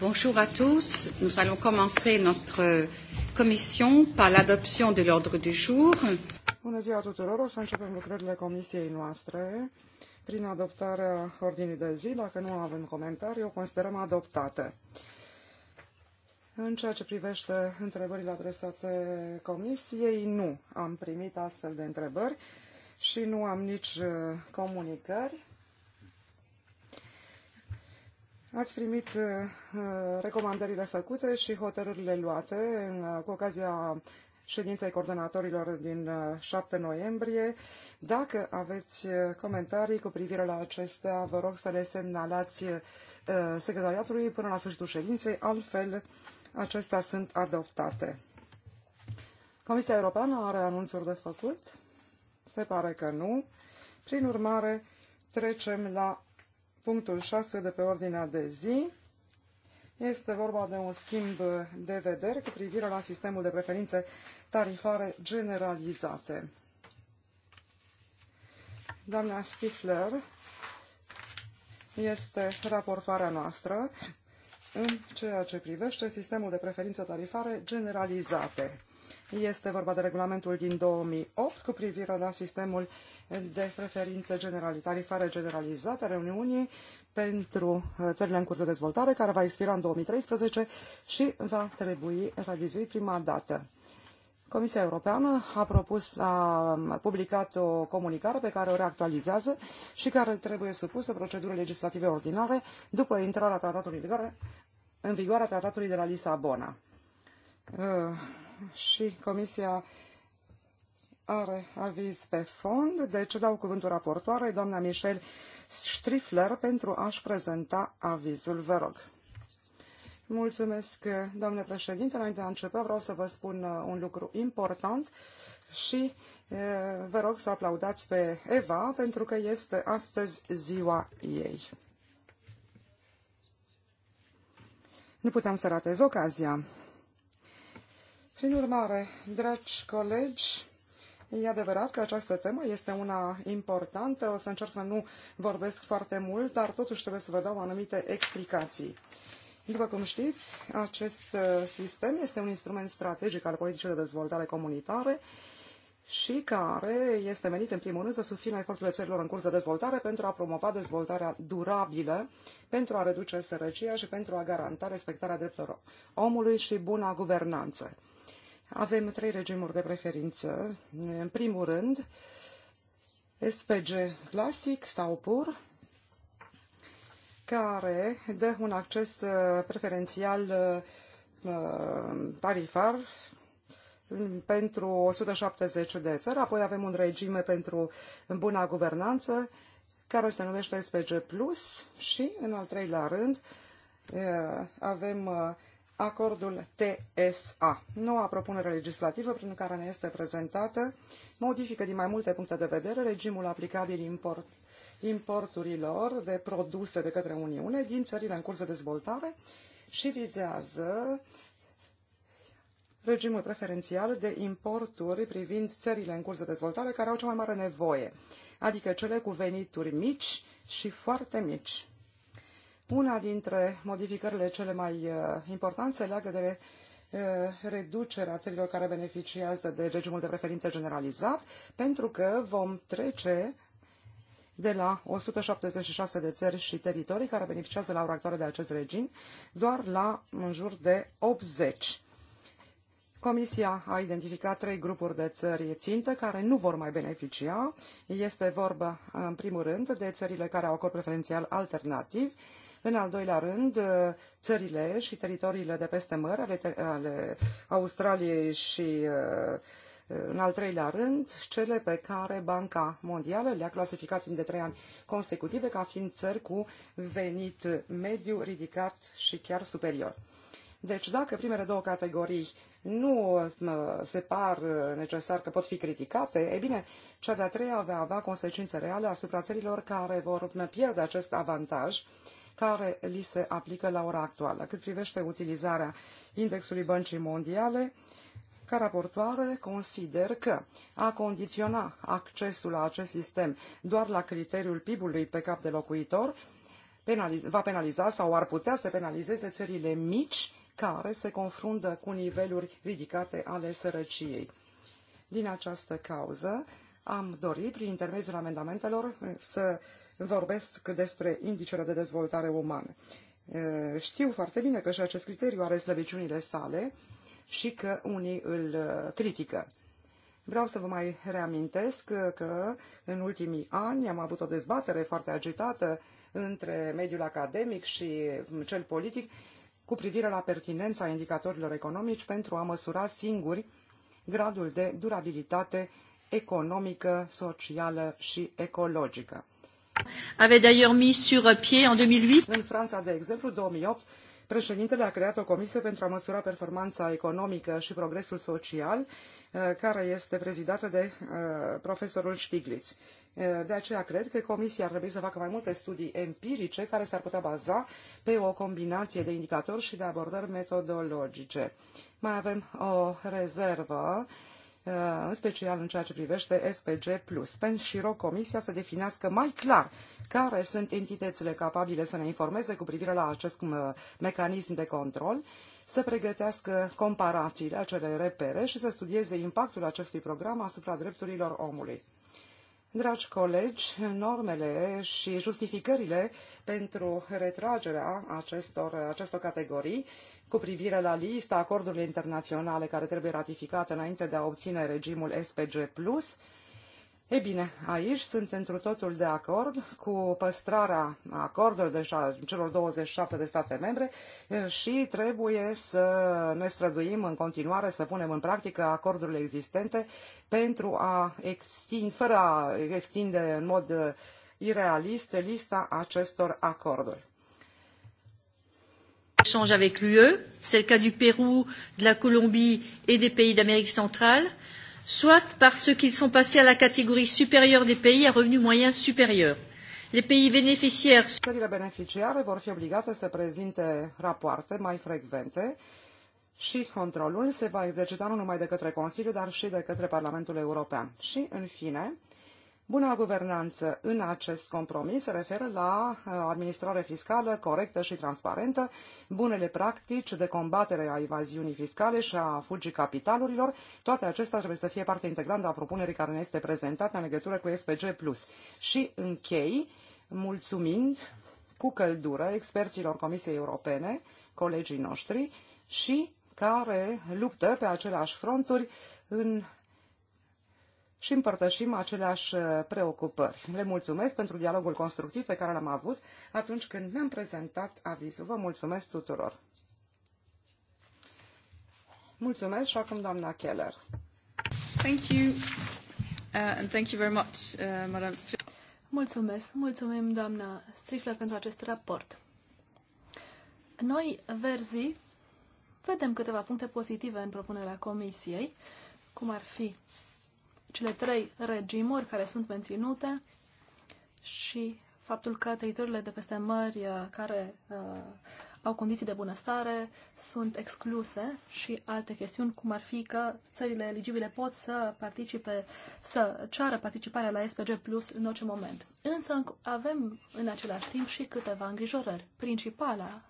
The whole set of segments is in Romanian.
Bonjour à tous. Nous allons commencer notre commission par l'adoption de l'ordre du jour. Bună ziua tuturor. O să începem lucrările comisiei noastre prin adoptarea ordinii de zi. Dacă nu avem comentarii, o considerăm adoptată. În ceea ce privește întrebările adresate comisiei, nu am primit astfel de întrebări și nu am nici uh, comunicări. Ați primit uh, uh, recomandările făcute și hotărârile luate în uh, cu ocazia ședinței coordonatorilor din 7 noiembrie. Dacă aveți comentarii cu privire la acestea, vă rog să le semnalați secretariatului până la sfârșitul ședinței, altfel acestea sunt adoptate. Comisia Europeană are anunțuri de făcut? Se pare că nu. Prin urmare, trecem la punctul 6 de pe ordinea de zi. Este vorba de un schimb de vedere cu privire la sistemul de preferințe tarifare generalizate. Doamna Stifler este raportoarea noastră în ceea ce privește sistemul de preferințe tarifare generalizate. Este vorba de regulamentul din 2008 cu privire la sistemul de preferințe generale, tarifare generalizate ale Uniunii pentru uh, țările în curs de dezvoltare, care va expira în 2013 și va trebui revizuit prima dată. Comisia Europeană a propus, a publicat o comunicare pe care o reactualizează și care trebuie supusă procedurii legislative ordinare după intrarea tratatului în vigoare, în vigoare a tratatului de la Lisabona. Uh, și Comisia are aviz pe fond, deci dau cuvântul raportoarei, doamna Michelle Strifler, pentru a-și prezenta avizul. Vă rog. Mulțumesc, doamne președinte. Înainte de a începe, vreau să vă spun uh, un lucru important și e, uh, vă rog să aplaudați pe Eva, pentru că este astăzi ziua ei. Nu puteam să ratez ocazia. Prin urmare, dragi colegi, E adevărat că această temă este una importantă, o să încerc să nu vorbesc foarte mult, dar totuși trebuie să vă dau anumite explicații. După cum știți, acest uh, sistem este un instrument strategic al politicii de dezvoltare comunitare și care este menit în primul rând să susțină eforturile țărilor în curs de dezvoltare pentru a promova dezvoltarea durabilă, pentru a reduce sărăcia și pentru a garanta respectarea drepturilor omului și buna guvernanță. Avem trei regimuri de preferință. În primul rând, SPG clasic sau pur, care dă un acces uh, preferențial uh, tarifar mm, pentru 170 de țări. Apoi avem un regim pentru buna guvernanță, care se numește SPG+, și, în al treilea rând, uh, avem acordul TSA. Noua propunere legislativă prin care ne este prezentată modifică din mai multe puncte de vedere regimul aplicabil import, importurilor de produse de către Uniune din țările în curs de dezvoltare și vizează regimul preferențial de importuri privind țările în curs de dezvoltare care au cea mai mare nevoie, adică cele cu venituri mici și foarte mici. Una dintre modificările cele mai uh, importante se leagă de uh, reducerea țărilor care beneficiază de regimul de preferințe generalizat, pentru că vom trece de la 176 de țări și teritorii care beneficiază la ora actuală de acest regim, doar la în jur de 80. Comisia a identificat trei grupuri de țări țintă care nu vor mai beneficia. Este vorba, în primul rând, de țările care au acord preferențial alternativ, în al doilea rând, uh, țările și teritoriile de peste măr ale, ale Australiei și uh, uh, în al treilea rând, cele pe care Banca Mondială le-a clasificat timp de trei ani consecutive ca fiind țări cu venit mediu ridicat și chiar superior. Deci dacă primele două categorii nu se par necesar că pot fi criticate, e bine, cea de-a treia va avea consecințe reale asupra țărilor care vor pierde acest avantaj uh, care li se aplică la ora actuală. Cât privește utilizarea indexului băncii mondiale, ca raportoare consider că a condiționa accesul la acest sistem doar la criteriul PIB-ului pe cap de locuitor penaliz va penaliza sau ar putea să penalizeze țările mici care se confruntă cu niveluri ridicate ale sărăciei. Din această cauză, am dorit, prin intermediul amendamentelor, să vorbesc despre indicele de dezvoltare umană. Știu foarte bine că și acest criteriu are slăbiciunile sale și că unii îl critică. Vreau să vă mai reamintesc că în ultimii ani am avut o dezbatere foarte agitată între mediul academic și cel politic cu privire la pertinența indicatorilor economici pentru a măsura singuri gradul de durabilitate economică, socială și ecologică. Avait d'ailleurs mis sur pied en 2008. În Franța, de exemplu, 2008, președintele a creat o comisie pentru a măsura performanța economică și progresul social, uh, care este prezidată de uh, profesorul Stiglitz. Uh, de aceea cred că Comisia ar trebui să facă mai multe studii empirice care s-ar putea baza pe o combinație de indicatori și de abordări metodologice. Mai avem o rezervă Uh, în special în ceea ce privește SPG+. pentru și rog Comisia să definească mai clar care sunt entitățile capabile să ne informeze cu privire la acest uh, mecanism de control, să pregătească comparațiile, acele repere și să studieze impactul acestui program asupra drepturilor omului. Dragi colegi, normele și justificările pentru retragerea acestor, acestor categorii cu privire la lista acordurilor internaționale care trebuie ratificate înainte de a obține regimul SPG+, e bine, aici sunt întru totul de acord cu păstrarea acordurilor deja celor 27 de state membre și trebuie să ne străduim în continuare să punem în practică acordurile existente pentru a extinde, fără a extinde în mod irealist lista acestor acorduri échanges avec l'UE, c'est le cas du Pérou, de la Colombie et des pays d'Amérique centrale, soit parce qu'ils sont passés à la catégorie supérieure des pays à revenus moyens supérieurs. Les pays bénéficiaires Țările beneficiare vor fi obligate să prezinte rapoarte mai frecvente și controlul se va exercita nu numai de către Consiliu, dar și de către Parlamentul European. Și, în fine, Buna guvernanță în acest compromis se referă la uh, administrare fiscală corectă și transparentă, bunele practici de combatere a evaziunii fiscale și a fugii capitalurilor. Toate acestea trebuie să fie parte integrantă a propunerii care ne este prezentată în legătură cu SPG+. Și închei mulțumind cu căldură experților Comisiei Europene, colegii noștri, și care luptă pe aceleași fronturi în și împărtășim aceleași uh, preocupări. Le mulțumesc pentru dialogul constructiv pe care l-am avut atunci când mi-am prezentat avizul. Vă mulțumesc tuturor! Mulțumesc și acum doamna Keller. Thank you. Uh, and thank you very much, uh, Madam Mulțumesc. Mulțumim, doamna Strifler, pentru acest raport. Noi, verzii, vedem câteva puncte pozitive în propunerea comisiei, cum ar fi cele trei regimuri care sunt menținute și faptul că teritoriile de peste mări uh, care uh, au condiții de bunăstare sunt excluse și alte chestiuni, cum ar fi că țările eligibile pot să participe, să ceară participarea la SPG Plus în orice moment. Însă avem în același timp și câteva îngrijorări. Principala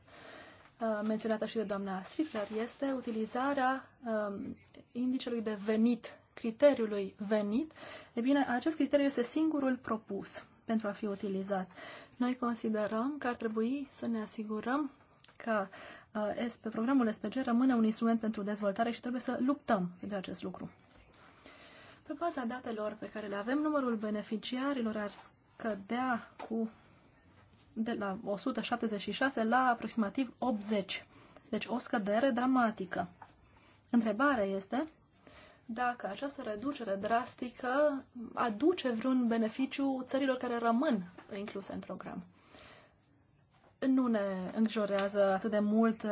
uh, menționată și de doamna Strifler este utilizarea um, indicelui de venit criteriului venit, e bine, acest criteriu este singurul propus pentru a fi utilizat. Noi considerăm că ar trebui să ne asigurăm că uh, programul SPG rămâne un instrument pentru dezvoltare și trebuie să luptăm pentru acest lucru. Pe baza datelor pe care le avem, numărul beneficiarilor ar scădea cu de la 176 la aproximativ 80. Deci o scădere dramatică. Întrebarea este dacă această reducere drastică aduce vreun beneficiu țărilor care rămân incluse în program. Nu ne îngrijorează atât de mult uh,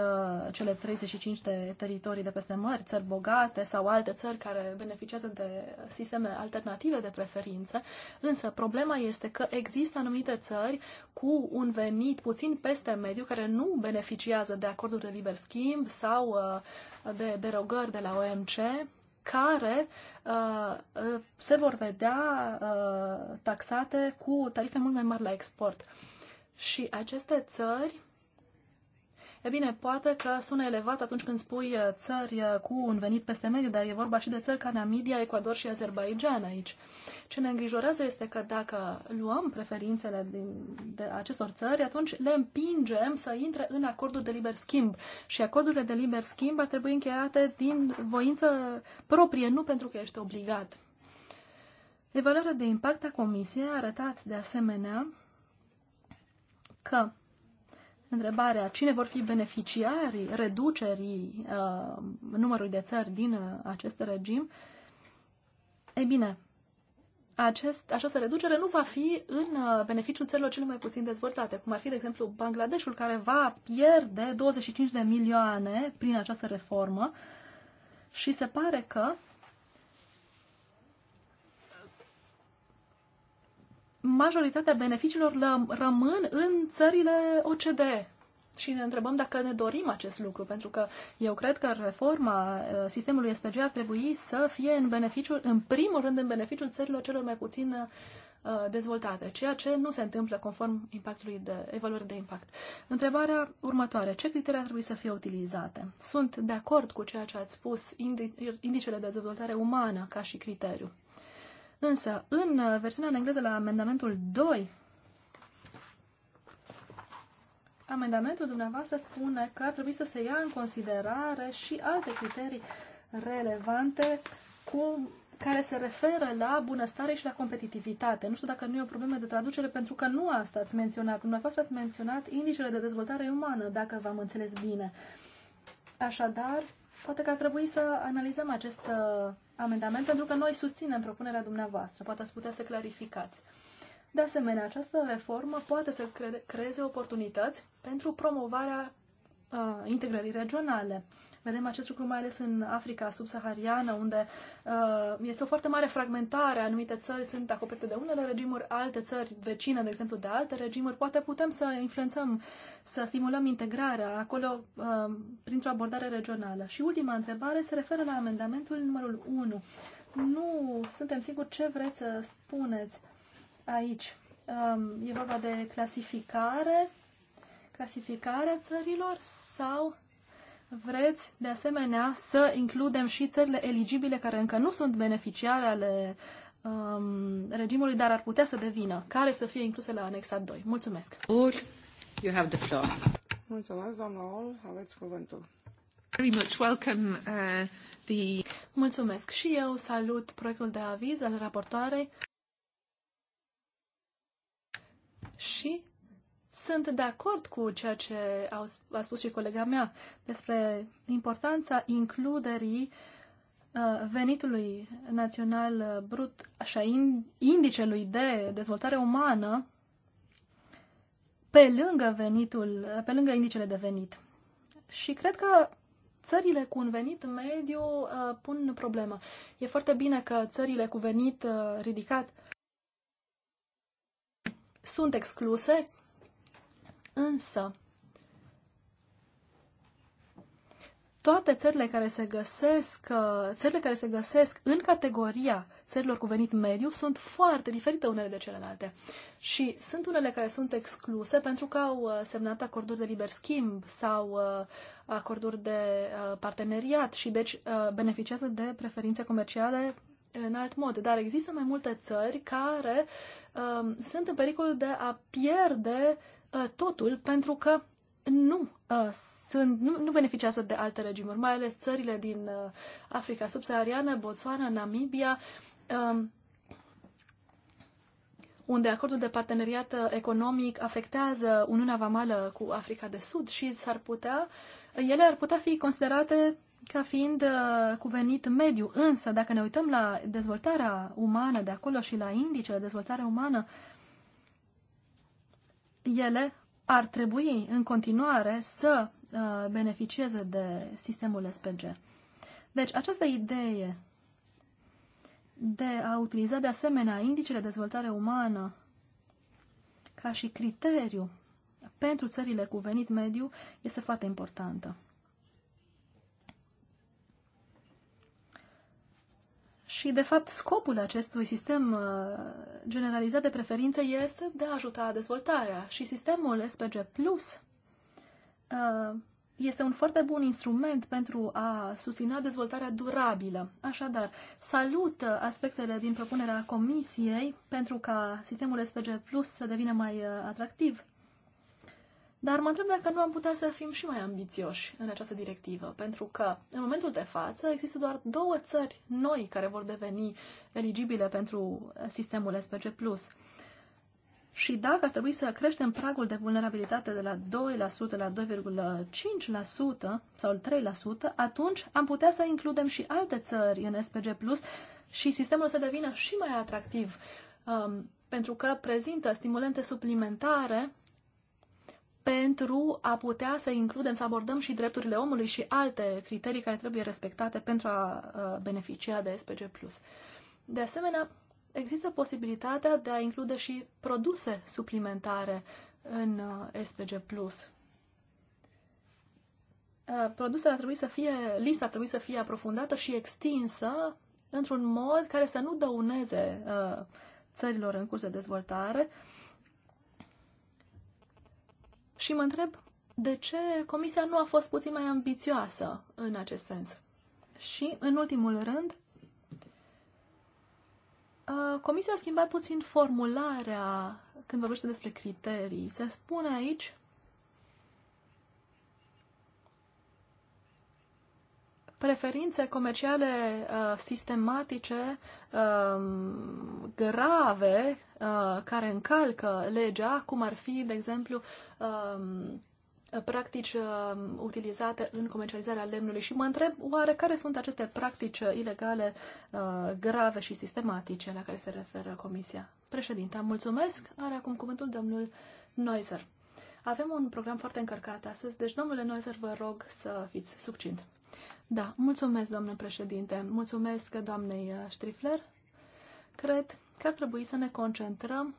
cele 35 de teritorii de peste mări, țări bogate sau alte țări care beneficiază de sisteme alternative de preferințe, însă problema este că există anumite țări cu un venit puțin peste mediu care nu beneficiază de acorduri de liber schimb sau uh, de derogări de la OMC, care uh, uh, se vor vedea uh, taxate cu tarife mult mai mari la export. Și aceste țări E bine, poate că sună elevat atunci când spui uh, țări uh, cu un venit peste mediu, dar e vorba și de țări ca Namibia, Ecuador și Azerbaijan aici. Ce ne îngrijorează este că dacă luăm preferințele din, de acestor țări, atunci le împingem să intre în acordul de liber schimb. Și acordurile de liber schimb ar trebui încheiate din voință proprie, nu pentru că ești obligat. Evaluarea de impact a Comisiei a arătat de asemenea că întrebarea cine vor fi beneficiarii reducerii uh, numărului de țări din uh, acest regim, ei bine, acest, această reducere nu va fi în uh, beneficiul țărilor cele mai puțin dezvoltate, cum ar fi, de exemplu, Bangladeshul, care va pierde 25 de milioane prin această reformă și se pare că majoritatea beneficiilor rămân în țările OCD. Și ne întrebăm dacă ne dorim acest lucru, pentru că eu cred că reforma uh, sistemului SPG ar trebui să fie în beneficiul, în primul rând, în beneficiul țărilor celor mai puțin uh, dezvoltate, ceea ce nu se întâmplă conform impactului de evaluării de impact. Întrebarea următoare. Ce criterii ar trebui să fie utilizate? Sunt de acord cu ceea ce ați spus, indicele de dezvoltare umană ca și criteriu. Însă, în uh, versiunea în engleză la amendamentul 2, amendamentul dumneavoastră spune că ar trebui să se ia în considerare și alte criterii relevante cu care se referă la bunăstare și la competitivitate. Nu știu dacă nu e o problemă de traducere, pentru că nu asta ați menționat. Dumneavoastră ați menționat indicele de dezvoltare umană, dacă v-am înțeles bine. Așadar, poate că ar trebui să analizăm acest uh, amendament pentru că noi susținem propunerea dumneavoastră. Poate ați putea să clarificați. De asemenea, această reformă poate să creeze oportunități pentru promovarea uh, integrării regionale. Vedem acest lucru mai ales în Africa subsahariană, unde uh, este o foarte mare fragmentare. Anumite țări sunt acoperite de unele regimuri, alte țări vecine, de exemplu, de alte regimuri. Poate putem să influențăm, să stimulăm integrarea acolo uh, printr-o abordare regională. Și ultima întrebare se referă la amendamentul numărul 1. Nu suntem siguri ce vreți să spuneți aici. Um, e vorba de clasificare clasificarea țărilor sau vreți de asemenea să includem și țările eligibile care încă nu sunt beneficiare ale um, regimului, dar ar putea să devină, care să fie incluse la anexa 2. Mulțumesc! Or, you have the floor. Mulțumesc, doamna Ol, aveți cuvântul. Very much welcome, uh, the... Mulțumesc și eu salut proiectul de aviz al raportoarei și sunt de acord cu ceea ce a spus și colega mea despre importanța includerii uh, venitului național uh, brut, așa, in, indicelui de dezvoltare umană, pe lângă venitul, pe lângă indicele de venit. Și cred că țările cu un venit mediu uh, pun problemă. E foarte bine că țările cu venit uh, ridicat sunt excluse, Însă, toate țările care se găsesc, uh, țările care se găsesc în categoria țărilor cu venit mediu sunt foarte diferite unele de celelalte. Și sunt unele care sunt excluse pentru că au uh, semnat acorduri de liber schimb sau uh, acorduri de parteneriat și deci beneficiază de preferințe comerciale în alt mod. Dar există mai multe țări care um, sunt în pericol de a pierde uh, Uh, totul pentru că nu uh, sunt, nu, nu beneficiază de alte regimuri, mai ales țările din uh, Africa subsahariană, Botswana, Namibia, uh, unde acordul de parteneriat uh, economic afectează Uniunea Vamală cu Africa de Sud și s-ar putea, ele ar putea fi considerate ca fiind uh, cuvenit mediu. Însă, dacă ne uităm la dezvoltarea umană de acolo și la indicele de dezvoltare umană, ele ar trebui în continuare să uh, beneficieze de sistemul SPG. Deci această idee de a utiliza de asemenea indicele de dezvoltare umană ca și criteriu pentru țările cu venit mediu este foarte importantă. Și, de fapt, scopul acestui sistem uh, generalizat de preferințe este de a ajuta dezvoltarea. Și sistemul SPG Plus uh, este un foarte bun instrument pentru a susține dezvoltarea durabilă. Așadar, salut uh, aspectele din propunerea Comisiei pentru ca sistemul SPG Plus să devină mai atractiv dar mă întreb dacă nu am putea să fim și mai ambițioși în această directivă, pentru că în momentul de față există doar două țări noi care vor deveni eligibile pentru sistemul SPG+. Și dacă ar trebui să creștem pragul de vulnerabilitate de la 2% la 2,5% sau 3%, atunci am putea să includem și alte țări în SPG+, și sistemul să devină și mai atractiv, um, pentru că prezintă stimulente suplimentare pentru a putea să includem, să abordăm și drepturile omului și alte criterii care trebuie respectate pentru a beneficia de SPG+. De asemenea, există posibilitatea de a include și produse suplimentare în SPG+. Produsele ar trebui să fie, lista ar trebui să fie aprofundată și extinsă într-un mod care să nu dăuneze țărilor în curs de dezvoltare, și mă întreb de ce Comisia nu a fost puțin mai ambițioasă în acest sens. Și, în ultimul rând, Comisia a schimbat puțin formularea când vorbește despre criterii. Se spune aici preferințe comerciale uh, sistematice, uh, grave, uh, care încalcă legea, cum ar fi, de exemplu, uh, practici uh, utilizate în comercializarea lemnului și mă întreb oare care sunt aceste practici ilegale uh, grave și sistematice la care se referă Comisia. Președinte, mulțumesc. Are acum cuvântul domnul Noiser. Avem un program foarte încărcat astăzi, deci domnule Noiser, vă rog să fiți succint. Da, mulțumesc, domnule președinte. Mulțumesc, doamnei uh, Strifler. Cred că ar trebui să ne concentrăm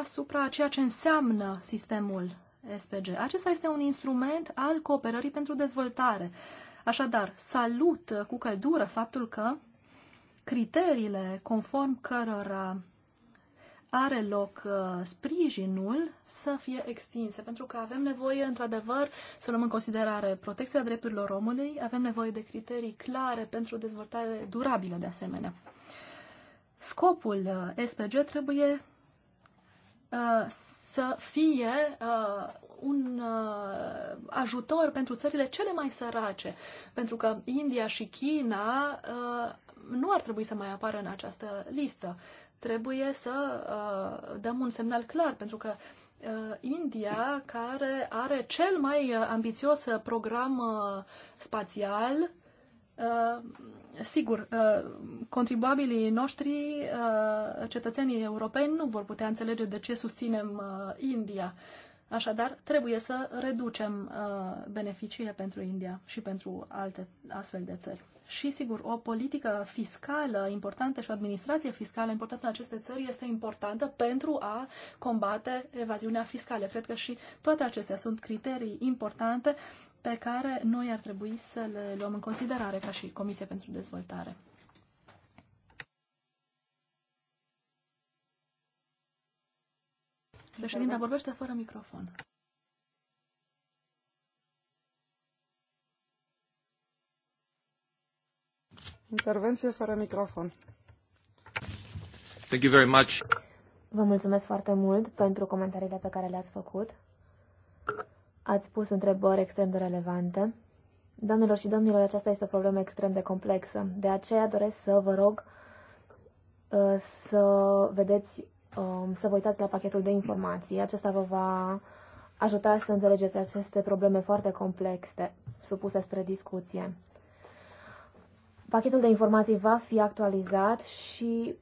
asupra ceea ce înseamnă sistemul SPG. Acesta este un instrument al cooperării pentru dezvoltare. Așadar, salut cu căldură faptul că criteriile conform cărora are loc uh, sprijinul să fie extinse, pentru că avem nevoie, într-adevăr, să luăm în considerare protecția drepturilor omului, avem nevoie de criterii clare pentru dezvoltare durabilă, de asemenea. Scopul uh, SPG trebuie uh, să fie un ajutor pentru țările cele mai sărace, pentru că India și China nu ar trebui să mai apară în această listă. Trebuie să uh, dăm un semnal clar, pentru că uh, India, care are cel mai uh, ambițios uh, program uh, spațial, uh, sigur, uh, contribuabilii noștri, cetățenii europeni, nu vor putea înțelege de ce susținem India. Așadar, trebuie să reducem beneficiile pentru India și pentru alte astfel de țări și, sigur, o politică fiscală importantă și o administrație fiscală importantă în aceste țări este importantă pentru a combate evaziunea fiscală. Cred că și toate acestea sunt criterii importante pe care noi ar trebui să le luăm în considerare ca și Comisia pentru Dezvoltare. Președinta vorbește fără microfon. Intervenție fără microfon. Thank you very much. Vă mulțumesc foarte mult pentru comentariile pe care le-ați făcut. Ați pus întrebări extrem de relevante. Doamnelor și domnilor, aceasta este o problemă extrem de complexă. De aceea doresc să vă rog uh, să vedeți, um, să vă uitați la pachetul de informații. Acesta vă va ajuta să înțelegeți aceste probleme foarte complexe supuse spre discuție. Pachetul de informații va fi actualizat și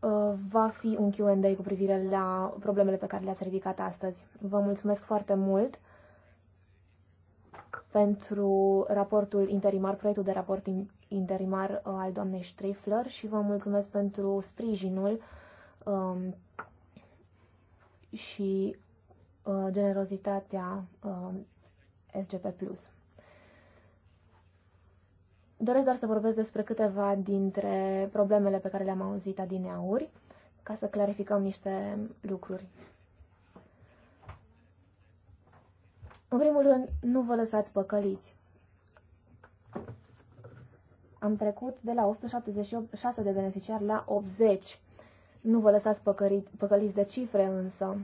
uh, va fi un Q&A cu privire la problemele pe care le-ați ridicat astăzi. Vă mulțumesc foarte mult pentru raportul interimar, proiectul de raport interimar uh, al doamnei Strifler și vă mulțumesc pentru sprijinul um, și uh, generozitatea um, SGP+. Doresc doar să vorbesc despre câteva dintre problemele pe care le-am auzit adineauri, ca să clarificăm niște lucruri. În primul rând, nu vă lăsați păcăliți. Am trecut de la 176 de beneficiari la 80. Nu vă lăsați păcăliți, de cifre însă.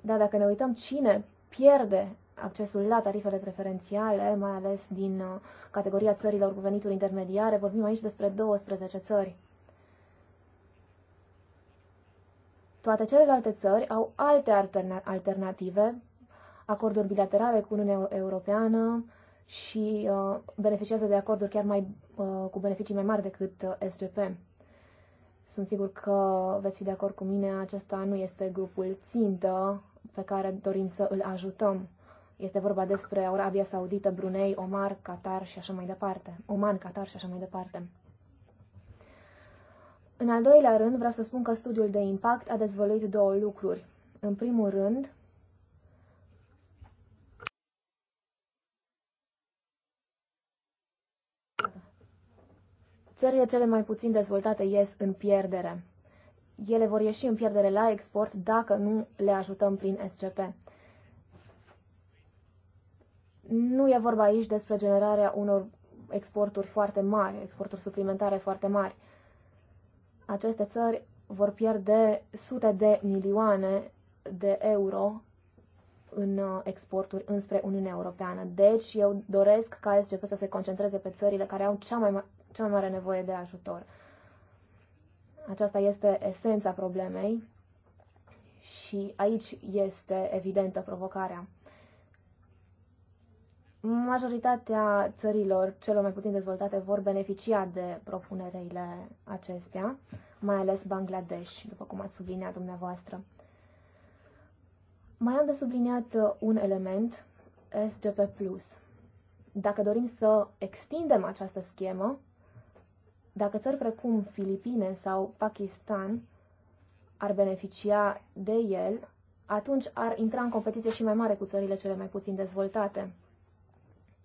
Dar dacă ne uităm cine pierde accesul la tarifele preferențiale, mai ales din uh, categoria țărilor cu venituri intermediare. Vorbim aici despre 12 țări. Toate celelalte țări au alte alternative, acorduri bilaterale cu Uniunea Europeană și uh, beneficiază de acorduri chiar mai, uh, cu beneficii mai mari decât SGP. Sunt sigur că veți fi de acord cu mine, acesta nu este grupul țintă pe care dorim să îl ajutăm. Este vorba despre Arabia Saudită, Brunei, Omar, Qatar și așa mai departe. Oman, Qatar și așa mai departe. În al doilea rând, vreau să spun că studiul de impact a dezvăluit două lucruri. În primul rând, țările cele mai puțin dezvoltate ies în pierdere. Ele vor ieși în pierdere la export dacă nu le ajutăm prin SCP. Nu e vorba aici despre generarea unor exporturi foarte mari, exporturi suplimentare foarte mari. Aceste țări vor pierde sute de milioane de euro în uh, exporturi înspre Uniunea Europeană. Deci eu doresc ca SGP să se concentreze pe țările care au cea mai, ma- cea mai mare nevoie de ajutor. Aceasta este esența problemei și aici este evidentă provocarea. Majoritatea țărilor celor mai puțin dezvoltate vor beneficia de propunerile acestea, mai ales Bangladesh, după cum ați subliniat dumneavoastră. Mai am de subliniat uh, un element, SGP+. Dacă dorim să extindem această schemă, dacă țări precum Filipine sau Pakistan ar beneficia de el, atunci ar intra în competiție și mai mare cu țările cele mai puțin dezvoltate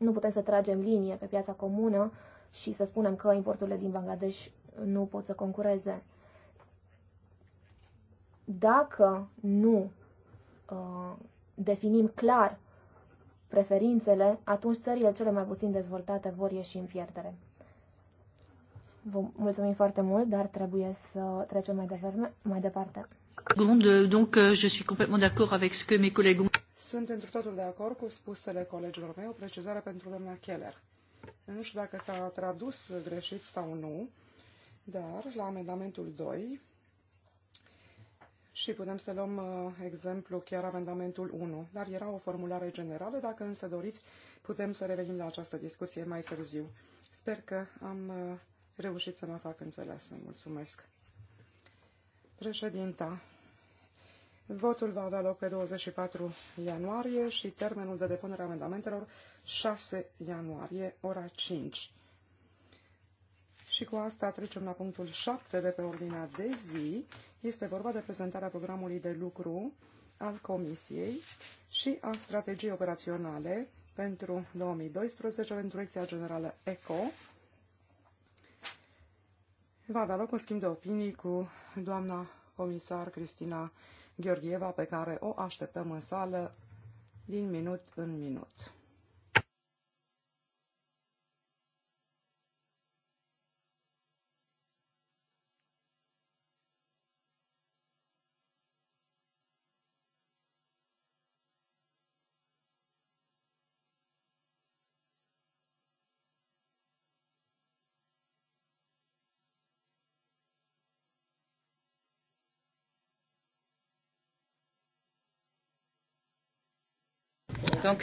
nu putem să tragem linie pe piața comună și să spunem că importurile din Bangladesh nu pot să concureze. Dacă nu uh, definim clar preferințele, atunci țările cele mai puțin dezvoltate vor ieși în pierdere. Vă mulțumim foarte mult, dar trebuie să trecem mai, mai departe. Bun, donc euh, je suis complètement d'accord avec ce que mes collègues sunt într totul de acord cu spusele colegilor mei, o precizare pentru doamna Keller. Nu știu dacă s-a tradus greșit sau nu, dar la amendamentul 2 și putem să luăm uh, exemplu chiar amendamentul 1, dar era o formulare generală, dacă însă doriți, putem să revenim la această discuție mai târziu. Sper că am uh, reușit să mă fac înțeleasă. Mulțumesc. Președinta, Votul va avea loc pe 24 ianuarie și termenul de depunere a amendamentelor 6 ianuarie, ora 5. Și cu asta trecem la punctul 7 de pe ordinea de zi. Este vorba de prezentarea programului de lucru al Comisiei și a strategiei operaționale pentru 2012 pentru Direcția Generală ECO. Va avea loc un schimb de opinii cu doamna comisar Cristina Gheorgheva, pe care o așteptăm în sală din minut în minut. Donc,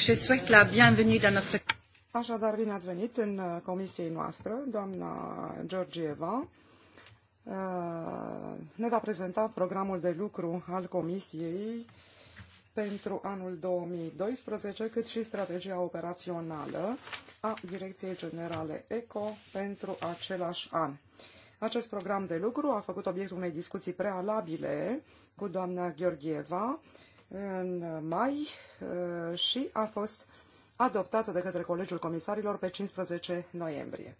Așadar, bine ați venit în uh, comisiei noastră, doamna Georgieva. Uh, ne va prezenta programul de lucru al comisiei pentru anul 2012, cât și strategia operațională a Direcției Generale ECO pentru același an. Acest program de lucru a făcut obiectul unei discuții prealabile cu doamna Gheorgheva în mai uh, și a fost adoptată de către Colegiul Comisarilor pe 15 noiembrie.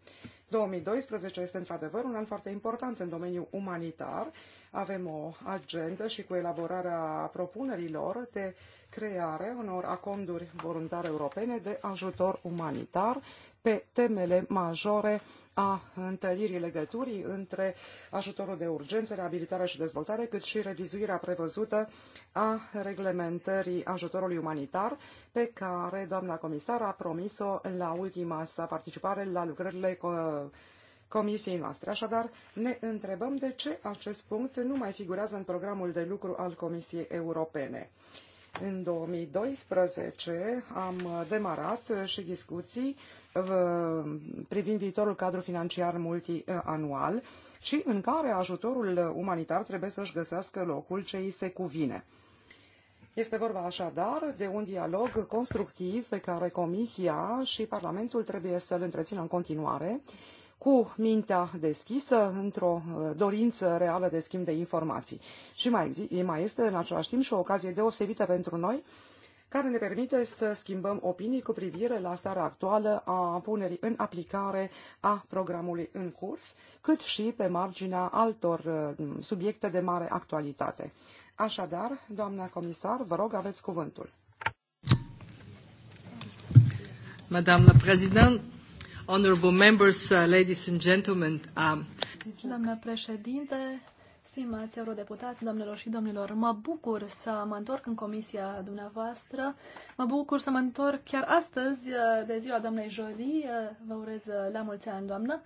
2012 este într-adevăr un an foarte important în domeniul umanitar. Avem o agendă și cu elaborarea propunerilor de creare unor acorduri voluntare europene de ajutor umanitar pe temele majore a întăririi legăturii între ajutorul de urgență, reabilitare și dezvoltare, cât și revizuirea prevăzută a reglementării ajutorului umanitar, pe care doamna comisar a promis-o la ultima sa participare la lucrările comisiei noastre. Așadar, ne întrebăm de ce acest punct nu mai figurează în programul de lucru al Comisiei Europene. În 2012 am demarat și discuții uh, privind viitorul cadru financiar multianual și în care ajutorul umanitar trebuie să-și găsească locul ce îi se cuvine. Este vorba așadar de un dialog constructiv pe care Comisia și Parlamentul trebuie să-l întrețină în continuare cu mintea deschisă, într-o uh, dorință reală de schimb de informații. Și mai, mai este în același timp și o ocazie deosebită pentru noi care ne permite să schimbăm opinii cu privire la starea actuală a punerii în aplicare a programului în curs, cât și pe marginea altor uh, subiecte de mare actualitate. Așadar, doamna comisar, vă rog, aveți cuvântul. Madame President, honorable members, uh, ladies and gentlemen. Um... Doamna președinte, stimați eurodeputați, doamnelor și domnilor, mă bucur să mă întorc în comisia dumneavoastră. Mă bucur să mă întorc chiar astăzi uh, de ziua doamnei Jolie. Uh, vă urez la mulți ani, doamnă.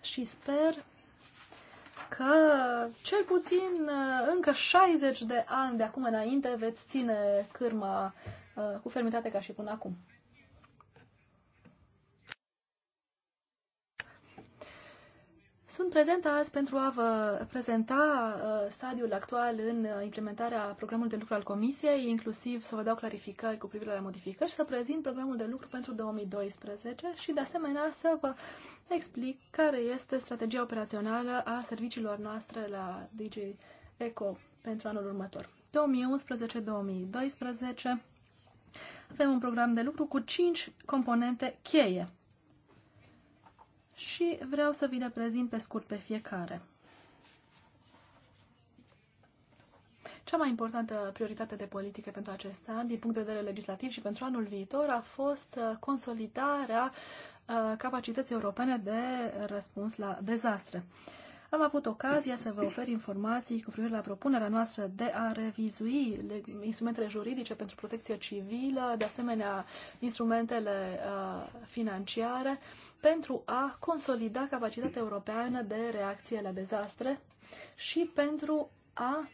Și sper că cel puțin uh, încă 60 de ani de acum înainte veți ține cârma uh, cu fermitate ca și până acum. Sunt prezentă azi pentru a vă prezenta uh, stadiul actual în uh, implementarea programului de lucru al Comisiei, inclusiv să vă dau clarificări cu privire la modificări și să prezint programul de lucru pentru 2012 și, de asemenea, să vă explic care este strategia operațională a serviciilor noastre la DG Eco pentru anul următor. 2011-2012 avem un program de lucru cu 5 componente cheie și vreau să vi le prezint pe scurt pe fiecare. Cea mai importantă prioritate de politică pentru acest an, din punct de vedere legislativ și pentru anul viitor, a fost uh, consolidarea uh, capacității europene de răspuns la dezastre. Am avut ocazia să vă ofer informații cu privire la propunerea noastră de a revizui instrumentele juridice pentru protecție civilă, de asemenea instrumentele uh, financiare, pentru a consolida capacitatea europeană de reacție la dezastre și pentru a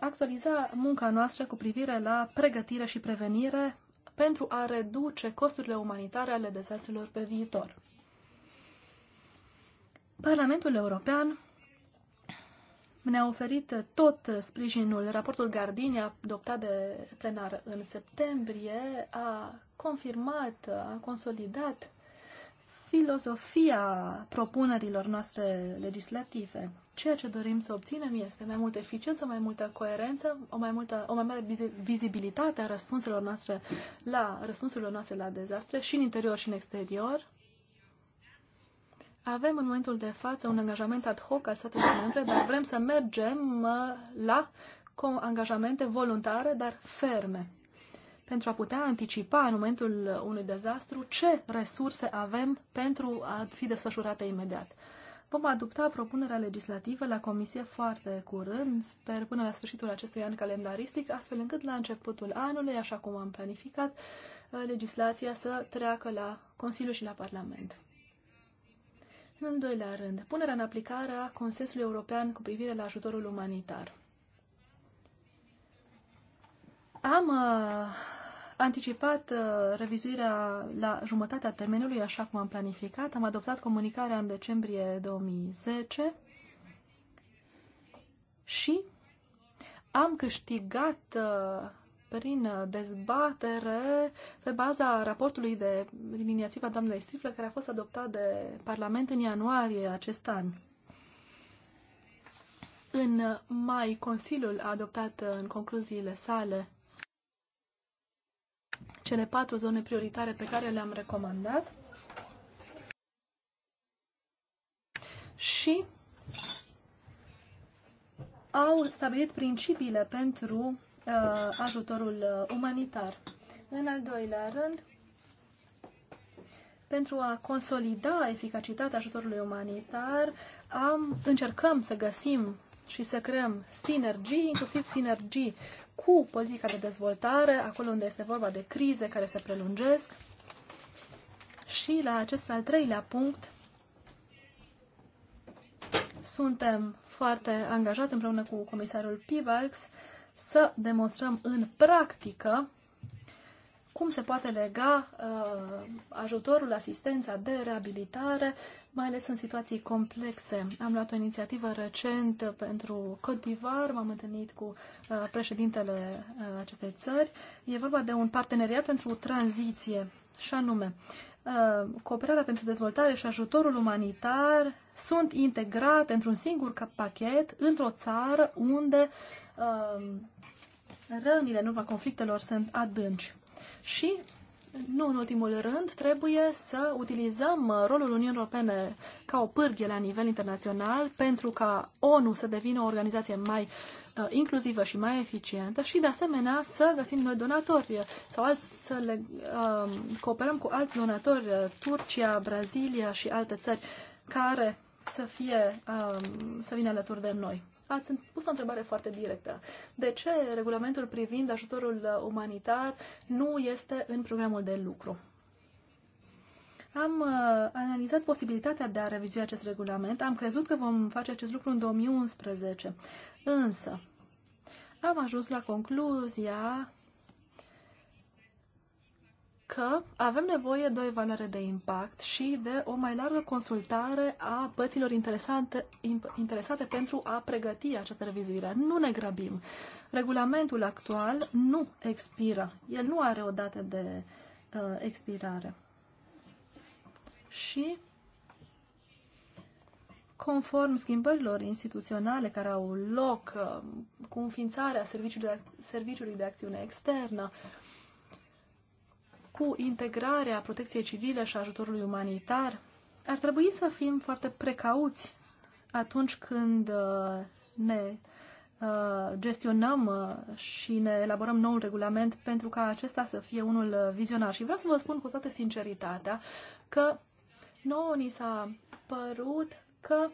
actualiza munca noastră cu privire la pregătire și prevenire pentru a reduce costurile umanitare ale dezastrelor pe viitor. Parlamentul European ne-a oferit tot sprijinul. Raportul Gardini, adoptat de plenar în septembrie, a confirmat, a consolidat filosofia propunerilor noastre legislative. Ceea ce dorim să obținem este mai multă eficiență, mai multă coerență, o mai, multă, o mai mare vizibilitate a răspunsurilor noastre la, răspunsurilor noastre la dezastre și în interior și în exterior. Avem în momentul de față un angajament ad hoc al statelor membre, dar vrem să mergem uh, la angajamente voluntare, dar ferme pentru a putea anticipa în momentul unui dezastru ce resurse avem pentru a fi desfășurate imediat. Vom adopta propunerea legislativă la comisie foarte curând, sper până la sfârșitul acestui an calendaristic, astfel încât la începutul anului, așa cum am planificat, uh, legislația să treacă la Consiliu și la Parlament. În al doilea rând, punerea în aplicare a Consensului European cu privire la ajutorul umanitar. Am uh, anticipat uh, revizuirea la jumătatea termenului, așa cum am planificat. Am adoptat comunicarea în decembrie 2010 și am câștigat uh, prin dezbatere pe baza raportului de din inițiativa doamnei Striflă, care a fost adoptat de Parlament în ianuarie acest an. În mai, Consiliul a adoptat uh, în concluziile sale cele patru zone prioritare pe care le-am recomandat și au stabilit principiile pentru uh, ajutorul uh, umanitar. În al doilea rând, pentru a consolida eficacitatea ajutorului umanitar, am, încercăm să găsim și să creăm sinergii, inclusiv sinergii cu politica de dezvoltare, acolo unde este vorba de crize care se prelungesc. Și la acest al treilea punct, suntem foarte angajați împreună cu comisarul Pibalx să demonstrăm în practică cum se poate lega uh, ajutorul, asistența de reabilitare mai ales în situații complexe. Am luat o inițiativă recentă pentru Cotivar, m-am întâlnit cu uh, președintele uh, acestei țări. E vorba de un parteneriat pentru tranziție, și anume, uh, cooperarea pentru dezvoltare și ajutorul umanitar sunt integrate într-un singur pachet într-o țară unde rănile în urma conflictelor sunt adânci. Și nu în ultimul rând, trebuie să utilizăm rolul Uniunii Europene ca o pârghie la nivel internațional pentru ca ONU să devină o organizație mai uh, inclusivă și mai eficientă și, de asemenea, să găsim noi donatori sau alți, să le, uh, cooperăm cu alți donatori, uh, Turcia, Brazilia și alte țări care să, fie, uh, să vină alături de noi ați pus o întrebare foarte directă. De ce regulamentul privind ajutorul uh, umanitar nu este în programul de lucru? Am uh, analizat posibilitatea de a revizui acest regulament. Am crezut că vom face acest lucru în 2011. Însă, am ajuns la concluzia că avem nevoie de o evaluare de impact și de o mai largă consultare a părților interesante, interesate pentru a pregăti această revizuire. Nu ne grăbim. Regulamentul actual nu expiră. El nu are o dată de uh, expirare. Și conform schimbărilor instituționale care au loc uh, cu înființarea serviciului de, serviciului de acțiune externă, uh, cu integrarea protecției civile și ajutorului umanitar, ar trebui să fim foarte precauți atunci când uh, ne uh, gestionăm uh, și ne elaborăm noul regulament pentru ca acesta să fie unul vizionar. Și vreau să vă spun cu toată sinceritatea că nouă ni s-a părut că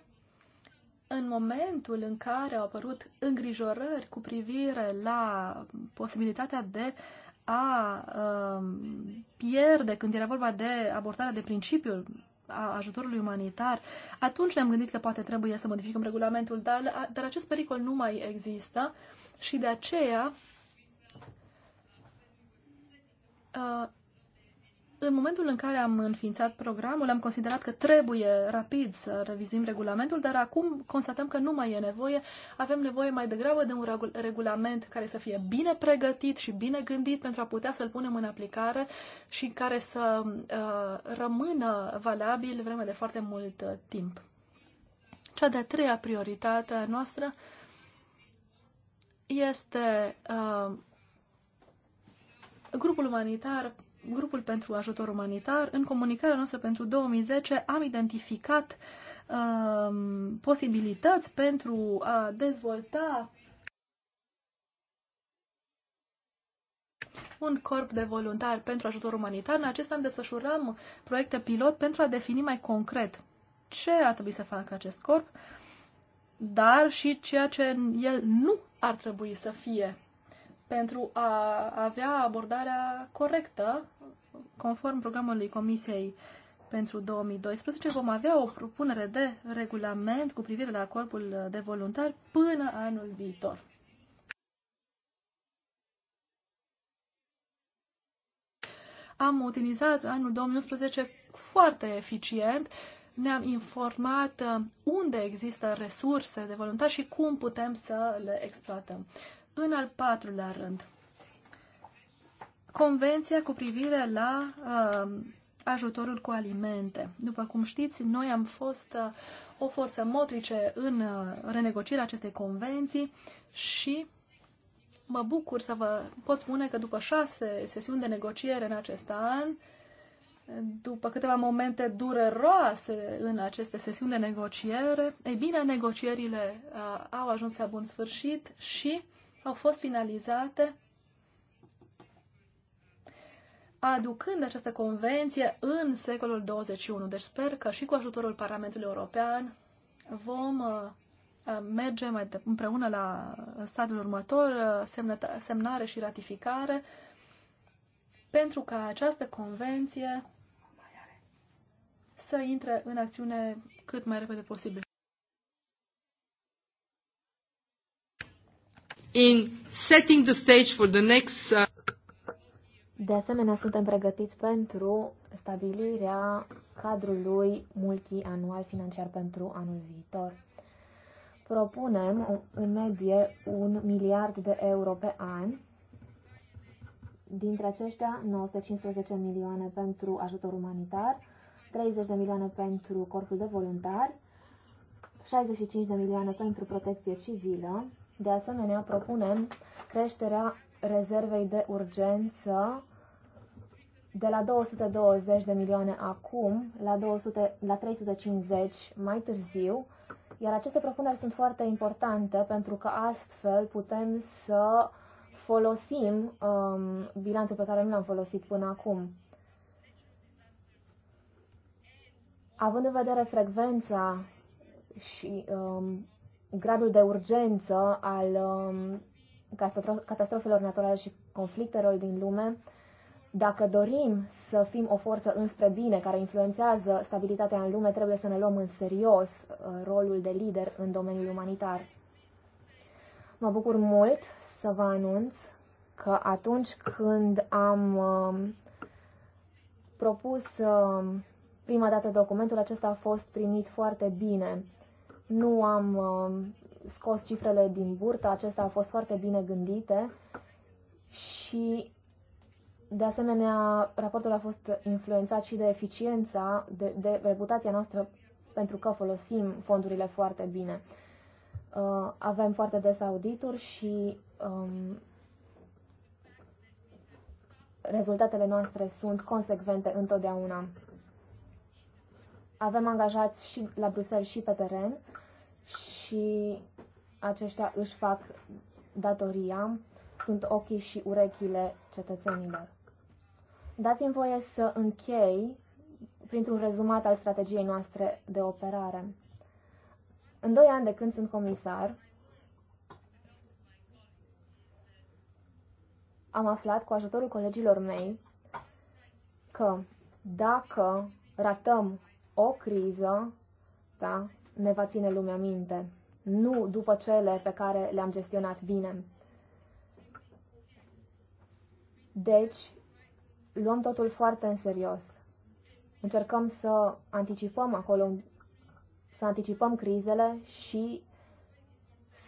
în momentul în care au apărut îngrijorări cu privire la posibilitatea de uh, a um, pierde când era vorba de abortarea de principiul a ajutorului umanitar, atunci ne-am gândit că poate trebuie să modificăm regulamentul, dar, dar acest pericol nu mai există și de aceea uh, în momentul în care am înființat programul, am considerat că trebuie rapid să revizuim regulamentul, dar acum constatăm că nu mai e nevoie. Avem nevoie mai degrabă de un regulament care să fie bine pregătit și bine gândit pentru a putea să-l punem în aplicare și care să uh, rămână valabil vreme de foarte mult uh, timp. Cea de-a treia prioritate a noastră este uh, grupul umanitar grupul pentru ajutor umanitar, în comunicarea noastră pentru 2010 am identificat uh, posibilități pentru a dezvolta un corp de voluntari pentru ajutor umanitar. În acesta am desfășurăm proiecte pilot pentru a defini mai concret ce ar trebui să facă acest corp, dar și ceea ce el nu ar trebui să fie pentru a avea abordarea corectă, conform programului Comisiei pentru 2012, vom avea o propunere de regulament cu privire la corpul de voluntari până anul viitor. Am utilizat anul 2011 foarte eficient ne-am informat uh, unde există resurse de voluntari și cum putem să le exploatăm. În al patrulea rând, Convenția cu privire la uh, ajutorul cu alimente. După cum știți, noi am fost uh, o forță motrice în uh, renegocierea acestei convenții și mă bucur să vă pot spune că după șase sesiuni de negociere în acest an, după câteva momente dureroase în aceste sesiuni de negociere, ei bine, negocierile uh, au ajuns la bun sfârșit și uh, au fost finalizate aducând această convenție în secolul 21. Deci sper că și cu ajutorul Parlamentului European vom uh, uh, merge mai împreună la stadiul următor, uh, semnare și ratificare, pentru ca această convenție să intre în acțiune cât mai repede posibil. in setting the stage for the next uh, De asemenea, suntem pregătiți pentru stabilirea cadrului multianual financiar pentru anul viitor. Propunem în medie un miliard de euro pe an. Dintre aceștia, 915 milioane pentru ajutor umanitar, 30 de milioane pentru corpul de voluntari, 65 de milioane pentru protecție civilă, de asemenea, propunem creșterea rezervei de urgență de la 220 de milioane acum la, 200, la 350 mai târziu, iar aceste propuneri sunt foarte importante pentru că astfel putem să folosim um, bilanțul pe care nu l-am folosit până acum. Având în vedere frecvența și um, gradul de urgență al um, catastrofelor naturale și conflictelor din lume, dacă dorim să fim o forță înspre bine care influențează stabilitatea în lume, trebuie să ne luăm în serios uh, rolul de lider în domeniul umanitar. Mă bucur mult să vă anunț că atunci când am um, propus um, prima dată documentul, acesta a fost primit foarte bine nu am um, scos cifrele din burtă, acestea au fost foarte bine gândite și de asemenea, raportul a fost influențat și de eficiența, de, de reputația noastră pentru că folosim fondurile foarte bine. Uh, avem foarte des audituri și um, rezultatele noastre sunt consecvente întotdeauna. Avem angajați și la Bruxelles și pe teren și aceștia își fac datoria, sunt ochii și urechile cetățenilor. Dați-mi voie să închei printr-un rezumat al strategiei noastre de operare. În doi ani de când sunt comisar, am aflat cu ajutorul colegilor mei că dacă ratăm o criză, da, ne va ține lumea minte, nu după cele pe care le-am gestionat bine. Deci, luăm totul foarte în serios. Încercăm să anticipăm acolo, să anticipăm crizele și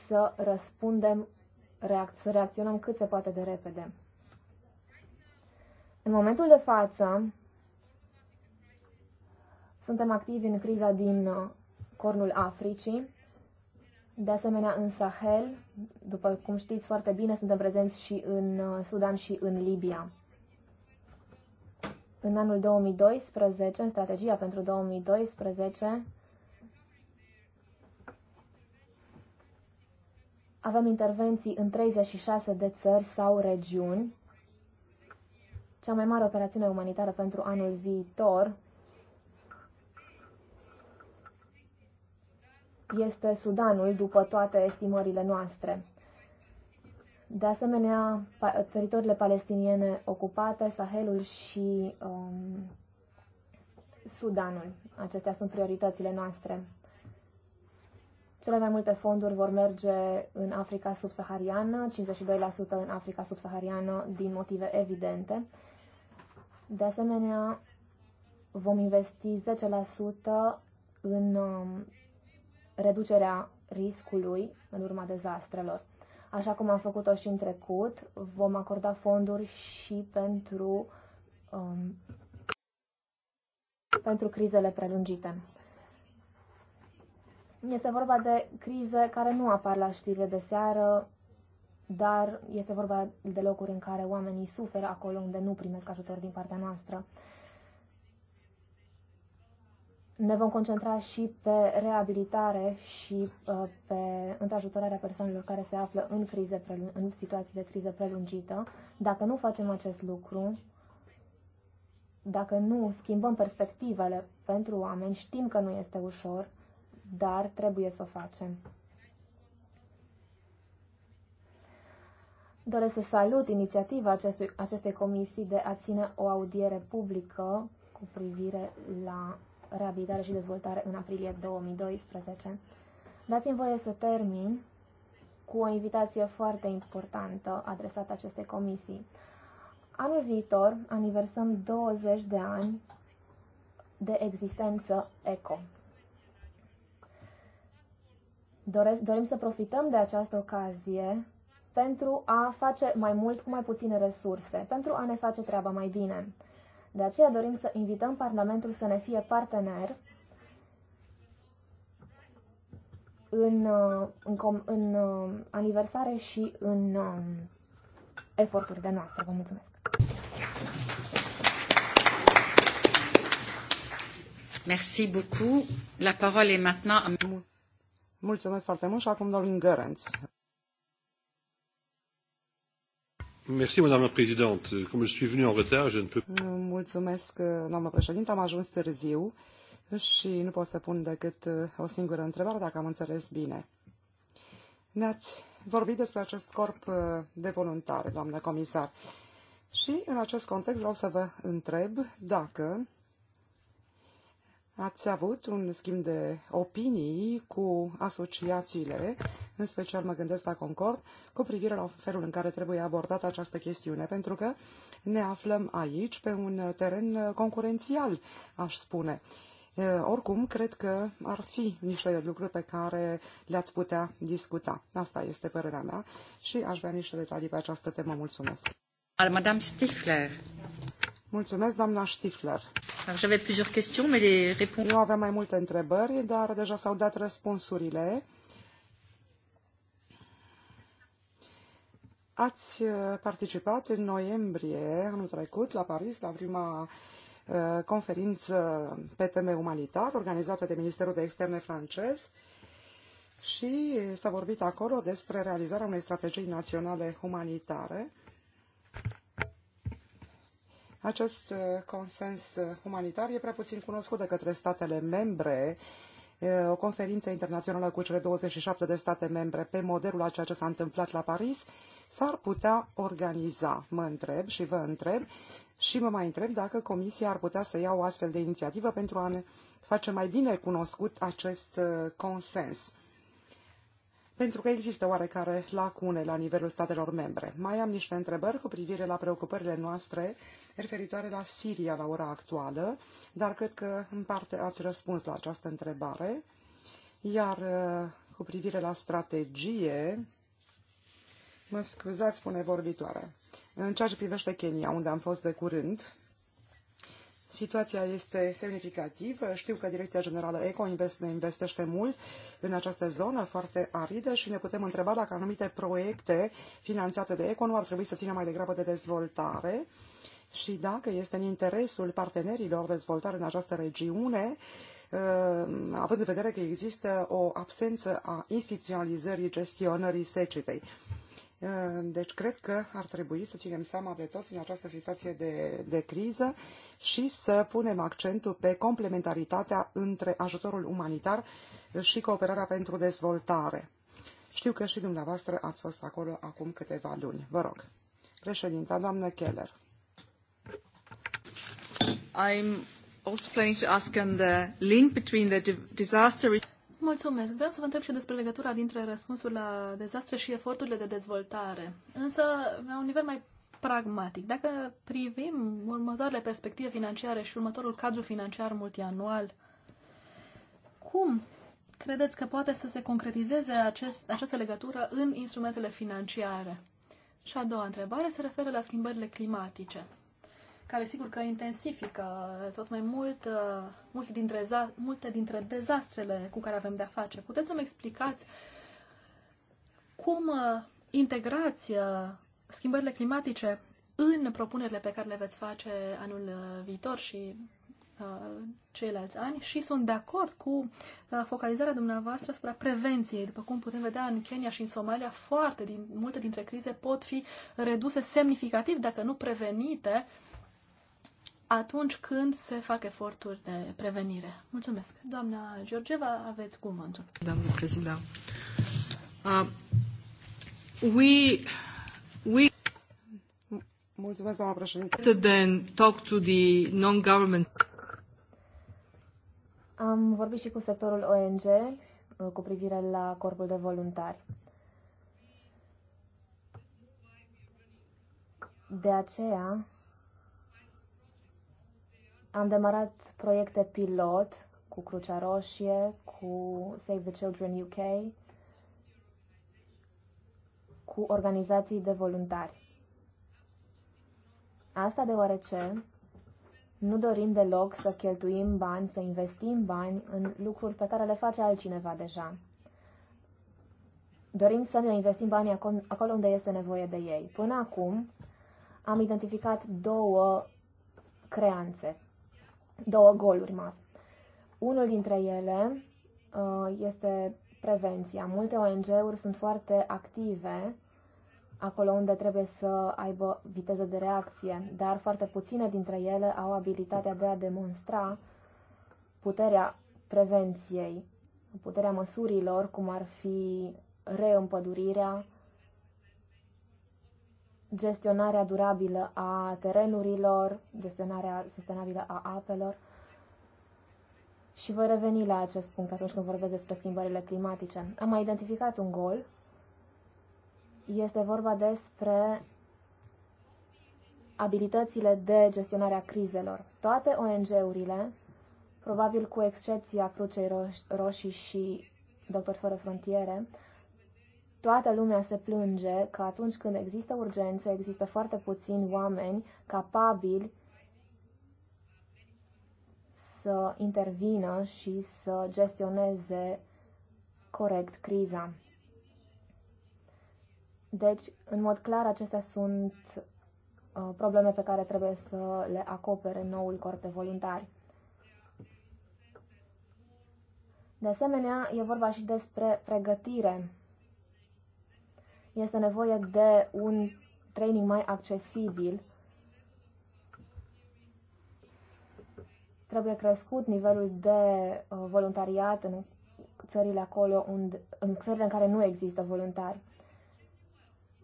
să răspundem, reac- să reacționăm cât se poate de repede. În momentul de față, suntem activi în criza din uh, Cornul Africii. De asemenea, în Sahel, după cum știți foarte bine, suntem prezenți și în uh, Sudan și în Libia. În anul 2012, în strategia pentru 2012, avem intervenții în 36 de țări sau regiuni. Cea mai mare operațiune umanitară pentru anul viitor este Sudanul, după toate estimările noastre. De asemenea, teritoriile palestiniene ocupate, Sahelul și um, Sudanul. Acestea sunt prioritățile noastre. Cele mai multe fonduri vor merge în Africa subsahariană, 52% în Africa subsahariană, din motive evidente. De asemenea, vom investi 10% în um, reducerea riscului în urma dezastrelor. Așa cum am făcut-o și în trecut, vom acorda fonduri și pentru, um, pentru crizele prelungite. Este vorba de crize care nu apar la știrile de seară, dar este vorba de locuri în care oamenii suferă acolo unde nu primesc ajutor din partea noastră ne vom concentra și pe reabilitare și uh, pe întrajutorarea persoanelor care se află în, crize în situații de criză prelungită. Dacă nu facem acest lucru, dacă nu schimbăm perspectivele pentru oameni, știm că nu este ușor, dar trebuie să o facem. Doresc să salut inițiativa acestui, acestei comisii de a ține o audiere publică cu privire la Reabilitare și Dezvoltare în aprilie 2012. Dați-mi voie să termin cu o invitație foarte importantă adresată acestei comisii. Anul viitor aniversăm 20 de ani de existență ECO. Doresc, dorim să profităm de această ocazie pentru a face mai mult cu mai puține resurse, pentru a ne face treaba mai bine. De aceea dorim să invităm Parlamentul să ne fie partener în, uh, în, în uh, aniversare și în um, eforturile noastre. Vă mulțumesc! Merci beaucoup. La parole est maintenant à... Mulțumesc foarte mult și acum domnul Gărenț. Merci, doamnă președinte. Cum je suis venu en retard, je ne peux... Mulțumesc, doamnă președinte. Am ajuns târziu și nu pot să pun decât uh, o singură întrebare, dacă am înțeles bine. Ne-ați vorbit despre acest corp uh, de voluntari, doamnă comisar. Și în acest context vreau să vă întreb dacă Ați avut un schimb de opinii cu asociațiile, în special mă gândesc la Concord, cu privire la felul în care trebuie abordată această chestiune, pentru că ne aflăm aici pe un teren concurențial, aș spune. Oricum, cred că ar fi niște lucruri pe care le-ați putea discuta. Asta este părerea mea și aș vrea niște detalii pe această temă. Mulțumesc. Madame Stifler. Mulțumesc, doamna Stifler. Eu aveam mai multe întrebări, dar deja s-au dat răspunsurile. Ați uh, participat în noiembrie anul trecut la Paris la prima uh, conferință pe teme umanitar organizată de Ministerul de Externe francez și s-a vorbit acolo despre realizarea unei strategii naționale umanitare acest uh, consens uh, umanitar e prea puțin cunoscut de către statele membre. O conferință internațională cu cele 27 de state membre pe modelul a ceea ce s-a întâmplat la Paris s-ar putea organiza. Mă întreb și vă întreb și mă mai întreb dacă Comisia ar putea să ia o astfel de inițiativă pentru a ne face mai bine cunoscut acest uh, consens pentru că există oarecare lacune la nivelul statelor membre. Mai am niște întrebări cu privire la preocupările noastre referitoare la Siria la ora actuală, dar cred că în parte ați răspuns la această întrebare. Iar uh, cu privire la strategie, mă scuzați, spune vorbitoarea, în ceea ce privește Kenya, unde am fost de curând, Situația este semnificativă. Știu că Direcția Generală ECO investește mult în această zonă foarte aridă și ne putem întreba dacă anumite proiecte finanțate de ECO nu ar trebui să țină mai degrabă de dezvoltare și dacă este în interesul partenerilor dezvoltare în această regiune, uh, având în vedere că există o absență a instituționalizării gestionării secetei. Ehm, deci cred că ar trebui să ținem seama de toți în această situație de, de criză și să punem accentul pe complementaritatea între ajutorul umanitar și cooperarea pentru dezvoltare. Știu că și dumneavoastră ați fost acolo acum câteva luni. Vă rog. Președinta, doamnă Keller. I'm also planning to ask on the link between the disaster Mulțumesc. Vreau să vă întreb și despre legătura dintre răspunsul la dezastre și eforturile de dezvoltare. Însă, la un nivel mai pragmatic, dacă privim următoarele perspective financiare și următorul cadru financiar multianual, cum credeți că poate să se concretizeze acest, această legătură în instrumentele financiare? Și a doua întrebare se referă la schimbările climatice care sigur că intensifică tot mai mult uh, multe dintre, multe dintre dezastrele cu care avem de-a face. Puteți să-mi explicați cum uh, integrați uh, schimbările climatice în propunerile pe care le veți face anul viitor și ceilalți ani și sunt de acord cu focalizarea dumneavoastră asupra prevenției. După cum putem vedea în Kenya și în Somalia, foarte din, multe dintre crize pot fi reduse semnificativ, dacă nu prevenite, atunci când se fac eforturi de prevenire. Mulțumesc. Doamna Georgeva, aveți cuvântul. Doamna președinte. Uh, we, we... Mulțumesc, doamna președinte. Then talk to the non-government. Am vorbit și cu sectorul ONG uh, cu privire la corpul de voluntari. De aceea, am demarat proiecte pilot cu Crucea Roșie, cu Save the Children UK, cu organizații de voluntari. Asta deoarece nu dorim deloc să cheltuim bani, să investim bani în lucruri pe care le face altcineva deja. Dorim să ne investim banii acolo unde este nevoie de ei. Până acum am identificat două creanțe două goluri mari. Unul dintre ele uh, este prevenția. Multe ONG-uri sunt foarte active acolo unde trebuie să aibă viteză de reacție, dar foarte puține dintre ele au abilitatea de a demonstra puterea prevenției, puterea măsurilor, cum ar fi reîmpădurirea gestionarea durabilă a terenurilor, gestionarea sustenabilă a apelor. Și voi reveni la acest punct atunci când vorbesc despre schimbările climatice. Am mai identificat un gol. Este vorba despre abilitățile de gestionare a crizelor. Toate ONG-urile, probabil cu excepția Crucei Roș- Roșii și Doctor Fără Frontiere, Toată lumea se plânge că atunci când există urgențe, există foarte puțini oameni capabili să intervină și să gestioneze corect criza. Deci, în mod clar, acestea sunt uh, probleme pe care trebuie să le acopere noul corp de voluntari. De asemenea, e vorba și despre pregătire este nevoie de un training mai accesibil. Trebuie crescut nivelul de uh, voluntariat în țările acolo unde, în țările în care nu există voluntari.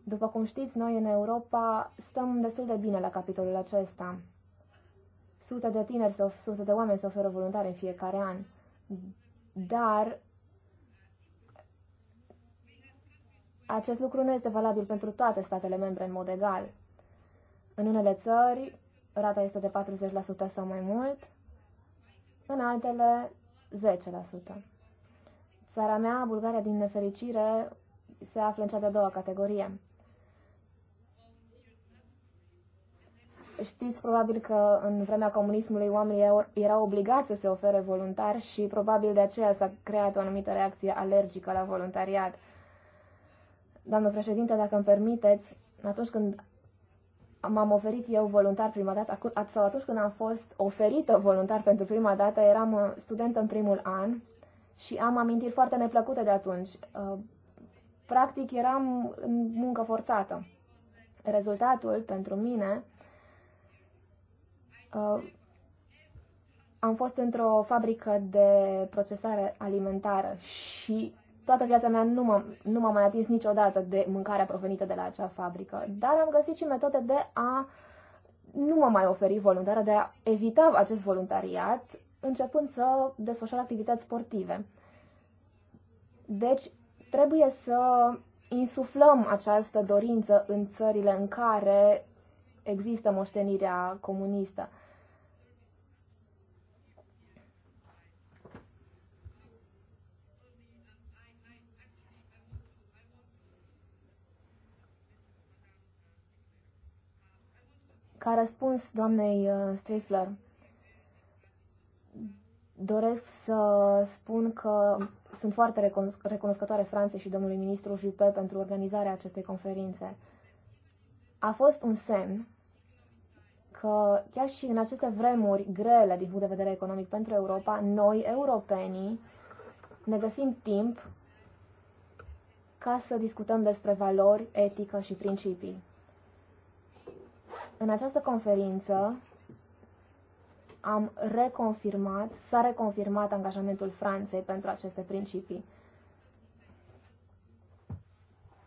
După cum știți, noi în Europa stăm destul de bine la capitolul acesta. Sute de tineri, sute de oameni se oferă voluntari în fiecare an, dar Acest lucru nu este valabil pentru toate statele membre în mod egal. În unele țări, rata este de 40% sau mai mult, în altele 10%. Țara mea, Bulgaria, din nefericire, se află în cea de-a doua categorie. Știți probabil că în vremea comunismului oamenii erau obligați să se ofere voluntari și probabil de aceea s-a creat o anumită reacție alergică la voluntariat – Doamnă președinte, dacă îmi permiteți, atunci când m-am oferit eu voluntar prima dată, sau atunci când am fost oferită voluntar pentru prima dată, eram uh, studentă în primul an și am amintiri foarte neplăcute de atunci. Uh, practic eram în muncă forțată. Rezultatul pentru mine uh, am fost într-o fabrică de procesare alimentară și toată viața mea nu, m-am, nu m-am mai atins niciodată de mâncarea provenită de la acea fabrică, dar am găsit și metode de a nu mă mai oferi voluntară, de a evita acest voluntariat, începând să desfășor activități sportive. Deci, trebuie să insuflăm această dorință în țările în care există moștenirea comunistă. Ca răspuns doamnei uh, Strifler, doresc să spun că sunt foarte recunosc recunoscătoare Franței și domnului ministru Juppé pentru organizarea acestei conferințe. A fost un semn că chiar și în aceste vremuri grele din punct de vedere economic pentru Europa, noi, europenii, ne găsim timp ca să discutăm despre valori, etică și principii. În această conferință am reconfirmat, s-a reconfirmat angajamentul Franței pentru aceste principii.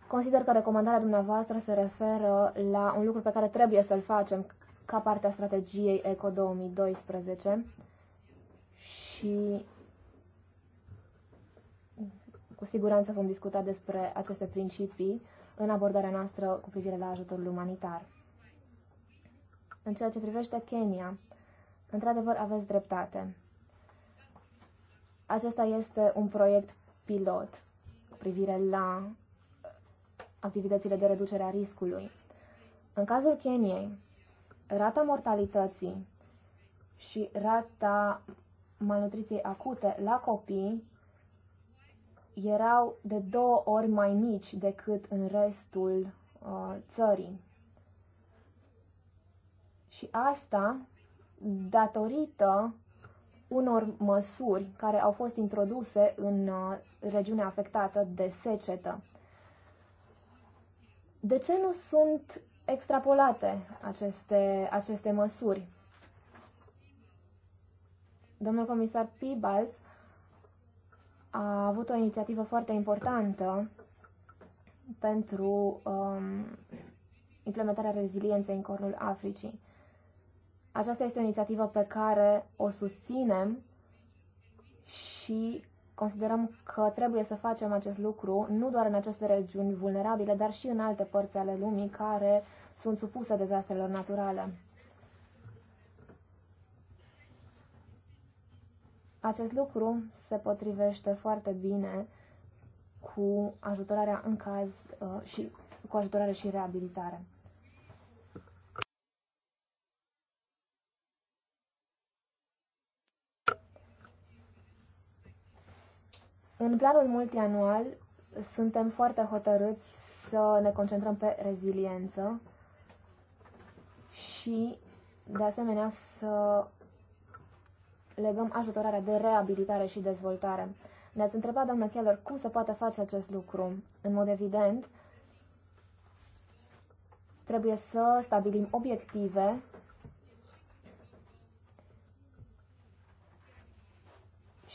Consider că recomandarea dumneavoastră se referă la un lucru pe care trebuie să-l facem ca parte a strategiei ECO 2012 și cu siguranță vom discuta despre aceste principii în abordarea noastră cu privire la ajutorul umanitar. În ceea ce privește Kenya, într-adevăr aveți dreptate. Acesta este un proiect pilot cu privire la uh, activitățile de reducere a riscului. În cazul Keniei, rata mortalității și rata malnutriției acute la copii erau de două ori mai mici decât în restul uh, țării. Și asta datorită unor măsuri care au fost introduse în uh, regiunea afectată de secetă. De ce nu sunt extrapolate aceste, aceste măsuri? Domnul comisar Pibals a avut o inițiativă foarte importantă pentru um, implementarea rezilienței în cornul Africii. Aceasta este o inițiativă pe care o susținem și considerăm că trebuie să facem acest lucru nu doar în aceste regiuni vulnerabile, dar și în alte părți ale lumii care sunt supuse dezastrelor naturale. Acest lucru se potrivește foarte bine cu ajutorarea în caz uh, și cu ajutorare și reabilitare. În planul multianual suntem foarte hotărâți să ne concentrăm pe reziliență și, de asemenea, să legăm ajutorarea de reabilitare și dezvoltare. Ne-ați întrebat, doamnă Keller, cum se poate face acest lucru? În mod evident, trebuie să stabilim obiective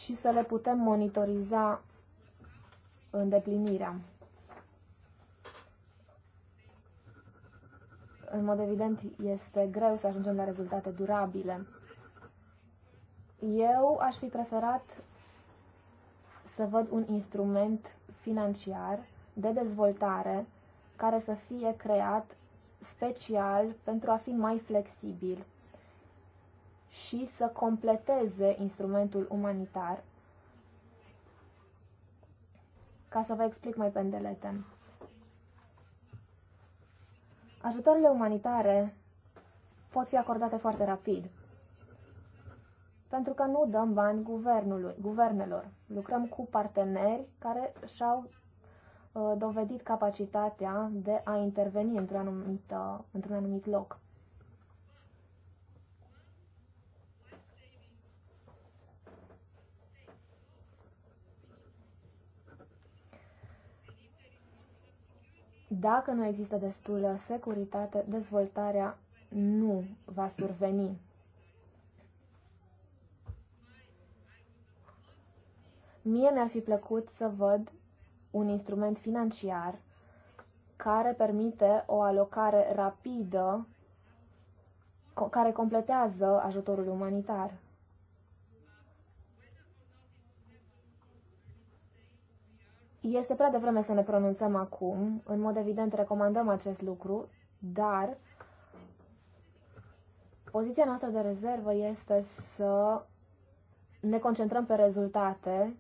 și să le putem monitoriza îndeplinirea. În mod evident, este greu să ajungem la rezultate durabile. Eu aș fi preferat să văd un instrument financiar de dezvoltare care să fie creat special pentru a fi mai flexibil și să completeze instrumentul umanitar. Ca să vă explic mai pendelete. Ajutoarele umanitare pot fi acordate foarte rapid, pentru că nu dăm bani guvernului, guvernelor. Lucrăm cu parteneri care și-au uh, dovedit capacitatea de a interveni într-un anumit, într-un anumit loc. Dacă nu există destulă securitate, dezvoltarea nu va surveni. Mie mi-ar fi plăcut să văd un instrument financiar care permite o alocare rapidă, care completează ajutorul umanitar. Este prea devreme să ne pronunțăm acum. În mod evident, recomandăm acest lucru, dar poziția noastră de rezervă este să ne concentrăm pe rezultate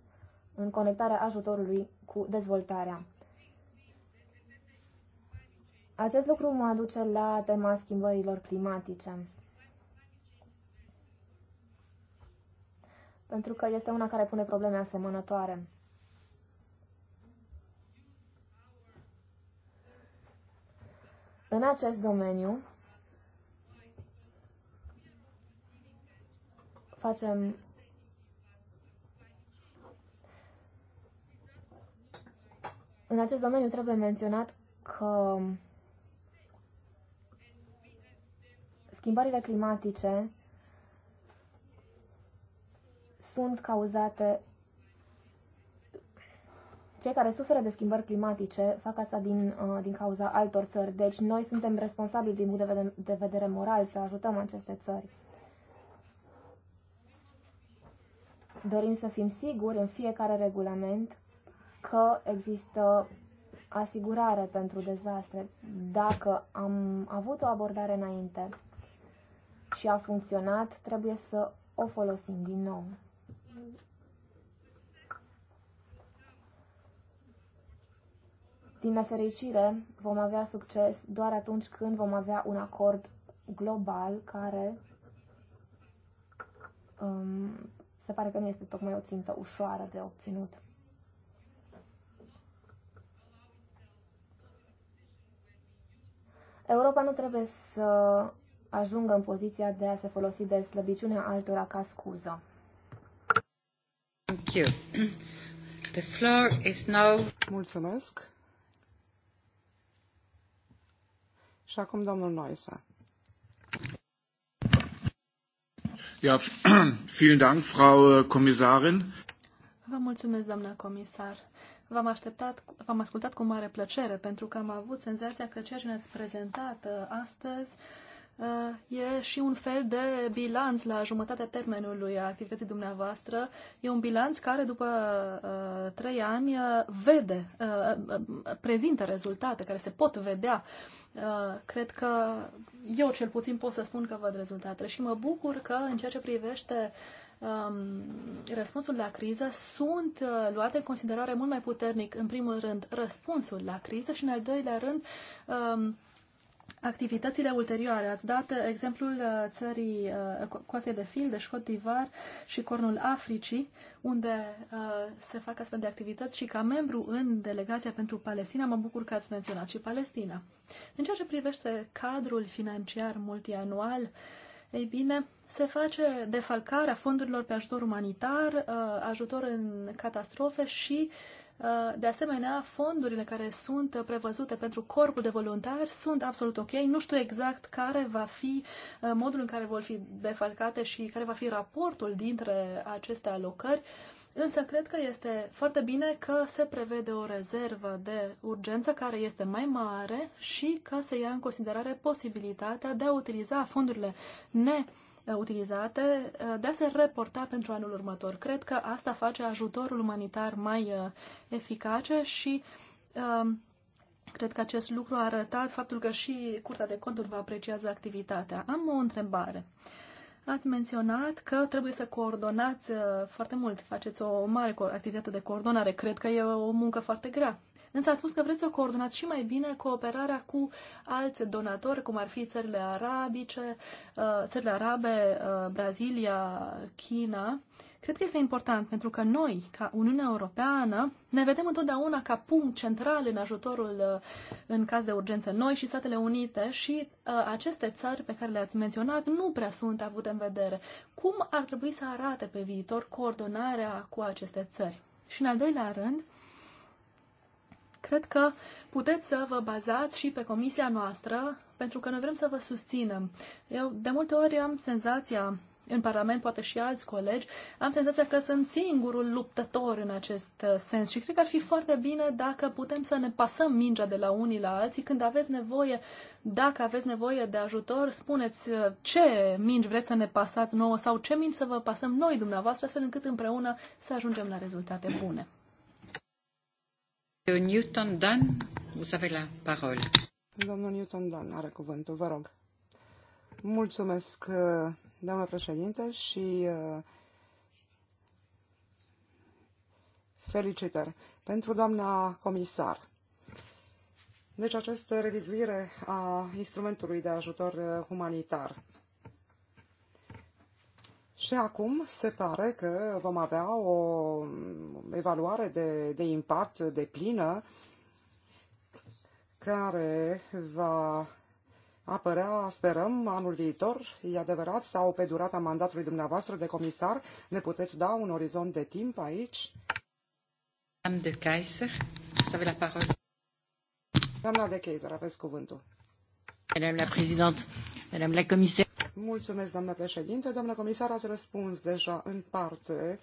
în conectarea ajutorului cu dezvoltarea. Acest lucru mă aduce la tema schimbărilor climatice. Pentru că este una care pune probleme asemănătoare. În acest domeniu facem În acest domeniu trebuie menționat că schimbările climatice sunt cauzate cei care suferă de schimbări climatice fac asta din, uh, din cauza altor țări. Deci noi suntem responsabili din punct de vedere, de vedere moral să ajutăm aceste țări. Dorim să fim siguri în fiecare regulament că există asigurare pentru dezastre. Dacă am avut o abordare înainte și a funcționat, trebuie să o folosim din nou. Din nefericire, vom avea succes doar atunci când vom avea un acord global care um, se pare că nu este tocmai o țintă ușoară de obținut. Europa nu trebuie să ajungă în poziția de a se folosi de slăbiciunea altora ca scuză. Thank you. The floor is now... Mulțumesc. Și acum domnul Ja, vielen Dank, Frau äh, Kommissarin. Vă mulțumesc, doamnă comisar. V-am așteptat, v-am ascultat cu mare plăcere, pentru că am avut senzația că ceea ce ne-ați prezentat äh, astăzi uh, Uh, e și un fel de bilanț la jumătatea termenului a activității dumneavoastră. E un bilanț care după uh, trei ani uh, vede, uh, uh, prezintă rezultate care se pot vedea. Cred că eu cel puțin pot să spun că văd rezultate și mă bucur că în ceea ce privește um, răspunsul la criză sunt uh, luate în considerare mult mai puternic, în primul rând, răspunsul la criză și, în al doilea rând, um, activitățile ulterioare. Ați dat uh, exemplul uh, țării uh, Coasei de Fil, de deci Divar și Cornul Africii, unde se fac astfel de activități și ca membru în delegația pentru Palestina mă bucur că ați menționat și Palestina. În ceea ce privește cadrul financiar multianual, ei bine, se face defalcarea fondurilor pe ajutor umanitar, ajutor în catastrofe și Uh, de asemenea, fondurile care sunt prevăzute pentru corpul de voluntari sunt absolut ok. Nu știu exact care va fi uh, modul în care vor fi defalcate și care va fi raportul dintre aceste alocări, însă cred că este foarte bine că se prevede o rezervă de urgență care este mai mare și că se ia în considerare posibilitatea de a utiliza fondurile ne Uh, utilizate, uh, de a se reporta pentru anul următor. Cred că asta face ajutorul umanitar mai uh, eficace și um, cred că acest lucru a arătat faptul că și Curtea de Conturi vă apreciază activitatea. Am o întrebare. Ați menționat că trebuie să coordonați foarte mult, faceți o mare activitate de coordonare. Cred că e o muncă foarte grea. Însă ați spus că vreți să coordonați și mai bine cooperarea cu alți donatori, cum ar fi țările arabice, uh, țările arabe, uh, Brazilia, China. Cred că este important pentru că noi, ca Uniunea Europeană, ne vedem întotdeauna ca punct central în ajutorul uh, în caz de urgență. Noi și Statele Unite și aceste țări pe care le-ați menționat nu prea sunt avute în vedere. Cum ar trebui să arate pe viitor coordonarea cu aceste țări? Și în al doilea rând, cred că puteți să vă bazați și pe comisia noastră, pentru că noi vrem să vă susținem. Eu de multe ori am senzația în Parlament, poate și alți colegi, am senzația că sunt singurul luptător în acest uh, sens și cred că ar fi foarte bine dacă putem să ne pasăm mingea de la unii la alții când aveți nevoie, dacă aveți nevoie de ajutor, spuneți uh, ce mingi vreți să ne pasați nouă sau ce mingi să vă pasăm noi dumneavoastră, astfel încât împreună să ajungem la rezultate bune. Newton Dan, vous avez la parole. Domnul Newton Dan are cuvântul, vă rog. Mulțumesc, uh, doamna președinte, și uh, felicitări pentru doamna comisar. Deci această revizuire a instrumentului de ajutor uh, humanitar și acum se pare că vom avea o evaluare de, de impact de plină care va apărea, sperăm, anul viitor, e adevărat, sau pe durata mandatului dumneavoastră de comisar. Ne puteți da un orizont de timp aici? Am de Kaiser, să la parole. Doamna de Kaiser, aveți cuvântul. Madame la Présidente, Madame la Comisar. Mulțumesc, doamnă președinte. Doamnă comisar, ați răspuns deja în parte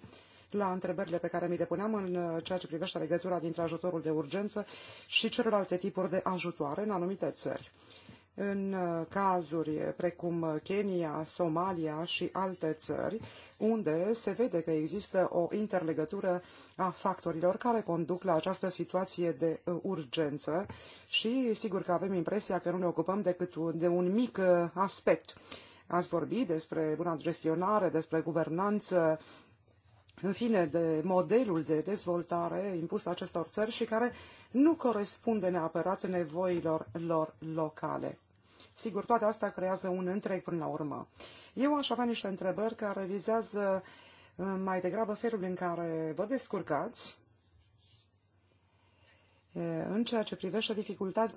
la întrebările pe care mi le puneam în uh, ceea ce privește legătura dintre ajutorul de urgență și celelalte tipuri de ajutoare în anumite țări. În uh, cazuri precum Kenya, Somalia și alte țări, unde se vede că există o interlegătură a factorilor care conduc la această situație de uh, urgență și sigur că avem impresia că nu ne ocupăm decât de un mic aspect Ați vorbit despre buna gestionare, despre guvernanță, în fine, de modelul de dezvoltare impus acestor țări și care nu corespunde neapărat nevoilor lor locale. Sigur, toate astea creează un întreg până la urmă. Eu aș avea niște întrebări care vizează uh, mai degrabă felul în care vă descurcați în ceea ce privește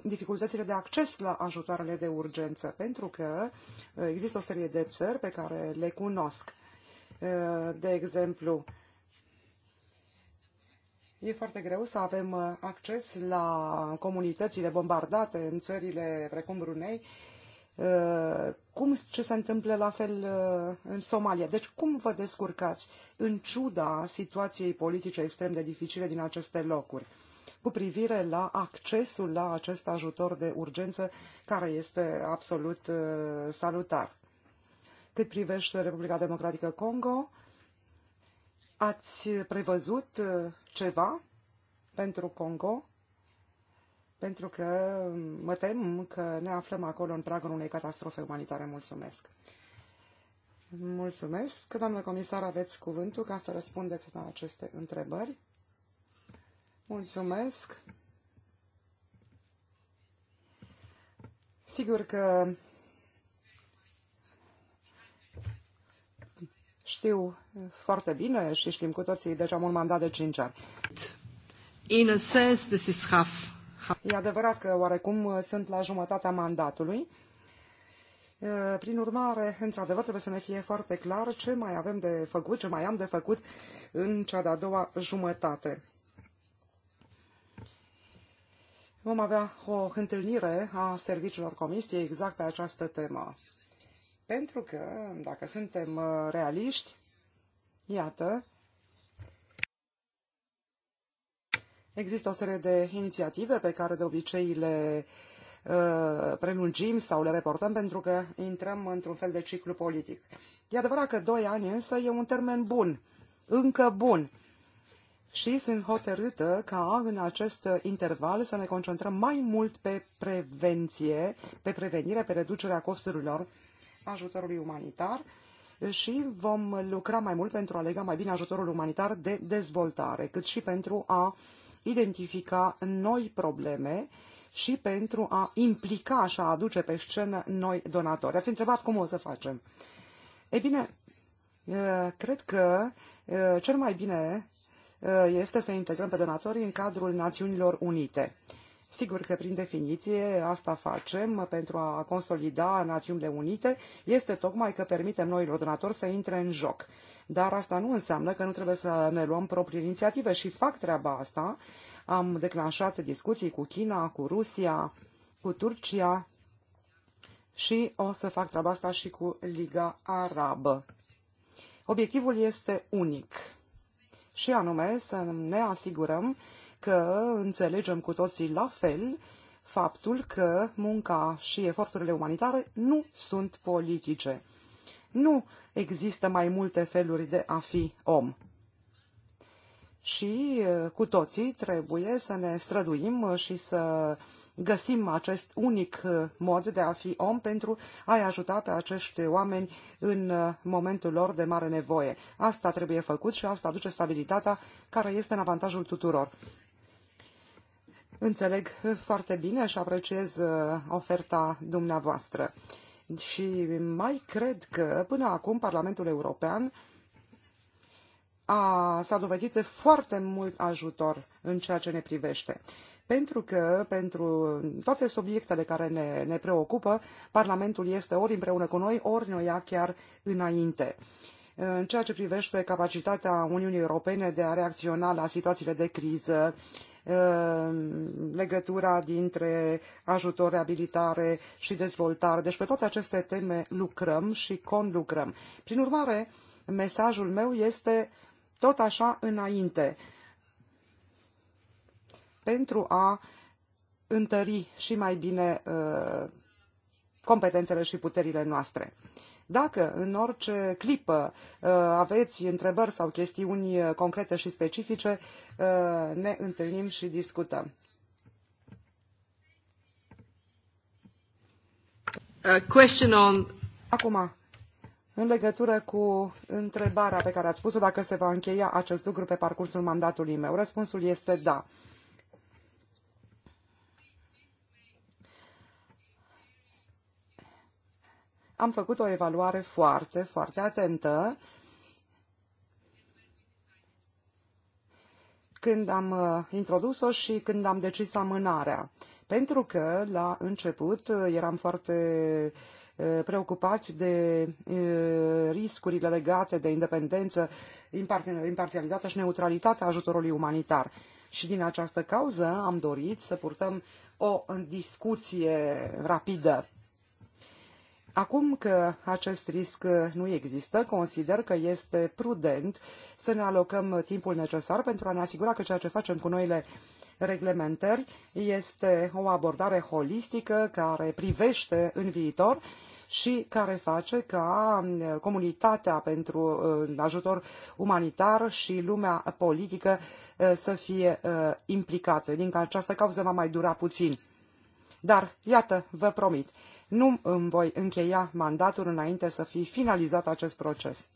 dificultățile de acces la ajutoarele de urgență, pentru că există o serie de țări pe care le cunosc. De exemplu, e foarte greu să avem acces la comunitățile bombardate în țările precum Brunei, cum, ce se întâmplă la fel în Somalia. Deci cum vă descurcați în ciuda situației politice extrem de dificile din aceste locuri? cu privire la accesul la acest ajutor de urgență care este absolut uh, salutar. Cât privește Republica Democratică Congo, ați prevăzut uh, ceva pentru Congo? Pentru că um, mă tem că ne aflăm acolo în pragul unei catastrofe umanitare. Mulțumesc! Mulțumesc. Doamnă comisar, aveți cuvântul ca să răspundeți la aceste întrebări. Mulțumesc. Sigur că știu foarte bine și știm cu toții, deja mult mandat de 5 ani. In a sense, this is half. E adevărat că oarecum sunt la jumătatea mandatului. Prin urmare, într-adevăr, trebuie să ne fie foarte clar ce mai avem de făcut, ce mai am de făcut în cea de-a doua jumătate. Vom avea o întâlnire a serviciilor comisiei exact pe această temă. Pentru că, dacă suntem uh, realiști, iată, există o serie de inițiative pe care de obicei le uh, prelungim sau le reportăm pentru că intrăm într-un fel de ciclu politic. E adevărat că doi ani însă e un termen bun, încă bun, și sunt hotărâtă ca în acest interval să ne concentrăm mai mult pe prevenție, pe prevenire, pe reducerea costurilor ajutorului umanitar și vom lucra mai mult pentru a lega mai bine ajutorul umanitar de dezvoltare, cât și pentru a identifica noi probleme și pentru a implica și a aduce pe scenă noi donatori. Ați întrebat cum o să facem. Ei bine, cred că cel mai bine Uh, este să integrăm pe donatorii în cadrul Națiunilor Unite. Sigur că, prin definiție, asta facem pentru a consolida Națiunile Unite, este tocmai că permitem noilor donatori să intre în joc. Dar asta nu înseamnă că nu trebuie să ne luăm proprii inițiative și fac treaba asta. Am declanșat discuții cu China, cu Rusia, cu Turcia și o să fac treaba asta și cu Liga Arabă. Obiectivul este unic și anume să ne asigurăm că înțelegem cu toții la fel faptul că munca și eforturile umanitare nu sunt politice. Nu există mai multe feluri de a fi om. Și uh, cu toții trebuie să ne străduim și să găsim acest unic uh, mod de a fi om pentru a-i ajuta pe acești oameni în uh, momentul lor de mare nevoie. Asta trebuie făcut și asta aduce stabilitatea care este în avantajul tuturor. Înțeleg foarte bine și apreciez uh, oferta dumneavoastră. Și mai cred că până acum Parlamentul European a, s-a dovedit foarte mult ajutor în ceea ce ne privește pentru că pentru toate subiectele care ne, ne preocupă, Parlamentul este ori împreună cu noi, ori noi ia chiar înainte. În ceea ce privește capacitatea Uniunii Europene de a reacționa la situațiile de criză, legătura dintre ajutor, reabilitare și dezvoltare. Deci pe toate aceste teme lucrăm și conlucrăm. Prin urmare, mesajul meu este tot așa înainte pentru a întări și mai bine uh, competențele și puterile noastre. Dacă în orice clipă uh, aveți întrebări sau chestiuni uh, concrete și specifice, ne întâlnim și discutăm. Question on... Acum, în legătură cu întrebarea pe care ați spus-o, dacă se va încheia acest lucru pe parcursul mandatului meu, răspunsul este da. am făcut o evaluare foarte, foarte atentă când am uh, introdus-o și când am decis amânarea. Pentru că la început uh, eram foarte uh, preocupați de riscurile legate de independență, imparțialitate și neutralitatea ajutorului umanitar. Și din această cauză am dorit să purtăm o discuție rapidă Acum că acest risc nu există, consider că este prudent să ne alocăm timpul necesar pentru a ne asigura că ceea ce facem cu noile reglementări este o abordare holistică care privește în viitor și care face ca um, comunitatea pentru um, ajutor umanitar și lumea politică uh, să fie uh, implicate. Din această cauză va mai dura puțin. Dar, iată, vă promit, nu îmi voi încheia mandatul înainte să fi finalizat acest proces.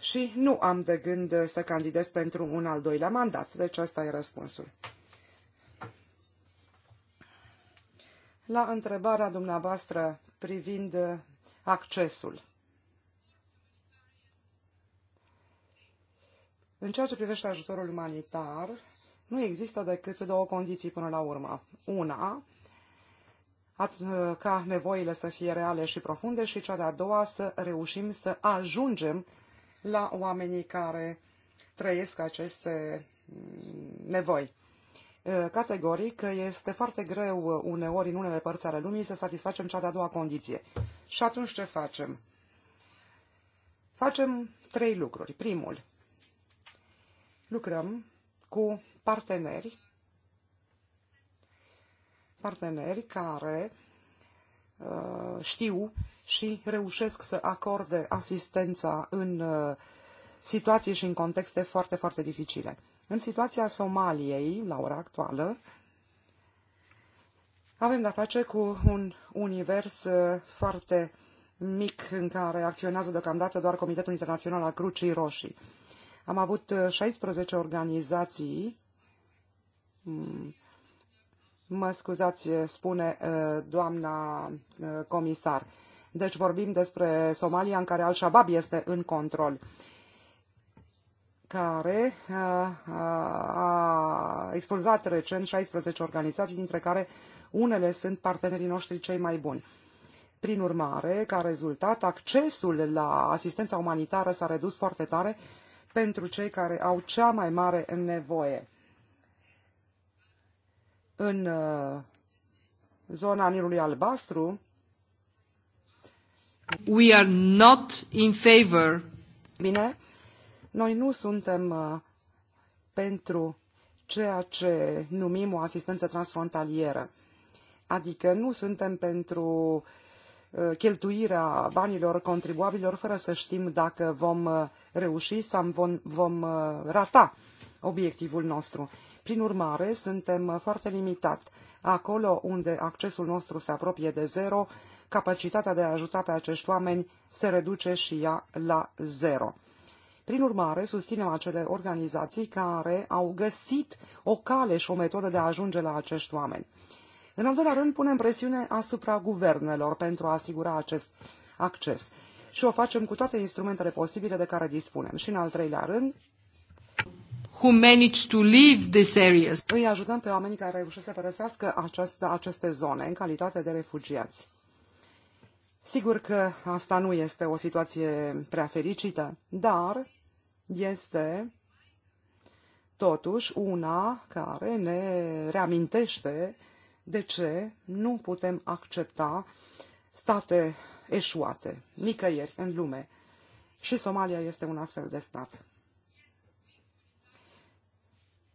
Și nu am de gând să candidez pentru un al doilea mandat, deci asta e răspunsul. La întrebarea dumneavoastră privind accesul. În ceea ce privește ajutorul umanitar, nu există decât două condiții până la urmă. Una, ca nevoile să fie reale și profunde și cea de-a doua să reușim să ajungem la oamenii care trăiesc aceste mm, nevoi. Categoric, este foarte greu uneori în unele părți ale lumii să satisfacem cea de-a doua condiție. Și atunci ce facem? Facem trei lucruri. Primul, lucrăm cu parteneri, parteneri care uh, știu și reușesc să acorde asistența în uh, situații și în contexte foarte, foarte dificile. În situația Somaliei, la ora actuală, avem de-a face cu un univers uh, foarte mic în care acționează deocamdată doar Comitetul Internațional al Crucii Roșii. Am avut 16 uh, organizații, mm. mă scuzați, uh, spune uh, doamna comisar. Deci vorbim despre Somalia în care Al-Shabaab este în control care a expulzat recent 16 organizații, dintre care unele sunt partenerii noștri cei mai buni. Prin urmare, ca rezultat, accesul la asistența umanitară s-a redus foarte tare pentru cei care au cea mai mare nevoie. În uh, zona Nilului Albastru, We are not in favor. Bine, noi nu suntem uh, pentru ceea ce numim o asistență transfrontalieră. Adică nu suntem pentru uh, cheltuirea banilor contribuabilor fără să știm dacă vom uh, reuși sau vom, vom uh, rata obiectivul nostru. Prin urmare, suntem uh, foarte limitat. Acolo unde accesul nostru se apropie de zero, capacitatea de a ajuta pe acești oameni se reduce și ea la zero. Prin urmare, susținem acele organizații care au găsit o cale și o metodă de a ajunge la acești oameni. În al doilea rând, punem presiune asupra guvernelor pentru a asigura acest acces și o facem cu toate instrumentele posibile de care dispunem. Și în al treilea rând, who manage to leave areas. Îi ajutăm pe oamenii care reușesc să părăsească aceste, aceste zone în calitate de refugiați. Sigur că asta nu este o situație prea fericită, dar este totuși una care ne reamintește de ce nu putem accepta state eșuate, nicăieri în lume. Și Somalia este un astfel de stat.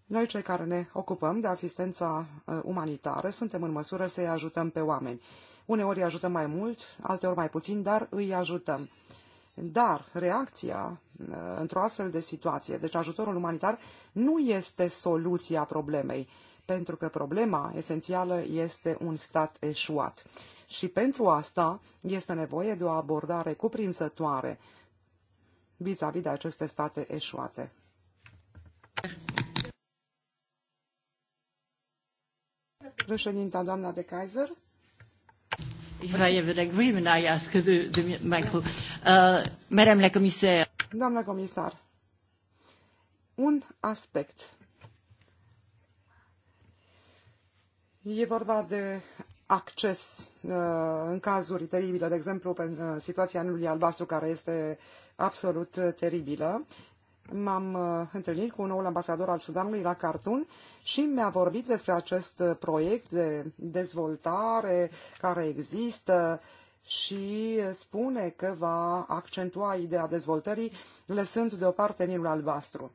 Noi, cei care ne ocupăm de asistența uh, umanitară, suntem în măsură să-i ajutăm pe oameni. Uneori îi ajutăm mai mult, alteori mai puțin, dar îi ajutăm. Dar reacția uh, într-o astfel de situație, deci ajutorul umanitar, nu este soluția problemei pentru că problema esențială este un stat eșuat. Și pentru asta este nevoie de o abordare cuprinzătoare vis-a-vis de aceste state eșuate. Președinta, doamna de Kaiser. Uh, doamna comisar, un aspect E vorba de acces uh, în cazuri teribile, de exemplu, în uh, situația anului albastru, care este absolut uh, teribilă. M-am întâlnit cu un ambasador al Sudanului la Khartoum și mi-a vorbit despre acest proiect de dezvoltare care există și spune că va accentua ideea dezvoltării, lăsând deoparte Nilul Albastru,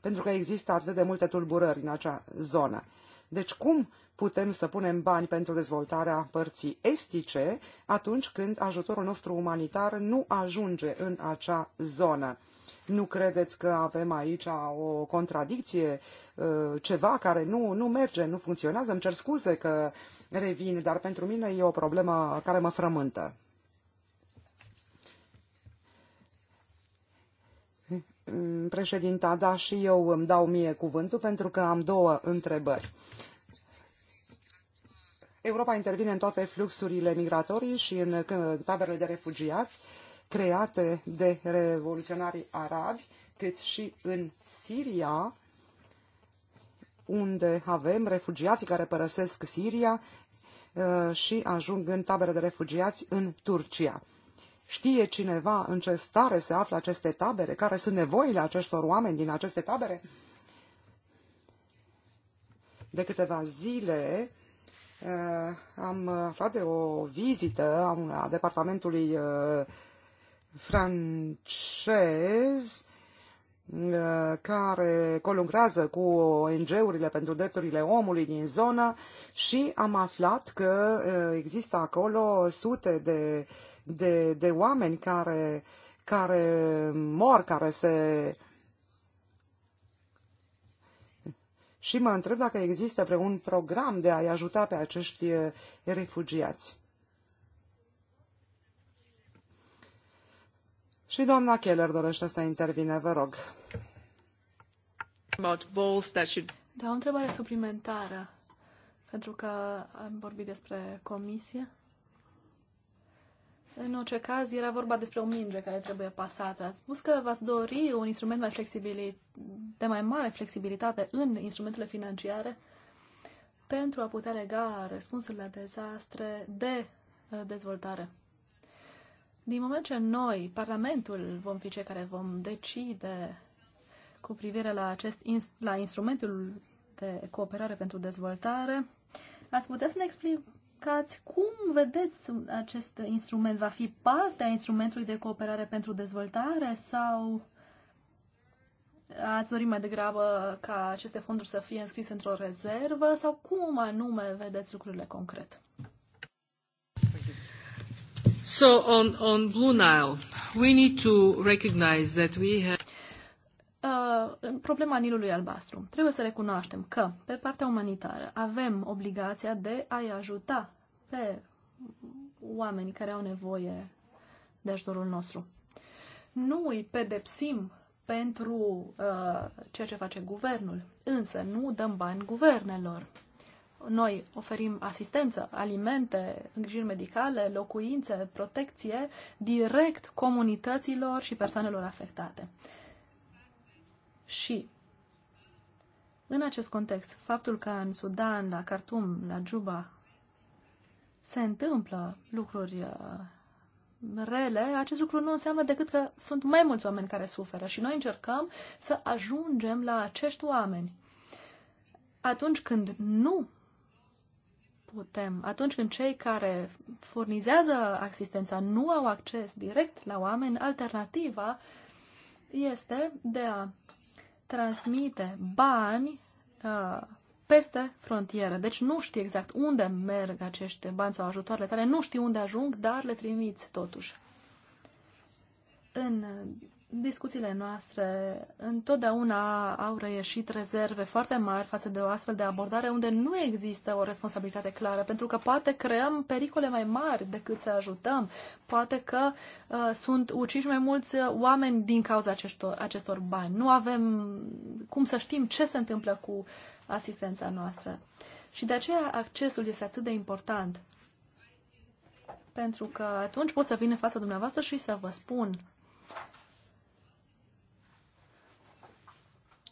pentru că există atât de multe tulburări în acea zonă. Deci cum putem să punem bani pentru dezvoltarea părții estice atunci când ajutorul nostru umanitar nu ajunge în acea zonă. Nu credeți că avem aici o contradicție, uh, ceva care nu, nu merge, nu funcționează? Îmi cer scuze că revin, dar pentru mine e o problemă care mă frământă. Mm, președinta, da, și eu îmi dau mie cuvântul pentru că am două întrebări. Europa intervine în toate fluxurile migratorii și în taberele de refugiați create de revoluționarii arabi, cât și în Siria, unde avem refugiații care părăsesc Siria uh, și ajung în tabere de refugiați în Turcia. Știe cineva în ce stare se află aceste tabere? Care sunt nevoile acestor oameni din aceste tabere? De câteva zile Uh, am aflat de o vizită a departamentului uh, francez uh, care colungrează cu ONG-urile pentru drepturile omului din zonă și am aflat că există acolo sute de, de, de oameni care, care mor, care se și mă întreb dacă există vreun program de a-i ajuta pe acești eh, refugiați. Și doamna Keller dorește să intervine, vă rog. Da, o întrebare suplimentară, pentru că am vorbit despre comisie. În orice caz, era vorba despre o minge care trebuie pasată. Ați spus că v-ați dori un instrument mai flexibil, de mai mare flexibilitate în instrumentele financiare pentru a putea lega răspunsurile dezastre de uh, dezvoltare. Din moment ce noi, Parlamentul, vom fi cei care vom decide cu privire la, acest, la instrumentul de cooperare pentru dezvoltare, ați putea să ne explicați? explicați cum vedeți acest instrument? Va fi parte a instrumentului de cooperare pentru dezvoltare sau ați dori mai degrabă ca aceste fonduri să fie înscrise într-o rezervă sau cum anume vedeți lucrurile concret? So on, on Blue Nile, we need to recognize that we have problema Nilului Albastru. Trebuie să recunoaștem că, pe partea umanitară, avem obligația de a-i ajuta pe oamenii care au nevoie de ajutorul nostru. Nu îi pedepsim pentru uh, ceea ce face guvernul, însă nu dăm bani guvernelor. Noi oferim asistență, alimente, îngrijiri medicale, locuințe, protecție direct comunităților și persoanelor afectate. Și în acest context, faptul că în Sudan, la Khartoum, la Juba, se întâmplă lucruri uh, rele, acest lucru nu înseamnă decât că sunt mai mulți oameni care suferă și noi încercăm să ajungem la acești oameni. Atunci când nu putem, atunci când cei care furnizează asistența nu au acces direct la oameni, alternativa este de a transmite bani uh, peste frontieră. Deci nu știi exact unde merg acești bani sau ajutoarele tale, nu știi unde ajung, dar le trimiți totuși. În discuțiile noastre întotdeauna au reieșit rezerve foarte mari față de o astfel de abordare unde nu există o responsabilitate clară, pentru că poate creăm pericole mai mari decât să ajutăm, poate că uh, sunt uciși mai mulți oameni din cauza acestor, acestor bani. Nu avem cum să știm ce se întâmplă cu asistența noastră. Și de aceea accesul este atât de important. Pentru că atunci pot să vin în fața dumneavoastră și să vă spun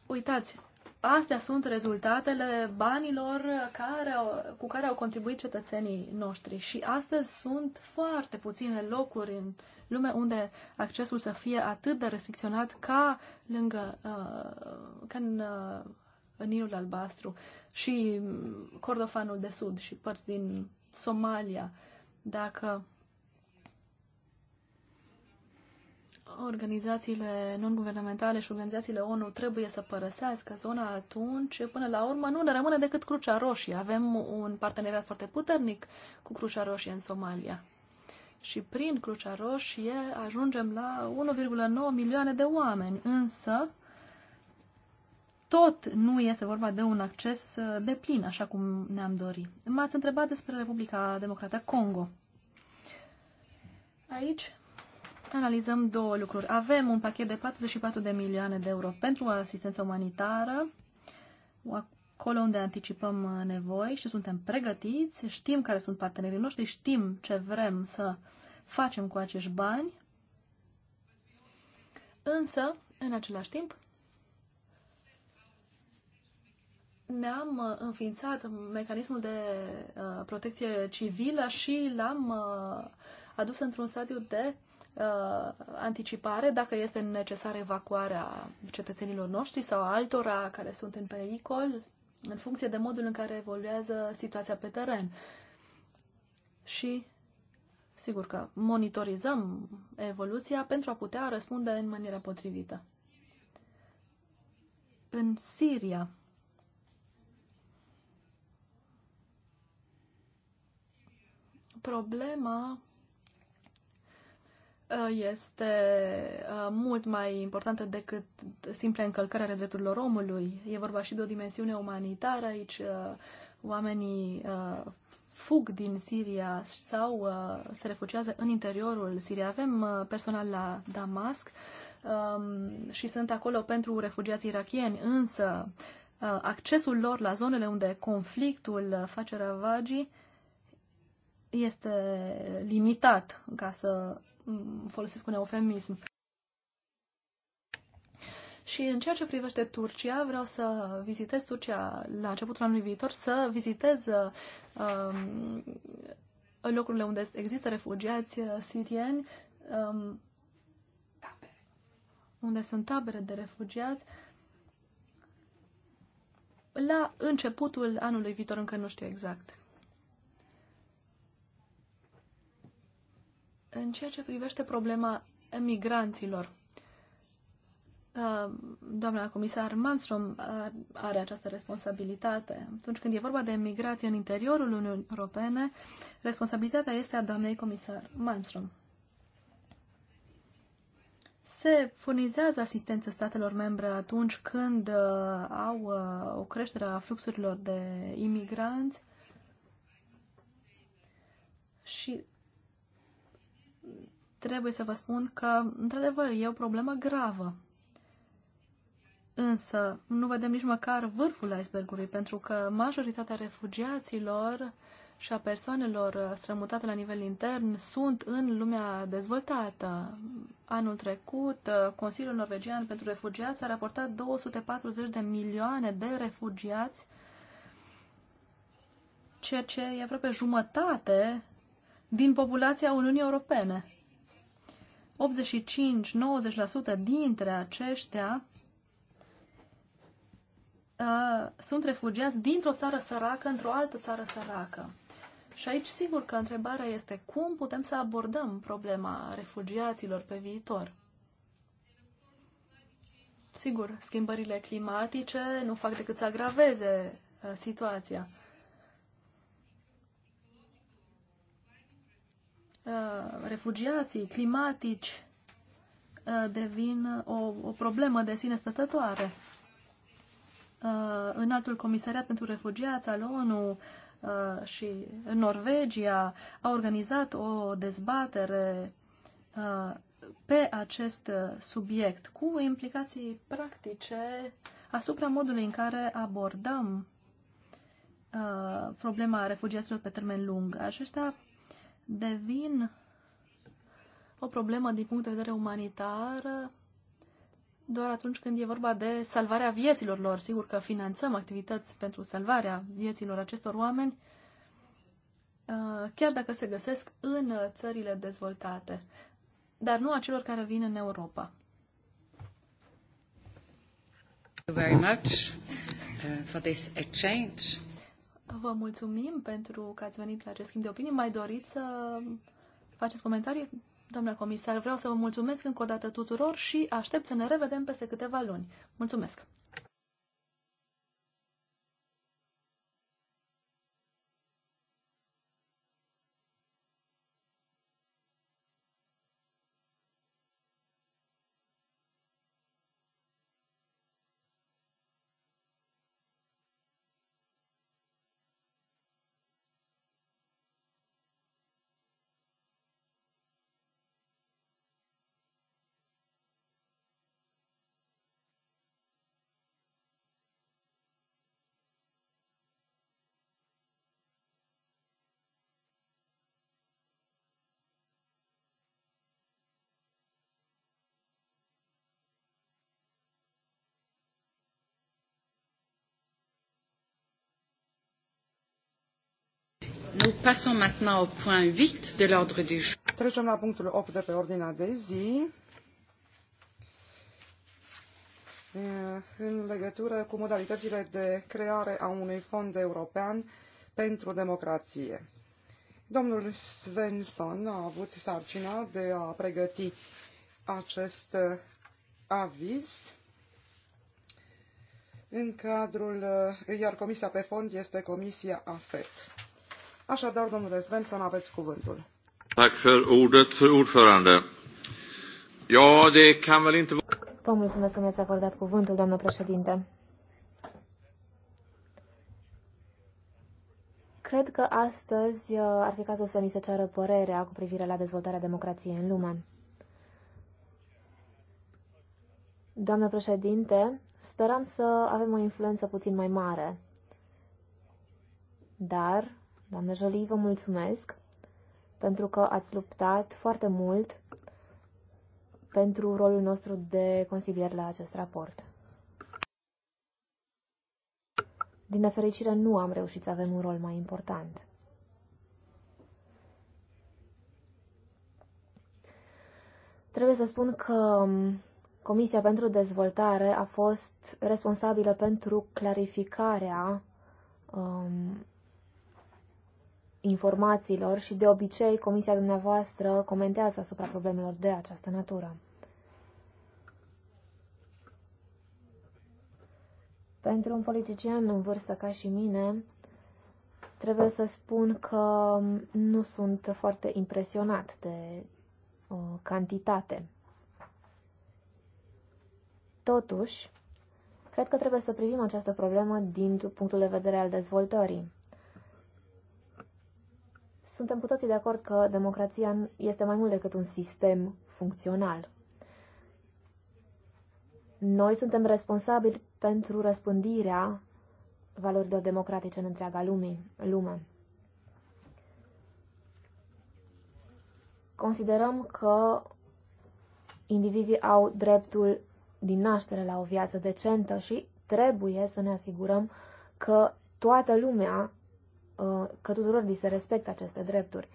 uitați, astea sunt rezultatele banilor care au, cu care au contribuit cetățenii noștri și astăzi sunt foarte puține locuri în lume unde accesul să fie atât de restricționat ca lângă uh, ca în uh, Nilul Albastru și mm, Cordofanul de Sud și părți din Somalia. Dacă organizațiile non-guvernamentale și organizațiile ONU trebuie să părăsească zona atunci, până la urmă nu ne rămâne decât Crucea Roșie. Avem un parteneriat foarte puternic cu Crucea Roșie în Somalia. Și prin Crucea Roșie ajungem la 1,9 milioane de oameni, însă tot nu este vorba de un acces uh, de plin, așa cum ne-am dorit. M-ați întrebat despre Republica Democrată Congo. Aici analizăm două lucruri. Avem un pachet de 44 de milioane de euro pentru asistență umanitară, acolo unde anticipăm nevoi și suntem pregătiți, știm care sunt partenerii noștri, știm ce vrem să facem cu acești bani, însă, în același timp, ne-am uh, înființat mecanismul de uh, protecție civilă și l-am uh, adus într-un stadiu de Uh, anticipare dacă este necesară evacuarea cetățenilor noștri sau altora care sunt în pericol, în funcție de modul în care evoluează situația pe teren. Și sigur că monitorizăm evoluția pentru a putea răspunde în maniera potrivită. În Siria, problema Uh, este uh, mult mai importantă decât simple încălcări ale drepturilor omului. E vorba și de o dimensiune umanitară aici. Uh, oamenii fug din Siria sau se refugiază în interiorul Siriei. Avem personal la Damasc um, și sunt acolo pentru refugiații irakieni, însă accesul lor la zonele unde conflictul face ravagii este limitat, ca să Mm, folosesc un eufemism. Și în ceea ce privește Turcia, vreau să vizitez Turcia la începutul anului viitor, să vizitez um, locurile unde există refugiați uh, sirieni, um, unde sunt tabere de refugiați. La începutul anului viitor, încă nu știu exact În ceea ce privește problema emigranților, uh, doamna comisar Malmström uh, are această responsabilitate. Atunci când e vorba de emigrație în interiorul Uniunii Europene, responsabilitatea este a doamnei comisar Malmström. Se furnizează asistență statelor membre atunci când uh, au o creștere a fluxurilor de imigranți și trebuie să vă spun că, într-adevăr, e o problemă gravă. Însă, nu vedem nici măcar vârful icebergului, pentru că majoritatea refugiaților și a persoanelor strămutate la nivel intern sunt în lumea dezvoltată. Anul trecut, Consiliul Norvegian pentru Refugiați a raportat 240 de milioane de refugiați, ceea ce e aproape jumătate din populația Uniunii Europene. 85-90% dintre aceștia uh, sunt refugiați dintr-o țară săracă într-o altă țară săracă. Și aici sigur că întrebarea este cum putem să abordăm problema refugiaților pe viitor. Sigur, schimbările climatice nu fac decât să agraveze uh, situația. Uh, refugiații climatici uh, devin uh, o, o problemă de sine stătătoare. În altul comisariat pentru refugiați al ONU și Norvegia a organizat o dezbatere pe acest subiect cu implicații practice asupra modului în care abordăm problema refugiaților pe termen lung. Aceștia devin o problemă din punct de vedere umanitar doar atunci când e vorba de salvarea vieților lor. Sigur că finanțăm activități pentru salvarea vieților acestor oameni, chiar dacă se găsesc în țările dezvoltate, dar nu a celor care vin în Europa. Thank you very much uh, for this exchange. Vă mulțumim pentru că ați venit la acest schimb de opinii. Mai doriți să faceți comentarii? Domnule comisar, vreau să vă mulțumesc încă o dată tuturor și aștept să ne revedem peste câteva luni. Mulțumesc! Nous passons maintenant au point 8 de l'ordre du jour. Trecem la punctul 8 de pe ordinea de zi. În legătură cu modalitățile de creare a unui fond european pentru democrație. Domnul Svensson a avut sarcina de a pregăti acest aviz în cadrul, iar Comisia pe fond este Comisia AFET. Așadar, domnule Svensson, aveți cuvântul. Vă mulțumesc că mi-ați acordat cuvântul, doamnă președinte. Cred că astăzi uh, ar fi cazul să ni se ceară părerea cu privire la dezvoltarea democrației în lume. Doamnă președinte, speram să avem o influență puțin mai mare, dar Doamnă Jolie, vă mulțumesc pentru că ați luptat foarte mult pentru rolul nostru de consilier la acest raport. Din nefericire, nu am reușit să avem un rol mai important. Trebuie să spun că um, Comisia pentru Dezvoltare a fost responsabilă pentru clarificarea um, informațiilor și de obicei comisia dumneavoastră comentează asupra problemelor de această natură. Pentru un politician în vârstă ca și mine, trebuie să spun că nu sunt foarte impresionat de uh, cantitate. Totuși, cred că trebuie să privim această problemă din punctul de vedere al dezvoltării. Suntem cu toții de acord că democrația este mai mult decât un sistem funcțional. Noi suntem responsabili pentru răspândirea valorilor democratice în întreaga lume. lume. Considerăm că indivizii au dreptul din naștere la o viață decentă și trebuie să ne asigurăm că toată lumea Uh, că tuturor li se respectă aceste drepturi.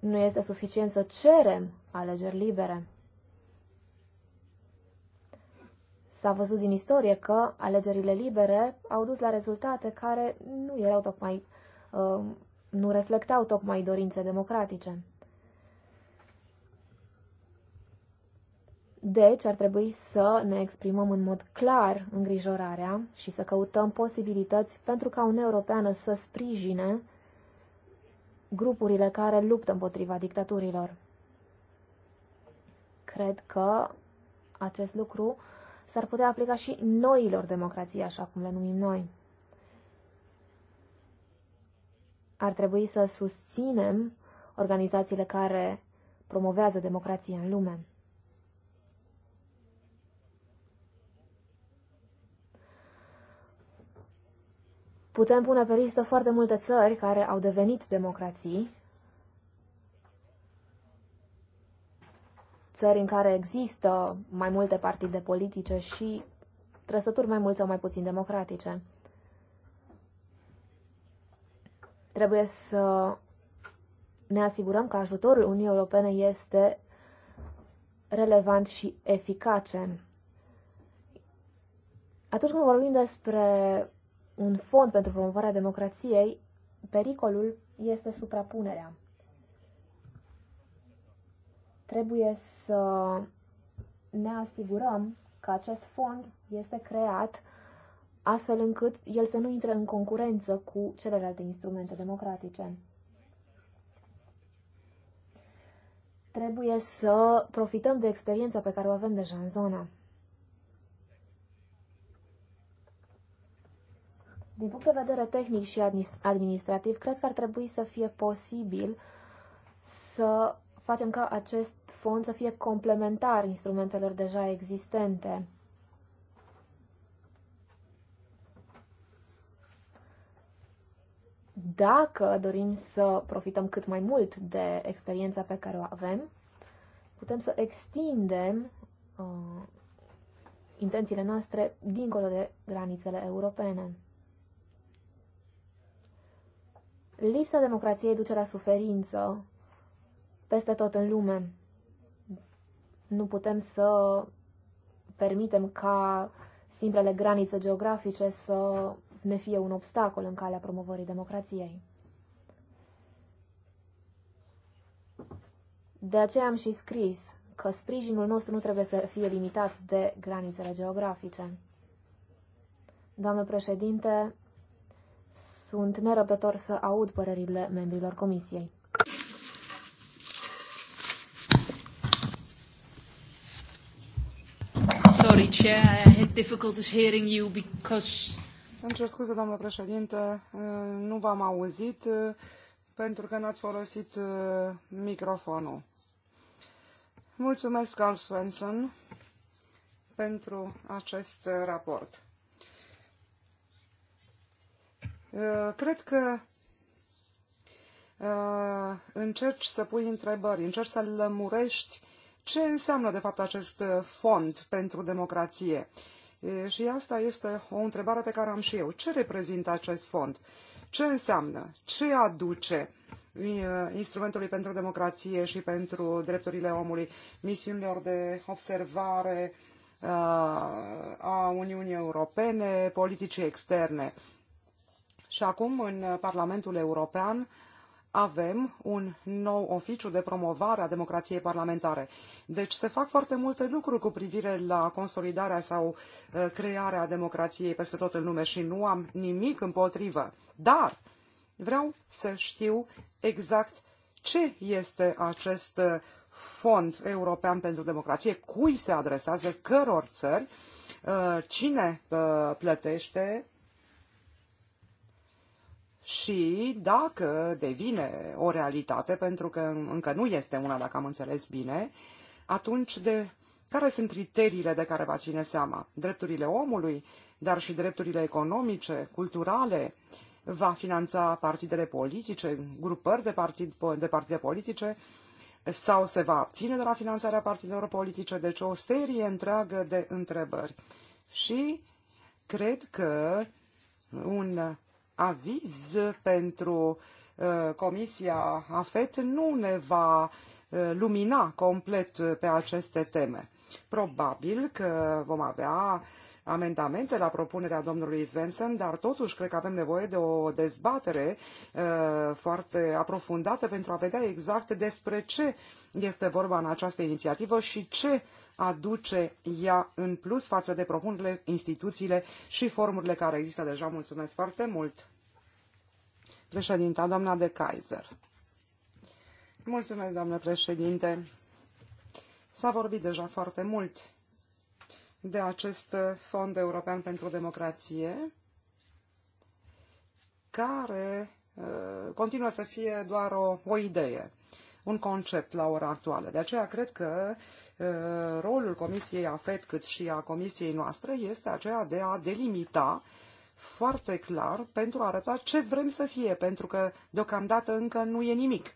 Nu este suficient să cerem alegeri libere. S-a văzut din istorie că alegerile libere au dus la rezultate care nu erau tocmai, uh, nu reflectau tocmai dorințe democratice. Deci ar trebui să ne exprimăm în mod clar îngrijorarea și să căutăm posibilități pentru ca Uniunea Europeană să sprijine grupurile care luptă împotriva dictaturilor. Cred că acest lucru s-ar putea aplica și noilor democrații, așa cum le numim noi. Ar trebui să susținem organizațiile care promovează democrația în lume. Putem pune pe listă foarte multe țări care au devenit democrații, țări în care există mai multe partide politice și trăsături mai mult sau mai puțin democratice. Trebuie să ne asigurăm că ajutorul Uniunii Europene este relevant și eficace. Atunci când vorbim despre un fond pentru promovarea democrației, pericolul este suprapunerea. Trebuie să ne asigurăm că acest fond este creat astfel încât el să nu intre în concurență cu celelalte instrumente democratice. Trebuie să profităm de experiența pe care o avem deja în zona. Din punct de vedere tehnic și administrativ, cred că ar trebui să fie posibil să facem ca acest fond să fie complementar instrumentelor deja existente. Dacă dorim să profităm cât mai mult de experiența pe care o avem, putem să extindem uh, intențiile noastre dincolo de granițele europene. Lipsa democrației duce la suferință peste tot în lume. Nu putem să permitem ca simplele granițe geografice să ne fie un obstacol în calea promovării democrației. De aceea am și scris că sprijinul nostru nu trebuie să fie limitat de granițele geografice. Doamne președinte, sunt nerăbdător să aud părerile membrilor comisiei. Sorry, Chair, I had difficulties hearing you because... Îmi cer scuze, doamnă președinte, uh, nu v-am auzit uh, pentru că n-ați folosit uh, microfonul. Mulțumesc, Carl Svensson, pentru acest raport. Uh, cred că uh, încerci să pui întrebări, încerci să lămurești ce înseamnă de fapt acest uh, fond pentru democrație. Și asta este o întrebare pe care am și eu. Ce reprezintă acest fond? Ce înseamnă? Ce aduce instrumentului pentru democrație și pentru drepturile omului, misiunilor de observare a Uniunii Europene, politicii externe? Și acum, în Parlamentul European, avem un nou oficiu de promovare a democrației parlamentare. Deci se fac foarte multe lucruri cu privire la consolidarea sau uh, crearea democrației peste tot în lume și nu am nimic împotrivă. Dar vreau să știu exact ce este acest uh, fond european pentru democrație, cui se adresează, căror țări, uh, cine plătește și dacă devine o realitate, pentru că încă nu este una, dacă am înțeles bine, atunci de care sunt criteriile de care va ține seama? Drepturile omului, dar și drepturile economice, culturale, va finanța partidele politice, grupări de, partid, de partide politice sau se va abține de la finanțarea partidelor politice? Deci o serie întreagă de întrebări. Și cred că un aviz pentru uh, Comisia AFET nu ne va uh, lumina complet pe aceste teme. Probabil că vom avea amendamente la propunerea domnului Svensson, dar totuși cred că avem nevoie de o dezbatere uh, foarte aprofundată pentru a vedea exact despre ce este vorba în această inițiativă și ce aduce ea în plus față de propunerile, instituțiile și formurile care există deja. Mulțumesc foarte mult! Președinta, doamna de Kaiser. Mulțumesc, doamnă președinte. S-a vorbit deja foarte mult de acest Fond European pentru Democrație, care uh, continuă să fie doar o, o idee, un concept la ora actuală. De aceea cred că uh, rolul Comisiei AFET cât și a Comisiei noastre este aceea de a delimita foarte clar pentru a arăta ce vrem să fie, pentru că deocamdată încă nu e nimic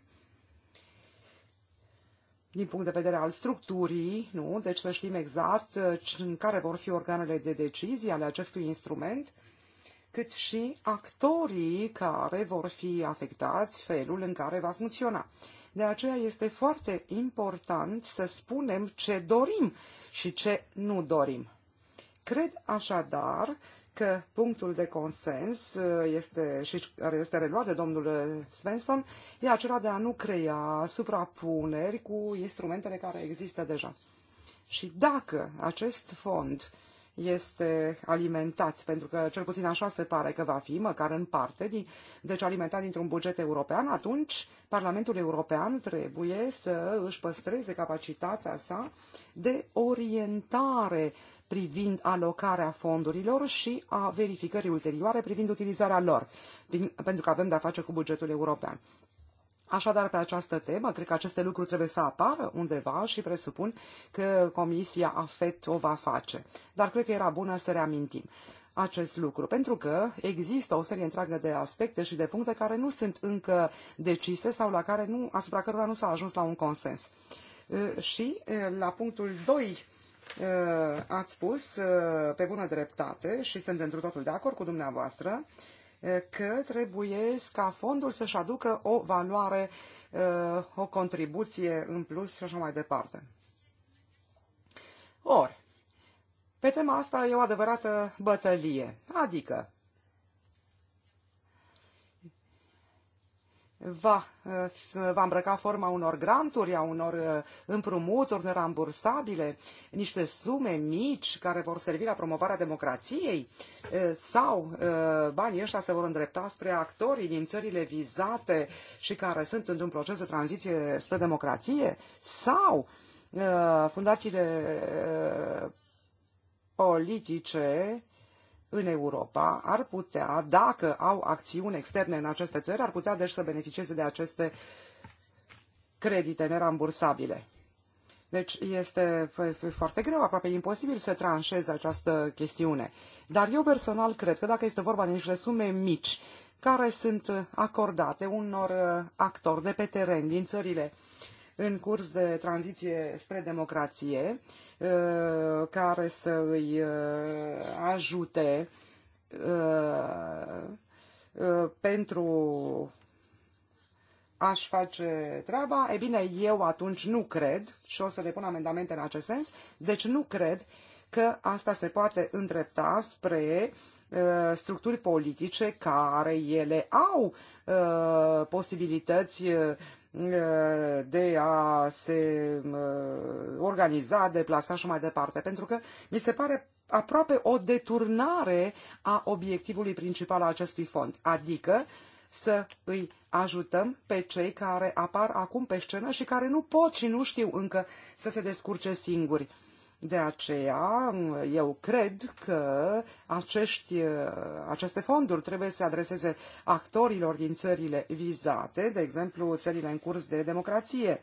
din punct de vedere al structurii, nu? Deci să știm exact în uh, care vor fi organele de decizie ale acestui instrument, cât și actorii care vor fi afectați, felul în care va funcționa. De aceea este foarte important să spunem ce dorim și ce nu dorim. Cred așadar că punctul de consens uh, este, și care este reluat de domnul Svensson e acela de a nu crea suprapuneri cu instrumentele care există deja. Și dacă acest fond este alimentat, pentru că cel puțin așa se pare că va fi, măcar în parte, din, deci alimentat dintr-un buget european, atunci Parlamentul European trebuie să își păstreze capacitatea sa de orientare privind alocarea fondurilor și a verificării ulterioare privind utilizarea lor, pentru că avem de-a face cu bugetul european. Așadar, pe această temă, cred că aceste lucruri trebuie să apară undeva și presupun că Comisia AFET o va face. Dar cred că era bună să reamintim acest lucru, pentru că există o serie întreagă de aspecte și de puncte care nu sunt încă decise sau la care nu, asupra cărora nu s-a ajuns la un consens. Ă, și ă, la punctul 2 Eh, ați spus eh, pe bună dreptate și sunt într totul de acord cu dumneavoastră eh, că trebuie ca fondul să-și aducă o valoare, o contribuție în plus și așa mai departe. Ori, pe tema asta e o adevărată bătălie, adică va, uh, va îmbrăca forma unor granturi, a unor uh, împrumuturi nerambursabile, niște sume mici care vor servi la promovarea democrației uh, sau banii ăștia se vor îndrepta spre actorii din țările vizate și care sunt într-un proces de tranziție spre democrație sau fundațiile politice în Europa ar putea, dacă au acțiuni externe în aceste țări, ar putea deci să beneficieze de aceste credite nerambursabile. Deci este foarte greu, aproape imposibil să tranșeze această chestiune. Dar eu personal cred că dacă este vorba de niște sume mici care sunt acordate unor uh, actori de pe teren din țările uh, în curs de tranziție spre democrație uh, care să îi uh, ajute uh, pentru aș face treaba, e bine, eu atunci nu cred, și o să depun amendamente în acest sens, deci nu cred că asta se poate îndrepta spre uh, structuri politice care ele au uh, posibilități uh, de a se uh, organiza, deplasa și mai departe, pentru că mi se pare aproape o deturnare a obiectivului principal al acestui fond, adică să îi ajutăm pe cei care apar acum pe scenă și care nu pot și nu știu încă să se descurce singuri de aceea, eu cred că acești, uh, aceste fonduri trebuie să se adreseze actorilor din țările vizate, de exemplu țările în curs de democrație.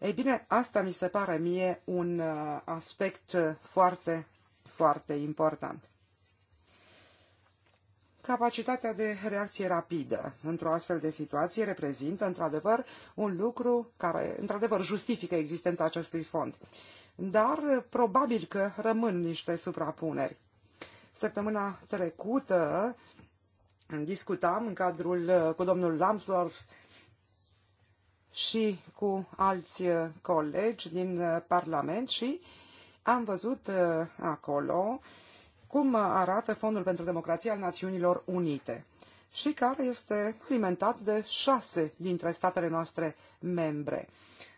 Ei bine, asta mi se pare mie un uh, aspect foarte, foarte important. Capacitatea de reacție rapidă într-o astfel de situație reprezintă, într-adevăr, un lucru care, într-adevăr, justifică existența acestui fond dar eh, probabil că rămân niște suprapuneri. Săptămâna trecută mm, discutam în cadrul eh, cu domnul Lambsdorff și cu alți eh, colegi din Parlament și am văzut acolo cum arată Fondul pentru Democrație al Națiunilor Unite și care este alimentat de șase dintre statele noastre membre.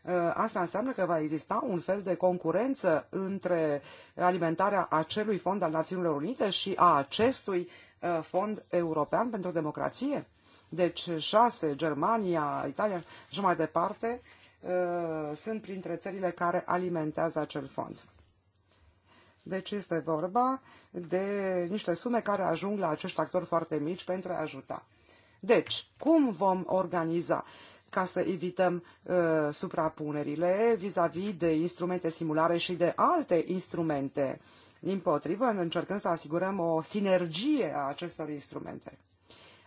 Uh, asta înseamnă că va exista un fel de concurență între alimentarea acelui fond al Națiunilor Unite și a acestui uh, fond european pentru democrație. Deci șase, Germania, Italia și mai departe uh, sunt printre țările care alimentează acel fond. Deci este vorba de niște sume care ajung la acești actori foarte mici pentru a ajuta. Deci, cum vom organiza? Uh, ca să evităm uh, suprapunerile vis-a-vis de instrumente simulare și de alte instrumente. Din potrivă, încercăm să asigurăm o sinergie a acestor instrumente.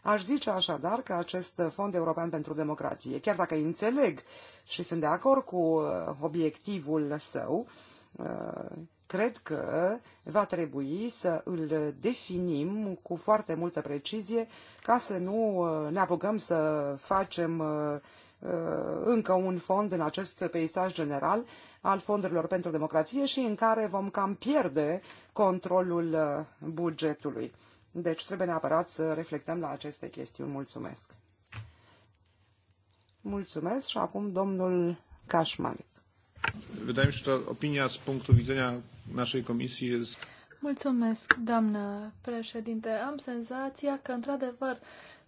Aș zice așadar că acest Fond European pentru Democrație, chiar dacă înțeleg și sunt de acord cu uh, obiectivul său, uh, cred că va trebui să îl definim cu foarte multă precizie ca să nu uh, ne apucăm să facem uh, uh, încă un fond în acest peisaj general al fondurilor pentru democrație și în care vom cam pierde controlul bugetului. Deci trebuie neapărat să reflectăm la aceste chestiuni. Mulțumesc! Mulțumesc și acum domnul Cașmali. Wydaje mi się, że opinia z punktu widzenia naszej komisji jest... Mulțumesc, doamnă președinte. Am senzația că, într-adevăr,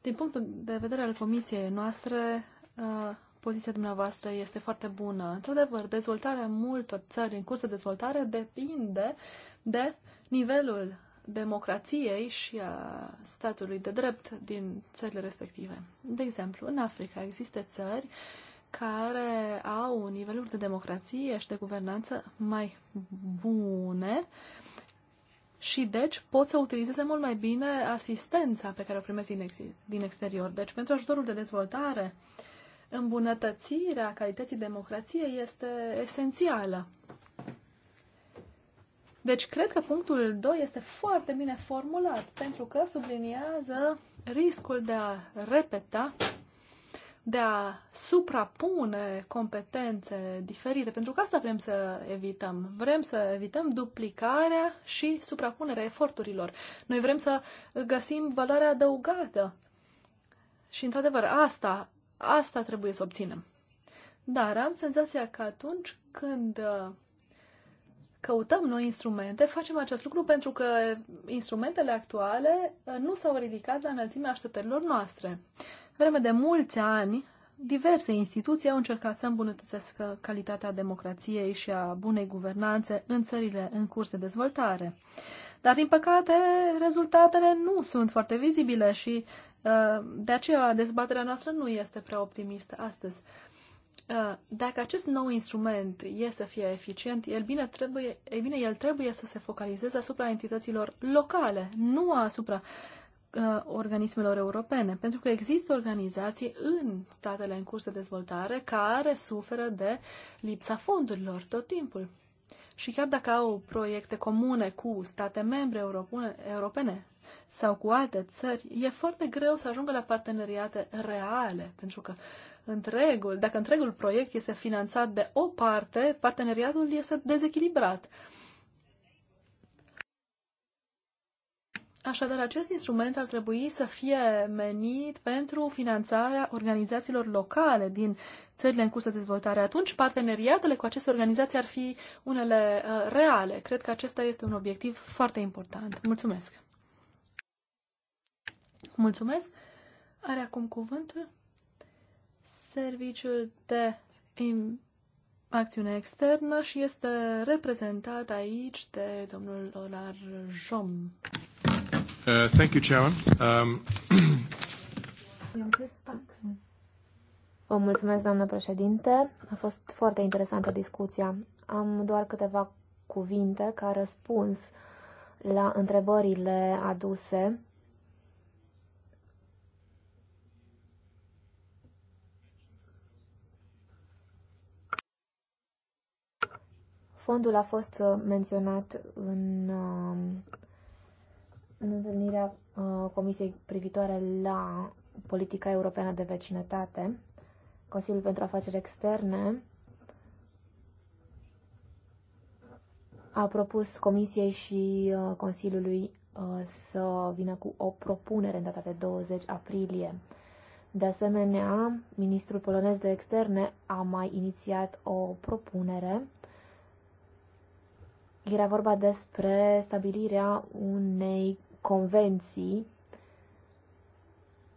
din punctul de vedere al comisiei noastre, uh, poziția dumneavoastră este foarte bună. Într-adevăr, dezvoltarea multor țări în curs de dezvoltare depinde de nivelul democrației și a statului de drept din țările respective. De exemplu, în Africa există țări uh, care au niveluri de democrație și de guvernanță mai bune și deci pot să utilizeze mult mai bine asistența pe care o primesc din, ex- din exterior. Deci pentru ajutorul de dezvoltare, îmbunătățirea calității democrației este esențială. Deci cred că punctul 2 este foarte bine formulat pentru că subliniază riscul de a repeta de a suprapune competențe diferite, pentru că asta vrem să evităm. Vrem să evităm duplicarea și suprapunerea eforturilor. Noi vrem să găsim valoarea adăugată. Și, într-adevăr, asta, asta trebuie să obținem. Dar am senzația că atunci când uh, căutăm noi instrumente, facem acest lucru pentru că instrumentele actuale uh, nu s-au ridicat la înălțimea așteptărilor noastre vreme de mulți ani, diverse instituții au încercat să îmbunătățesc calitatea democrației și a bunei guvernanțe în țările în curs de dezvoltare. Dar, din păcate, rezultatele nu sunt foarte vizibile și uh, de aceea dezbaterea noastră nu este prea optimistă astăzi. Uh, dacă acest nou instrument e să fie eficient, el bine trebuie, e bine, el trebuie să se focalizeze asupra entităților locale, nu asupra uh, Uh, organismelor europene, pentru că există organizații în statele în curs de dezvoltare care suferă de lipsa fondurilor tot timpul. Și chiar dacă au proiecte comune cu state membre europene sau cu alte țări, e foarte greu să ajungă la parteneriate reale, pentru că întregul, dacă întregul proiect este finanțat de o parte, parteneriatul este dezechilibrat. Uh, Așadar, acest instrument ar trebui să fie menit pentru finanțarea organizațiilor locale din țările în curs de dezvoltare. Atunci, parteneriatele cu aceste organizații ar fi unele uh, reale. Cred că acesta este un obiectiv foarte important. Mulțumesc! Mulțumesc! Are acum cuvântul Serviciul de Acțiune Externă și este reprezentat aici de domnul Olar Jom. Uh, thank you, Chairman. Um... Vă mulțumesc, doamnă președinte. A fost foarte interesantă discuția. Am doar câteva cuvinte ca răspuns la întrebările aduse. Fondul a fost menționat în uh, în întâlnirea uh, Comisiei privitoare la politica europeană de vecinătate, Consiliul pentru Afaceri Externe a propus Comisiei și uh, Consiliului uh, să vină cu o propunere în data de 20 aprilie. De asemenea, ministrul polonez de externe a mai inițiat o propunere. Era vorba despre stabilirea unei convenții,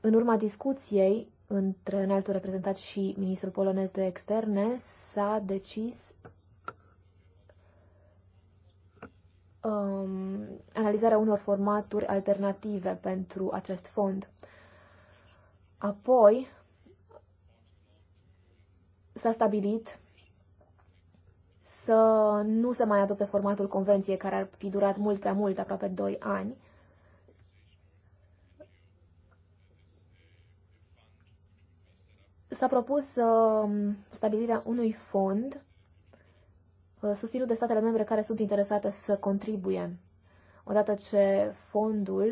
în urma discuției între înaltul reprezentat și ministrul polonez de externe, s-a decis um, analizarea unor formaturi alternative pentru acest fond. Apoi s-a stabilit să nu se mai adopte formatul convenției care ar fi durat mult prea mult, aproape 2 ani, S-a propus uh, stabilirea unui fond uh, susținut de statele membre care sunt interesate să contribuie. Odată ce fondul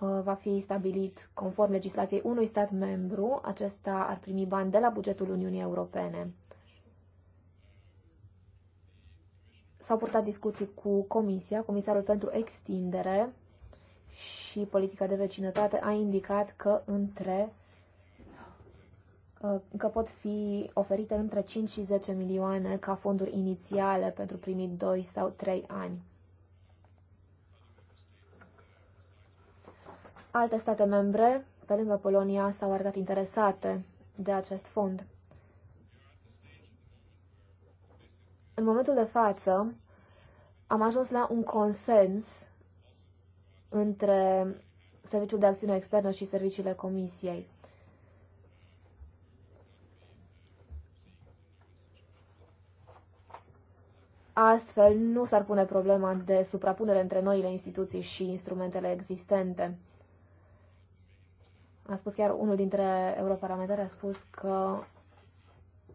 uh, va fi stabilit conform legislației unui stat membru, acesta ar primi bani de la bugetul Uniunii Europene. S-au purtat discuții cu Comisia, Comisarul pentru Extindere și Politica de Vecinătate a indicat că între Uh, că pot fi oferite între 5 și 10 milioane ca fonduri inițiale pentru primii 2 sau 3 ani. Alte state membre, pe lângă Polonia, s-au arătat interesate de acest fond. În momentul de față, am ajuns la un consens între Serviciul de Acțiune Externă și serviciile Comisiei. Astfel, nu s-ar pune problema de suprapunere între noile instituții și instrumentele existente. A spus chiar unul dintre europarlamentari, a spus că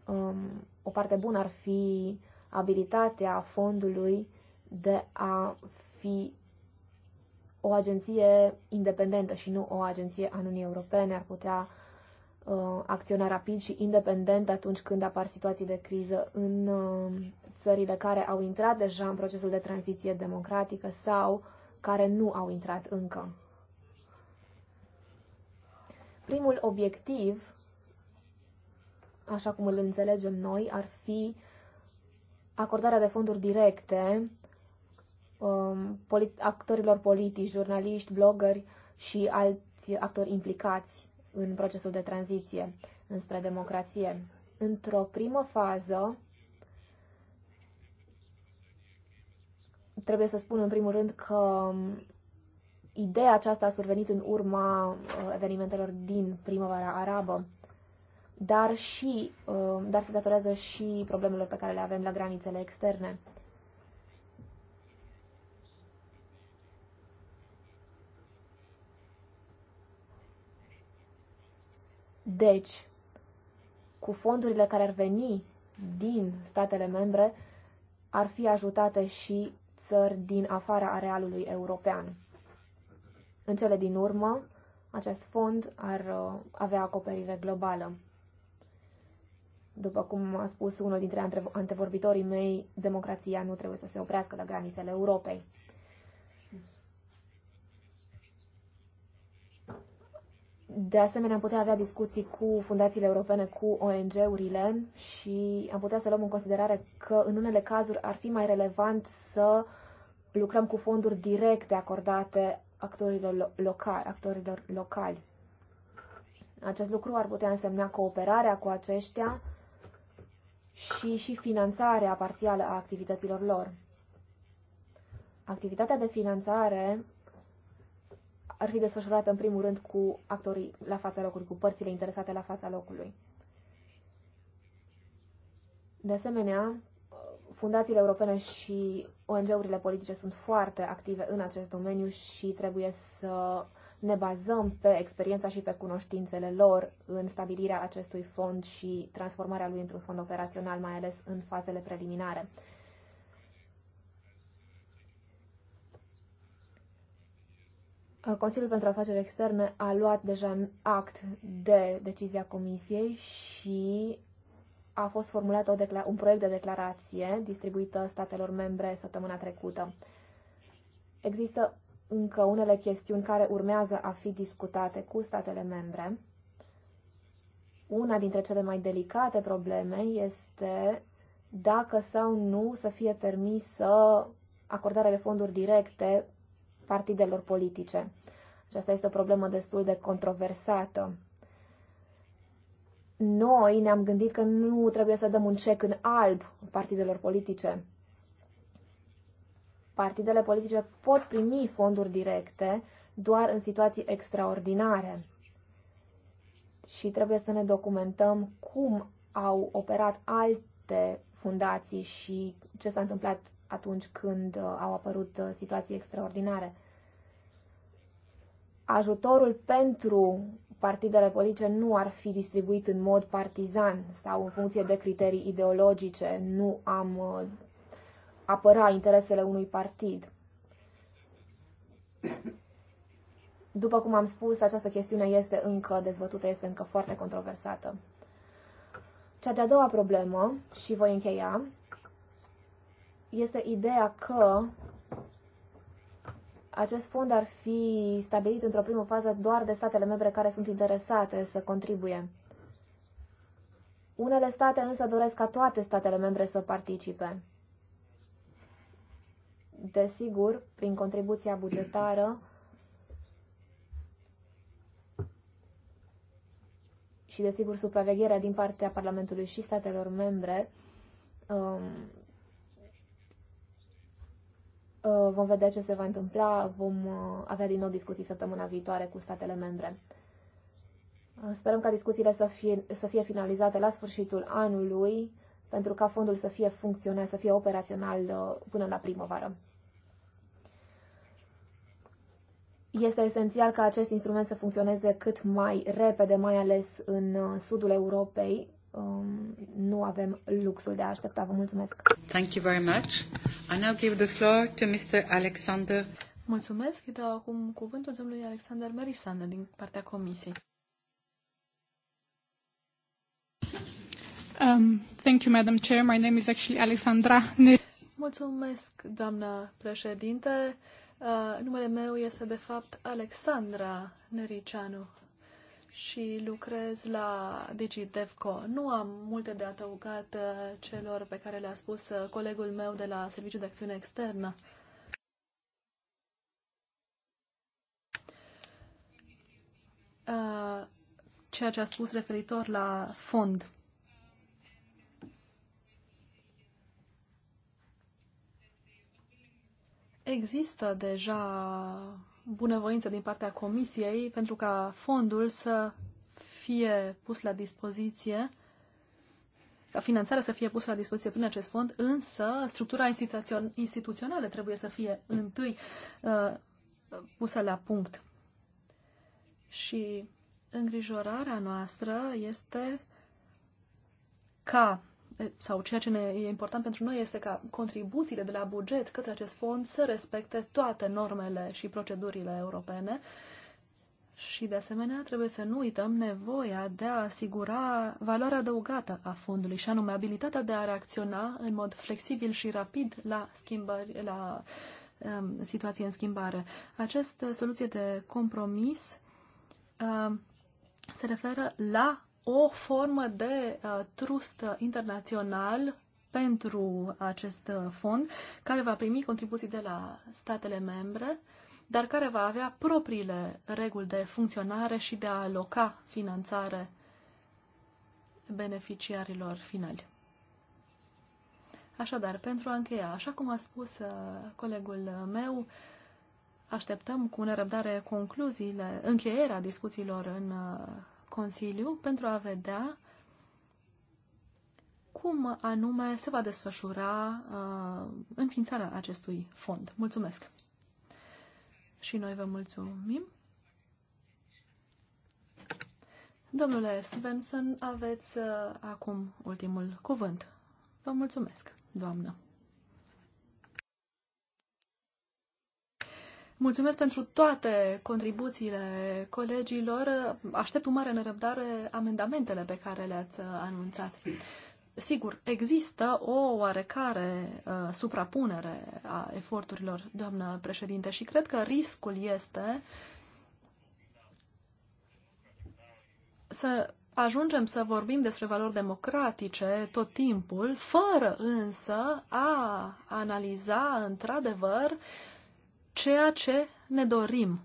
um, o parte bună ar fi abilitatea fondului de a fi o agenție independentă și nu o agenție a Uniunii Europene. Ar putea uh, acționa rapid și independent atunci când apar situații de criză în uh, țările care au intrat deja în procesul de tranziție democratică sau care nu au intrat încă. Primul obiectiv, așa cum îl înțelegem noi, ar fi acordarea de fonduri directe um, polit- actorilor politici, jurnaliști, blogări și alți actori implicați în procesul de tranziție înspre democrație. Într-o primă fază, Trebuie să spun în primul rând că um, ideea aceasta a survenit în urma uh, evenimentelor din primăvara arabă, dar, și, um, dar se datorează și problemelor pe care le avem la granițele externe. Deci, cu fondurile care ar veni din statele membre, ar fi ajutate și țări din afara arealului european. În cele din urmă, acest fond ar uh, avea acoperire globală. După cum a spus unul dintre antevorbitorii mei, democrația nu trebuie să se oprească la granițele Europei. De asemenea, am putea avea discuții cu fundațiile europene, cu ONG-urile și am putea să luăm în considerare că în unele cazuri ar fi mai relevant să lucrăm cu fonduri directe acordate actorilor locali. Actorilor locali. Acest lucru ar putea însemna cooperarea cu aceștia și, și finanțarea parțială a activităților lor. Activitatea de finanțare ar fi desfășurată în primul rând cu actorii la fața locului, cu părțile interesate la fața locului. De asemenea, fundațiile europene și ONG-urile politice sunt foarte active în acest domeniu și trebuie să ne bazăm pe experiența și pe cunoștințele lor în stabilirea acestui fond și transformarea lui într-un fond operațional, mai ales în fazele preliminare. Consiliul pentru Afaceri Externe a luat deja act de decizia Comisiei și a fost formulat o un proiect de declarație distribuită statelor membre săptămâna trecută. Există încă unele chestiuni care urmează a fi discutate cu statele membre. Una dintre cele mai delicate probleme este dacă sau nu să fie permisă acordarea de fonduri directe partidelor politice. Aceasta este o problemă destul de controversată. Noi ne-am gândit că nu trebuie să dăm un cec în alb partidelor politice. Partidele politice pot primi fonduri directe doar în situații extraordinare. Și trebuie să ne documentăm cum au operat alte fundații și ce s-a întâmplat atunci când uh, au apărut uh, situații extraordinare. Ajutorul pentru partidele politice nu ar fi distribuit în mod partizan sau în funcție de criterii ideologice. Nu am uh, apăra interesele unui partid. După cum am spus, această chestiune este încă dezvătută, este încă foarte controversată. Cea de-a doua problemă, și voi încheia, este ideea că acest fond ar fi stabilit într-o primă fază doar de statele membre care sunt interesate să contribuie. Unele state însă doresc ca toate statele membre să participe. Desigur, prin contribuția bugetară și, desigur, supravegherea din partea Parlamentului și statelor membre, um, Uh, vom vedea ce se va întâmpla. Vom uh, avea din nou discuții săptămâna viitoare cu statele membre. Uh, sperăm ca discuțiile să fie, să fie finalizate la sfârșitul anului, pentru ca fondul să fie funcțional, să fie operațional până la primăvară. Este esențial ca acest instrument să funcționeze cât mai repede, mai ales în sudul Europei, um, nu avem luxul de a aștepta. Vă mulțumesc. Thank you very much. I now give the floor to Mr. Alexander. Mulțumesc. Îi dau acum cuvântul domnului Alexander Marisan din partea comisiei. Um, thank you, Madam Chair. My name is actually Alexandra. Mulțumesc, doamnă președinte. Uh, numele meu este, de fapt, Alexandra Nericianu și lucrez la DigiDevCo. Nu am multe de adăugat uh, celor pe care le-a spus uh, colegul meu de la Serviciul de Acțiune Externă. Uh, ceea ce a spus referitor la fond. Există deja bunăvoință din partea Comisiei pentru ca fondul să fie pus la dispoziție, ca finanțarea să fie pusă la dispoziție prin acest fond, însă structura instituțională trebuie să fie întâi uh, pusă la punct. Și îngrijorarea noastră este ca sau ceea ce ne e important pentru noi este ca contribuțiile de la buget către acest fond să respecte toate normele și procedurile europene și, de asemenea, trebuie să nu uităm nevoia de a asigura valoarea adăugată a fondului și anume abilitatea de a reacționa în mod flexibil și rapid la schimbări, la um, situații în schimbare. Această soluție de compromis um, se referă la o formă de uh, trust internațional pentru acest uh, fond, care va primi contribuții de la statele membre, dar care va avea propriile reguli de funcționare și de a aloca finanțare beneficiarilor finali. Așadar, pentru a încheia, așa cum a spus uh, colegul meu, așteptăm cu nerăbdare concluziile, încheierea discuțiilor în uh, Consiliu pentru a vedea cum anume se va desfășura uh, înființarea acestui fond. Mulțumesc! Și noi vă mulțumim! Domnule Svensson, aveți uh, acum ultimul cuvânt. Vă mulțumesc, doamnă! Mulțumesc pentru toate contribuțiile colegilor. Aștept cu mare nerăbdare amendamentele pe care le-ați anunțat. Sigur, există o oarecare uh, suprapunere a eforturilor, doamnă președinte, și cred că riscul este să ajungem să vorbim despre valori democratice tot timpul, fără însă a analiza într-adevăr uh, ceea ce ne dorim.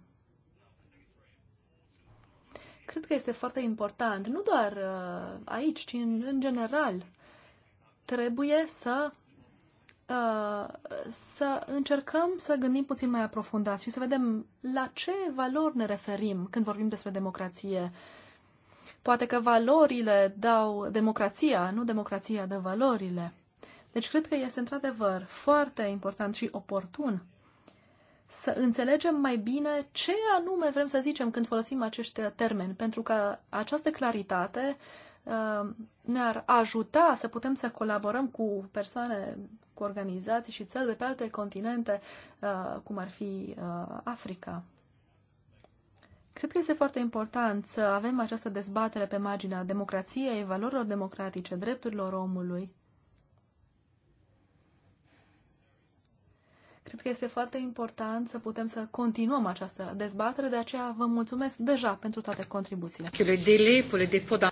Cred că este foarte important, nu doar uh, aici, ci în, în general. Trebuie să uh, să încercăm să gândim puțin mai aprofundat și să vedem la ce valori ne referim când vorbim despre democrație. Poate că valorile dau democrația, nu democrația dă valorile. Deci cred că este într-adevăr foarte important și oportun să înțelegem mai bine ce anume vrem să zicem când folosim acești termeni, pentru că această claritate uh, ne-ar ajuta să putem să colaborăm cu persoane, cu organizații și țări de pe alte continente, uh, cum ar fi uh, Africa. Cred că este foarte important să avem această dezbatere pe marginea democrației, valorilor democratice, drepturilor omului. Cred că este foarte important să putem să continuăm această dezbatere, de aceea vă mulțumesc deja pentru toate contribuțiile. Da.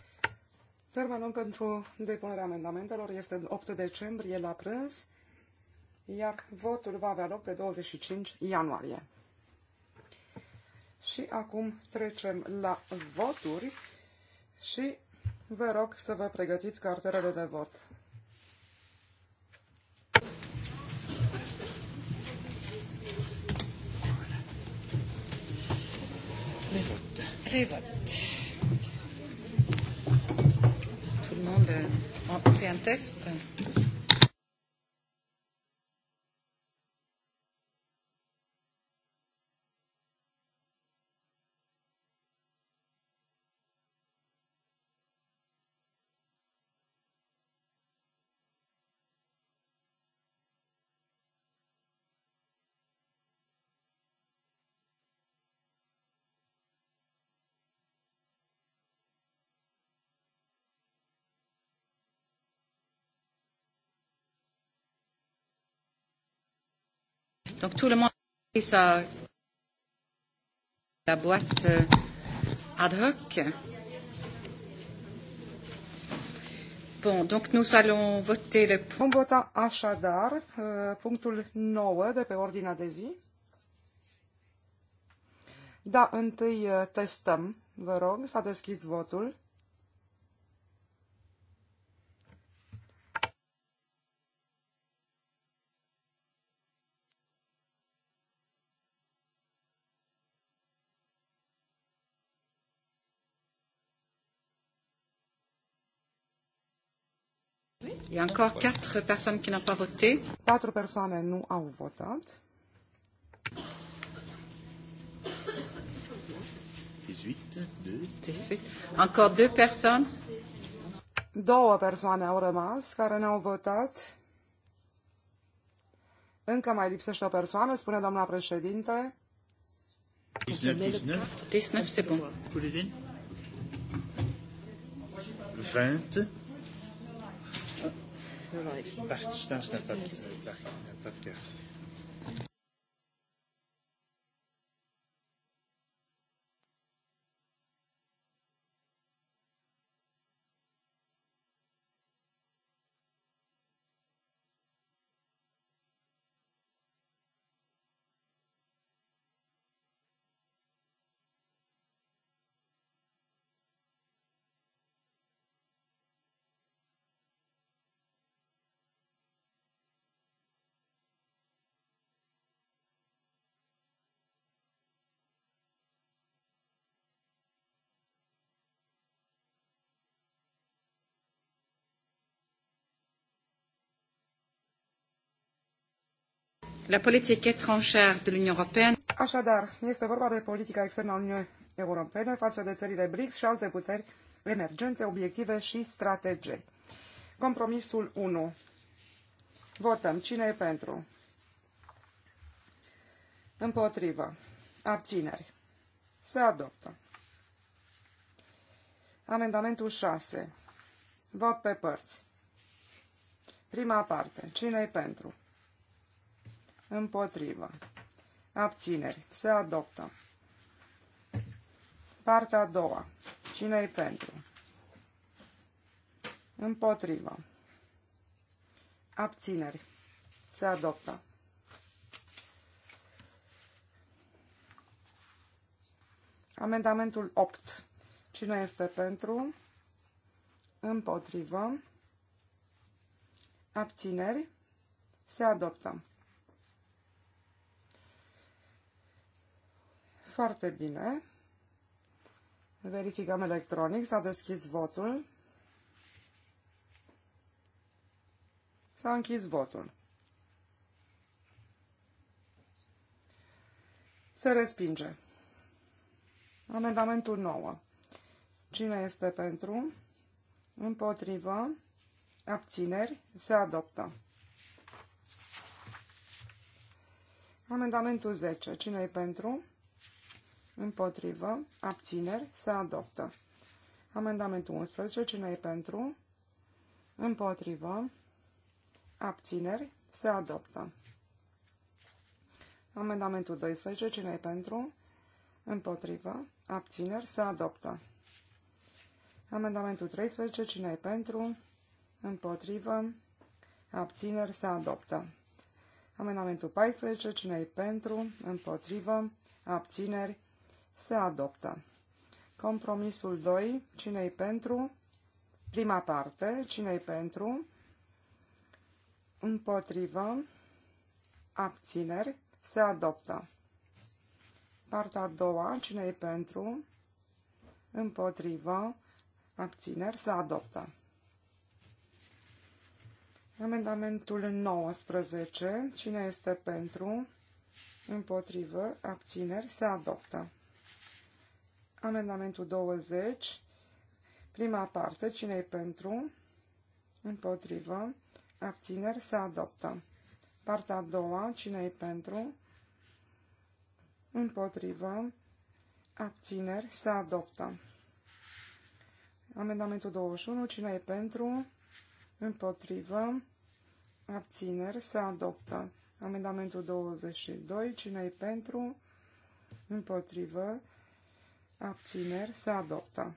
Termenul pentru depunerea amendamentelor este 8 decembrie la prânz, iar votul va avea loc pe 25 ianuarie. Și acum trecem la voturi și vă rog să vă pregătiți cartelele de vot. les Tout le monde a fait un test. Donc tout le monde a pris sa la boîte euh, ad hoc. Bun, donc nous allons voter le Vom vota așadar uh, punctul 9 de pe ordinea de zi. Da, întâi uh, testăm, vă rog, s-a deschis votul. Il y a encore quatre personnes qui n'ont pas voté. Patru persoane nu au votat. 18, 18. Encore deux personnes. Două persoane au rămas care nu au votat. Încă mai lipsește o persoană, spune doamna președinte. 19, 19. 19, c'est bon. 20. All right. La politique étrangère de l'Union européenne. Așadar, este vorba de politica externă a Uniunii Europene față de țările BRICS și alte puteri emergente, obiective și strategii. Compromisul 1. Votăm. Cine e pentru? Împotrivă. Abțineri. Se adoptă. Amendamentul 6. Vot pe părți. Prima parte. Cine e pentru? Împotrivă. Abțineri. Se adoptă. Partea a doua. cine e pentru? Împotrivă. Abțineri. Se adoptă. Amendamentul 8. Cine este pentru? Împotrivă. Abțineri. Se adoptă. Foarte bine. Verificăm electronic. S-a deschis votul. S-a închis votul. Se respinge. Amendamentul 9. Cine este pentru? Împotrivă. Abțineri. Se adoptă. Amendamentul 10. Cine e pentru? împotrivă, abțineri, se adoptă. Amendamentul 11, cine e pentru, împotrivă, abțineri, se adoptă. Amendamentul 12, cine e pentru, împotrivă, abțineri, se adoptă. Amendamentul 13, cine e pentru, împotrivă, abțineri, se adoptă. Amendamentul 14, cine e pentru, împotrivă, abțineri, se adoptă. Compromisul 2, cine-i pentru? Prima parte, cine-i pentru? Împotrivă, abțineri, se adoptă. Partea a doua, cine-i pentru? Împotrivă, abțineri, se adoptă. Amendamentul 19, cine este pentru? Împotrivă, abțineri, se adoptă. Amendamentul 20, prima parte, cine e pentru, împotrivă, abțineri, se adoptă. Partea a doua, cine e pentru, împotrivă, abțineri, se adoptă. Amendamentul 21, cine e pentru, împotrivă, abțineri, se adoptă. Amendamentul 22, cine e pentru, împotrivă, abțineri, se adoptă.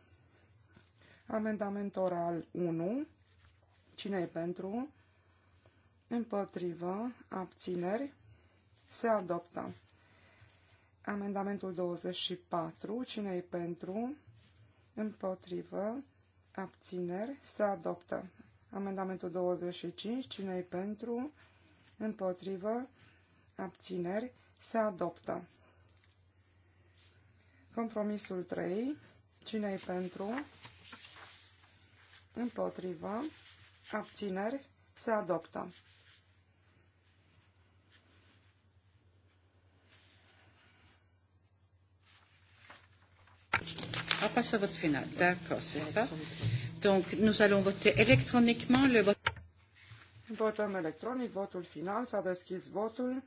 Amendament oral 1. Cine e pentru? Împotrivă, abțineri, se adoptă. Amendamentul 24. Cine e pentru? Împotrivă, abțineri, se adoptă. Amendamentul 25. Cine e pentru? Împotrivă, abțineri, se adoptă. Compromisul 3. cine e pentru? Împotrivă. Abțineri. Se adoptă. Ah, pas à votre final. D'accord, c'est ça. Donc, nous allons voter électroniquement le vote. Votons électronique, votul final, s-a deschis votul.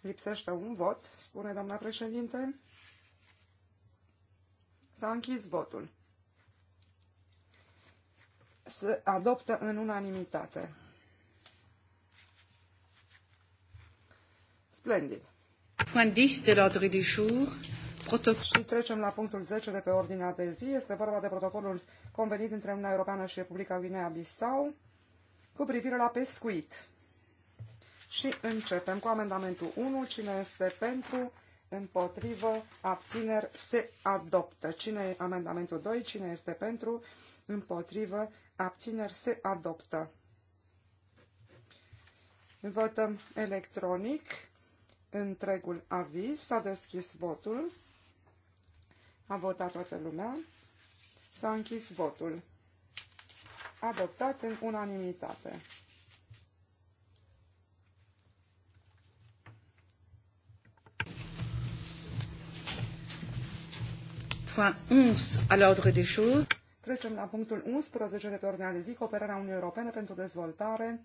Lipsește un vot, spune doamna președinte. S-a închis votul. Se adoptă în unanimitate. Splendid. Point 10 de l'ordre du jour. Și trecem la punctul 10 de pe ordinea de zi. Este vorba de protocolul convenit între Uniunea Europeană și Republica Guinea-Bissau cu privire la pescuit. Și începem cu amendamentul 1. Cine este pentru? Împotrivă? Abțineri? Se adoptă. Cine e amendamentul 2? Cine este pentru? Împotrivă? Abțineri? Se adoptă. Votăm electronic întregul aviz. S-a deschis votul. A votat toată lumea. S-a închis votul. Adoptat în unanimitate. point 11 à l'ordre des choses. Trecem la punctul 11 de pe ordinea de zi, cooperarea Uniunii Europene pentru dezvoltare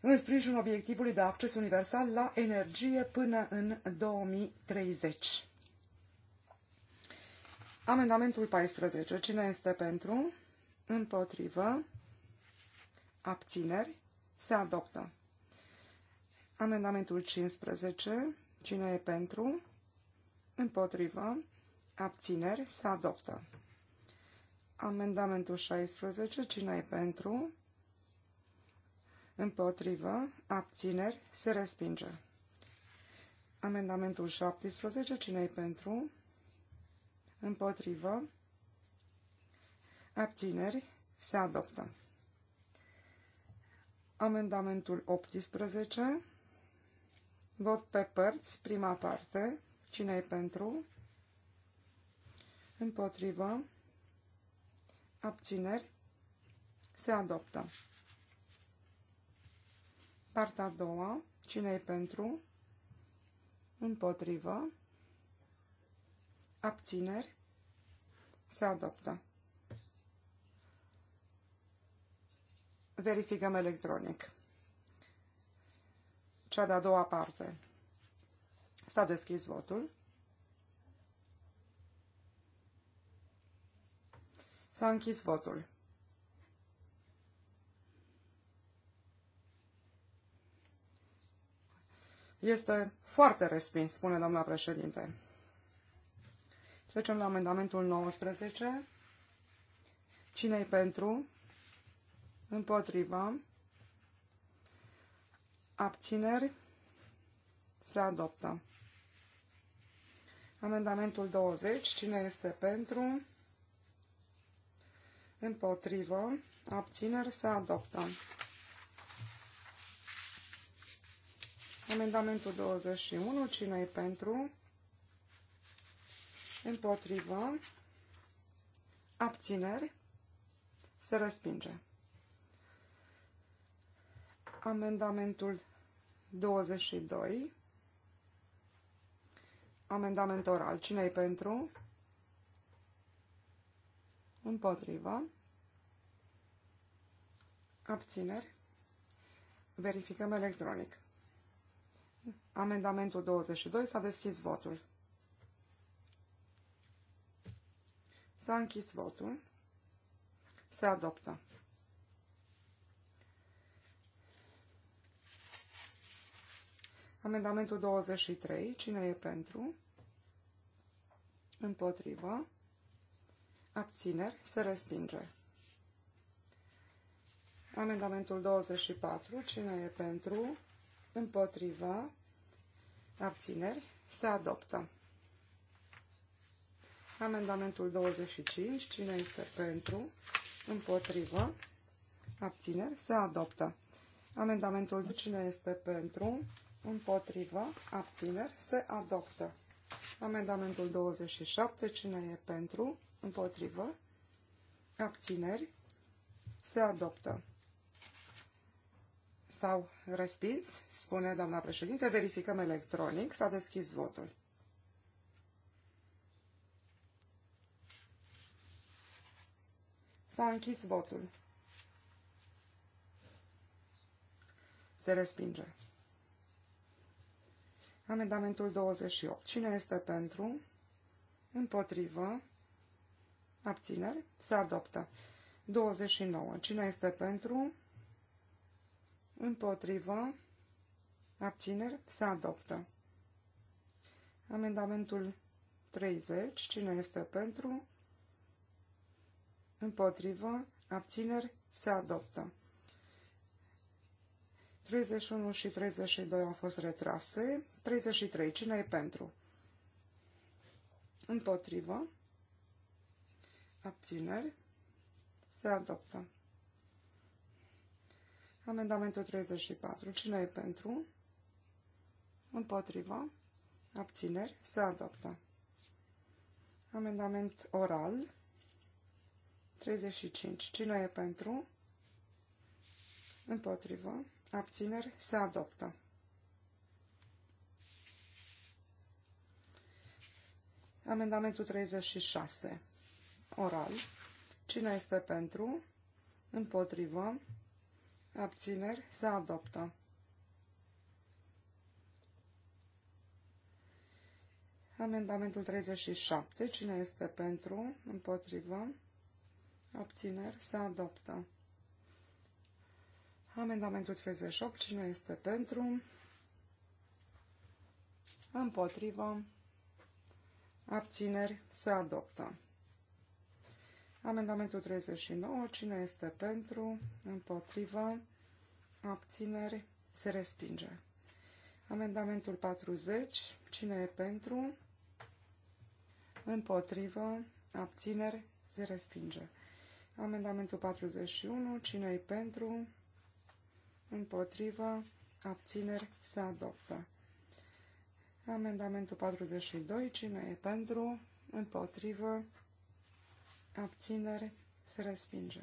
în sprijinul obiectivului de acces universal la energie până în 2030. Amendamentul 14. Cine este pentru? Împotrivă? Abțineri? Se adoptă. Amendamentul 15. Cine e pentru? Împotrivă? Abțineri se adoptă. Amendamentul 16. Cine e pentru? Împotrivă. Abțineri se respinge. Amendamentul 17. Cine e pentru? Împotrivă. Abțineri se adoptă. Amendamentul 18. Vot pe părți, prima parte. Cine e pentru? împotrivă, abțineri, se adoptă. Partea a doua, cine e pentru, împotrivă, abțineri, se adoptă. Verificăm electronic. Cea de-a doua parte. S-a deschis votul. S-a închis votul. Este foarte respins, spune doamna președinte. Trecem la amendamentul 19. Cine-i pentru? Împotriva. Abțineri. Se adoptă. Amendamentul 20. Cine este pentru? împotrivă, abțineri se adoptă. Amendamentul 21, cine e pentru, împotrivă, abțineri, se respinge. Amendamentul 22, amendament oral, cine e pentru, împotrivă, abțineri, verificăm electronic. Amendamentul 22 s-a deschis votul. S-a închis votul. Se adoptă. Amendamentul 23. Cine e pentru? Împotrivă abțineri, se respinge. Amendamentul 24, cine e pentru, împotriva, abțineri, se adoptă. Amendamentul 25, cine este pentru, împotrivă, abțineri, se adoptă. Amendamentul cine este pentru, împotrivă, abțineri, se adoptă. Amendamentul 27, cine e pentru, împotrivă, abțineri, se adoptă. Sau respins, spune doamna președinte, verificăm electronic, s-a deschis votul. S-a închis votul. Se respinge. Amendamentul 28. Cine este pentru? Împotrivă. Abțineri. Se adoptă. 29. Cine este pentru? Împotrivă. Abțineri. Se adoptă. Amendamentul 30. Cine este pentru? Împotrivă. Abțineri. Se adoptă. 31 și 32 au fost retrase. 33. Cine e pentru? Împotrivă abțineri, se adoptă. Amendamentul 34. Cine e pentru? Împotrivă. Abțineri. Se adoptă. Amendament oral. 35. Cine e pentru? Împotrivă. Abțineri. Se adoptă. Amendamentul 36 oral. Cine este pentru? Împotrivă. Abțineri. Se adoptă. Amendamentul 37. Cine este pentru? Împotrivă. Abțineri. Se adoptă. Amendamentul 38. Cine este pentru? Împotrivă. Abțineri. Se adoptă. Amendamentul 39. Cine este pentru? Împotrivă? Abțineri? Se respinge. Amendamentul 40. Cine e pentru? Împotrivă? Abțineri? Se respinge. Amendamentul 41. Cine e pentru? Împotrivă? Abțineri? Se adoptă. Amendamentul 42. Cine e pentru? Împotrivă? abținere, se respinge.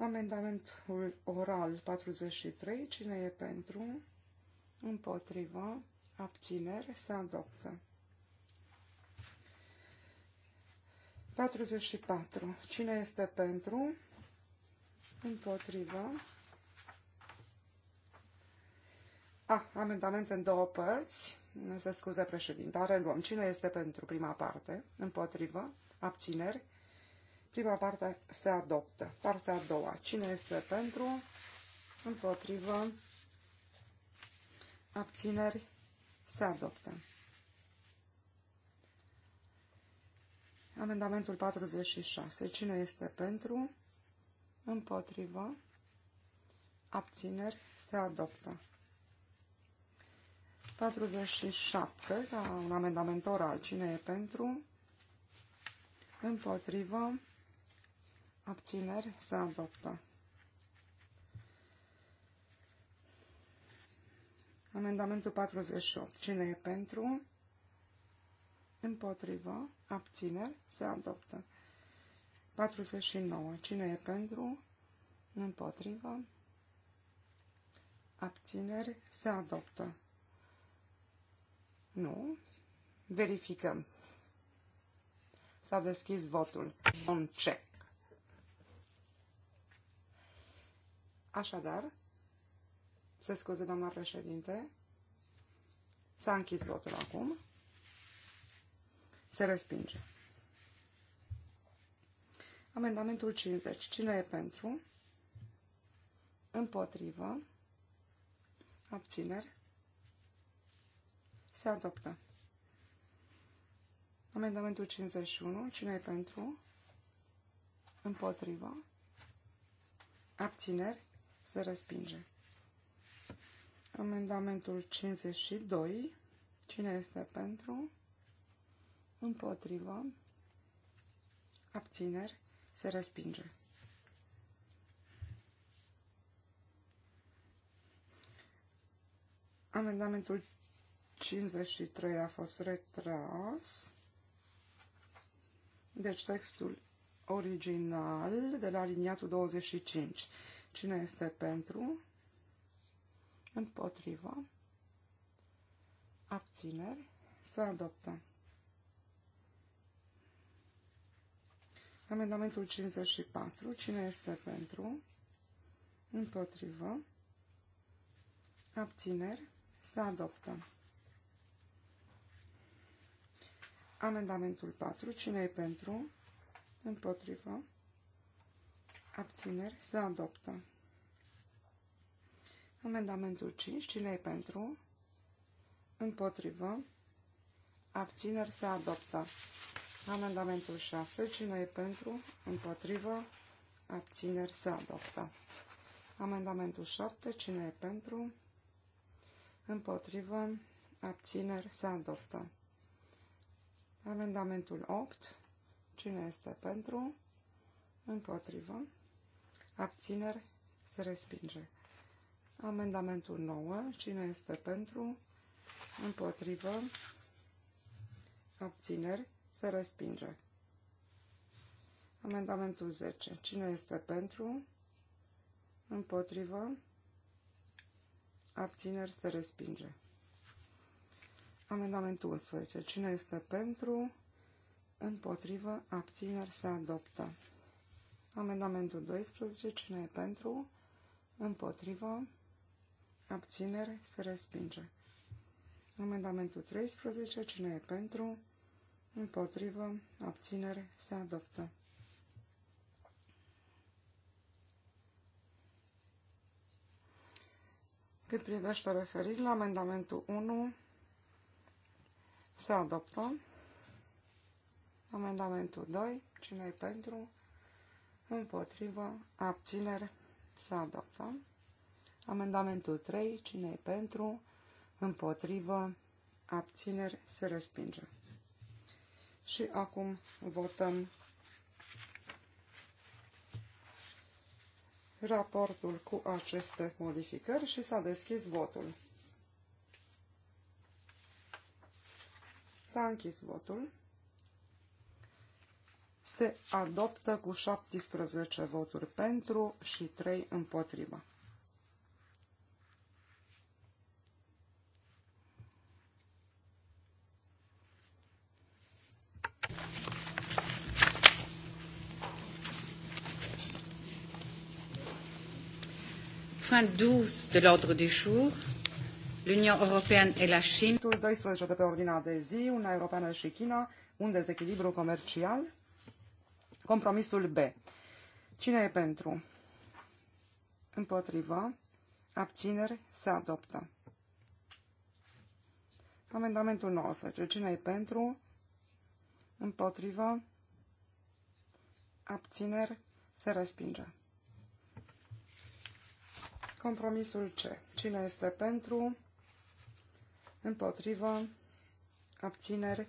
Amendamentul oral 43, cine e pentru, împotriva, abținere, se adoptă. 44. Cine este pentru? Împotriva. A, ah, amendament în două părți. Se scuze președinte. Reluăm. Cine este pentru prima parte? Împotrivă. Abțineri. Prima parte se adoptă. Partea a doua. Cine este pentru? Împotrivă. Abțineri. Se adoptă. Amendamentul 46. Cine este pentru? Împotrivă. Abțineri. Se adoptă. 47. Ca un amendament oral. Cine e pentru? Împotrivă abțineri, se adoptă. Amendamentul 48. Cine e pentru? Împotrivă. Abțineri. Se adoptă. 49. Cine e pentru? Împotrivă. Abțineri. Se adoptă. Nu. Verificăm. S-a deschis votul. Un check. Așadar, se scuze, doamna președinte, s-a închis votul acum, se respinge. Amendamentul 50. Cine e pentru? Împotrivă. Abțineri. Se adoptă. Amendamentul 51. Cine e pentru? Împotrivă. Abțineri. Se respinge. Amendamentul 52. Cine este pentru? Împotrivă. Abțineri. Se respinge. Amendamentul 53 a fost retras. Deci textul original de la aliniatul 25. Cine este pentru? Împotrivă. Abțineri. Se adoptă. Amendamentul 54. Cine este pentru? Împotrivă. Abțineri. Se adoptă. Amendamentul 4. Cine e pentru? Împotrivă abțineri, se adoptă. Amendamentul 5, cine e pentru? Împotrivă. Abțineri se adoptă. Amendamentul 6, cine e pentru? Împotrivă. Abțineri se adoptă. Amendamentul 7, cine e pentru? Împotrivă. Abțineri se adoptă. Amendamentul 8, cine este pentru? Împotrivă abțineri, se respinge. Amendamentul 9, cine este pentru, împotrivă, abțineri, se respinge. Amendamentul 10, cine este pentru, împotrivă, abțineri, se respinge. Amendamentul 11, cine este pentru, împotrivă, abțineri, se adoptă. Amendamentul 12. Cine e pentru? Împotrivă. Abțineri. Se respinge. Amendamentul 13. Cine e pentru? Împotrivă. Abțineri. Se adoptă. Cât privește referiri la amendamentul 1, se adoptă. Amendamentul 2, cine e pentru? împotrivă, abțineri, se adoptă. Amendamentul 3, cine e pentru, împotrivă, abțineri, se respinge. Și acum votăm raportul cu aceste modificări și s-a deschis votul. S-a închis votul se adoptă cu 17 voturi pentru și 3 împotriva. Point 12 de l'ordre du jour. L'Union européenne et la Chine. 12 de pe ordinea de zi, Uniunea Europeană și China, un dezechilibru comercial. Compromisul B. Cine e pentru? Împotrivă. Abțineri se adoptă. Amendamentul 19. Cine e pentru? Împotrivă. Abțineri se respinge. Compromisul C. Cine este pentru? Împotrivă. Abțineri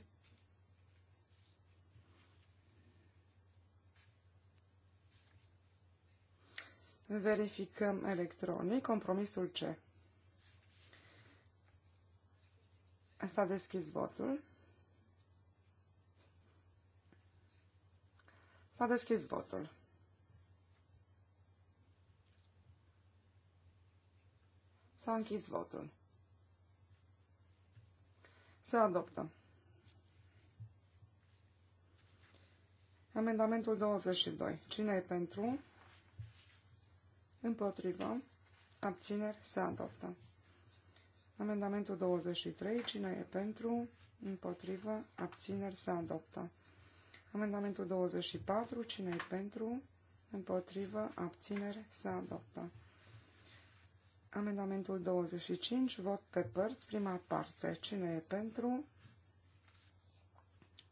Verificăm electronic compromisul C. S-a deschis votul. S-a deschis votul. S-a închis votul. Se adoptă. Amendamentul 22. Cine e pentru? Împotrivă. Abțineri se adoptă. Amendamentul 23. Cine e pentru? Împotrivă. Abțineri se adoptă. Amendamentul 24. Cine e pentru? Împotrivă. Abțineri se adoptă. Amendamentul 25. Vot pe părți. Prima parte. Cine e pentru?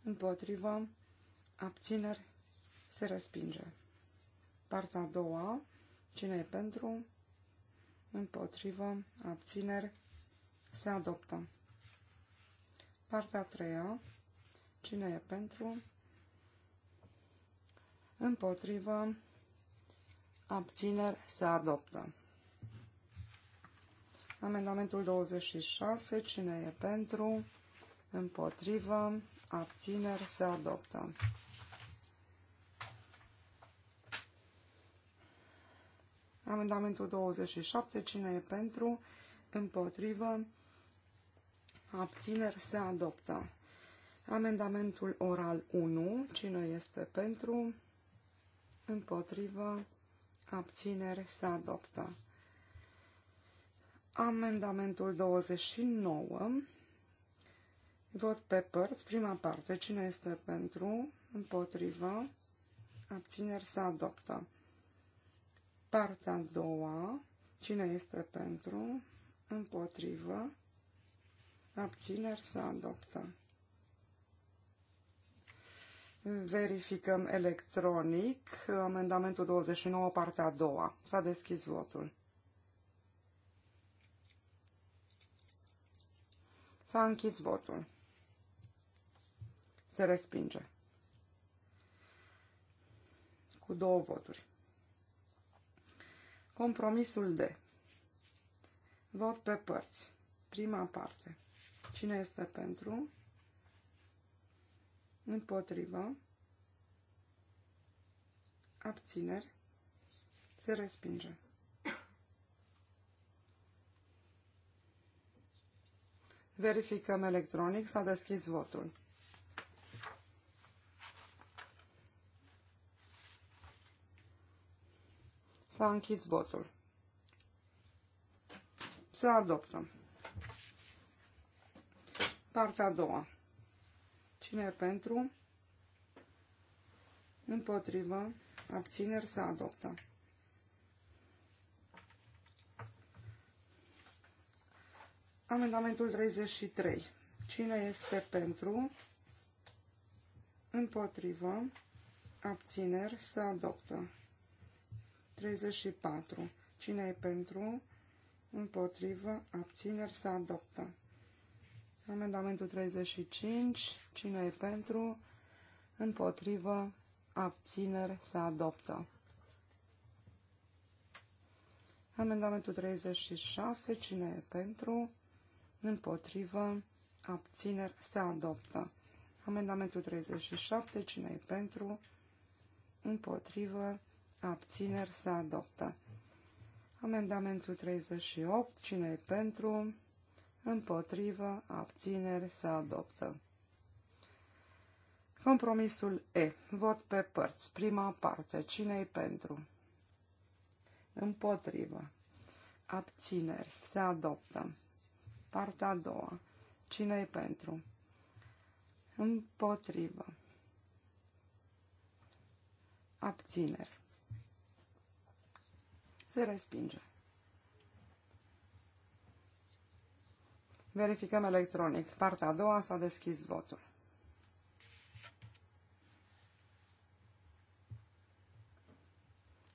Împotrivă. Abțineri se respinge. Partea a doua. Cine e pentru? Împotrivă. Abțineri. Se adoptă. Partea a treia. Cine e pentru? Împotrivă. Abțineri. Se adoptă. Amendamentul 26. Cine e pentru? Împotrivă. Abțineri. Se adoptă. Amendamentul 27. Cine e pentru? Împotrivă? Abțineri se adoptă. Amendamentul oral 1. Cine este pentru? Împotrivă? Abțineri se adoptă. Amendamentul 29. Vot pe părți. Prima parte. Cine este pentru? Împotrivă? Abțineri se adoptă. Partea a doua, cine este pentru, împotrivă, abțineri să adoptă. Verificăm electronic amendamentul 29, partea a doua. S-a deschis votul. S-a închis votul. Se respinge. Cu două voturi. Compromisul de Vot pe părți. Prima parte. Cine este pentru? Împotrivă. Abțineri. Se respinge. Verificăm electronic. S-a deschis votul. S-a închis votul. Să adoptăm. Partea a doua. Cine pentru? Împotrivă. Abțineri să adoptă. Amendamentul 33. Cine este pentru? Împotrivă. Abțineri să adoptă. 34. Cine e pentru? Împotrivă. Abțineri se adoptă. Amendamentul 35. Cine e pentru? Împotrivă. Abțineri se adoptă. Amendamentul 36. Cine e pentru? Împotrivă. Abțineri se adoptă. Amendamentul 37. Cine e pentru? Împotrivă abțineri se adoptă. Amendamentul 38, cine e pentru, împotrivă, abțineri se adoptă. Compromisul E. Vot pe părți. Prima parte. cine e pentru? Împotrivă. Abțineri. Se adoptă. Partea a doua. cine e pentru? Împotrivă. Abțineri. Se respinge. Verificăm electronic. Partea a doua s-a deschis votul.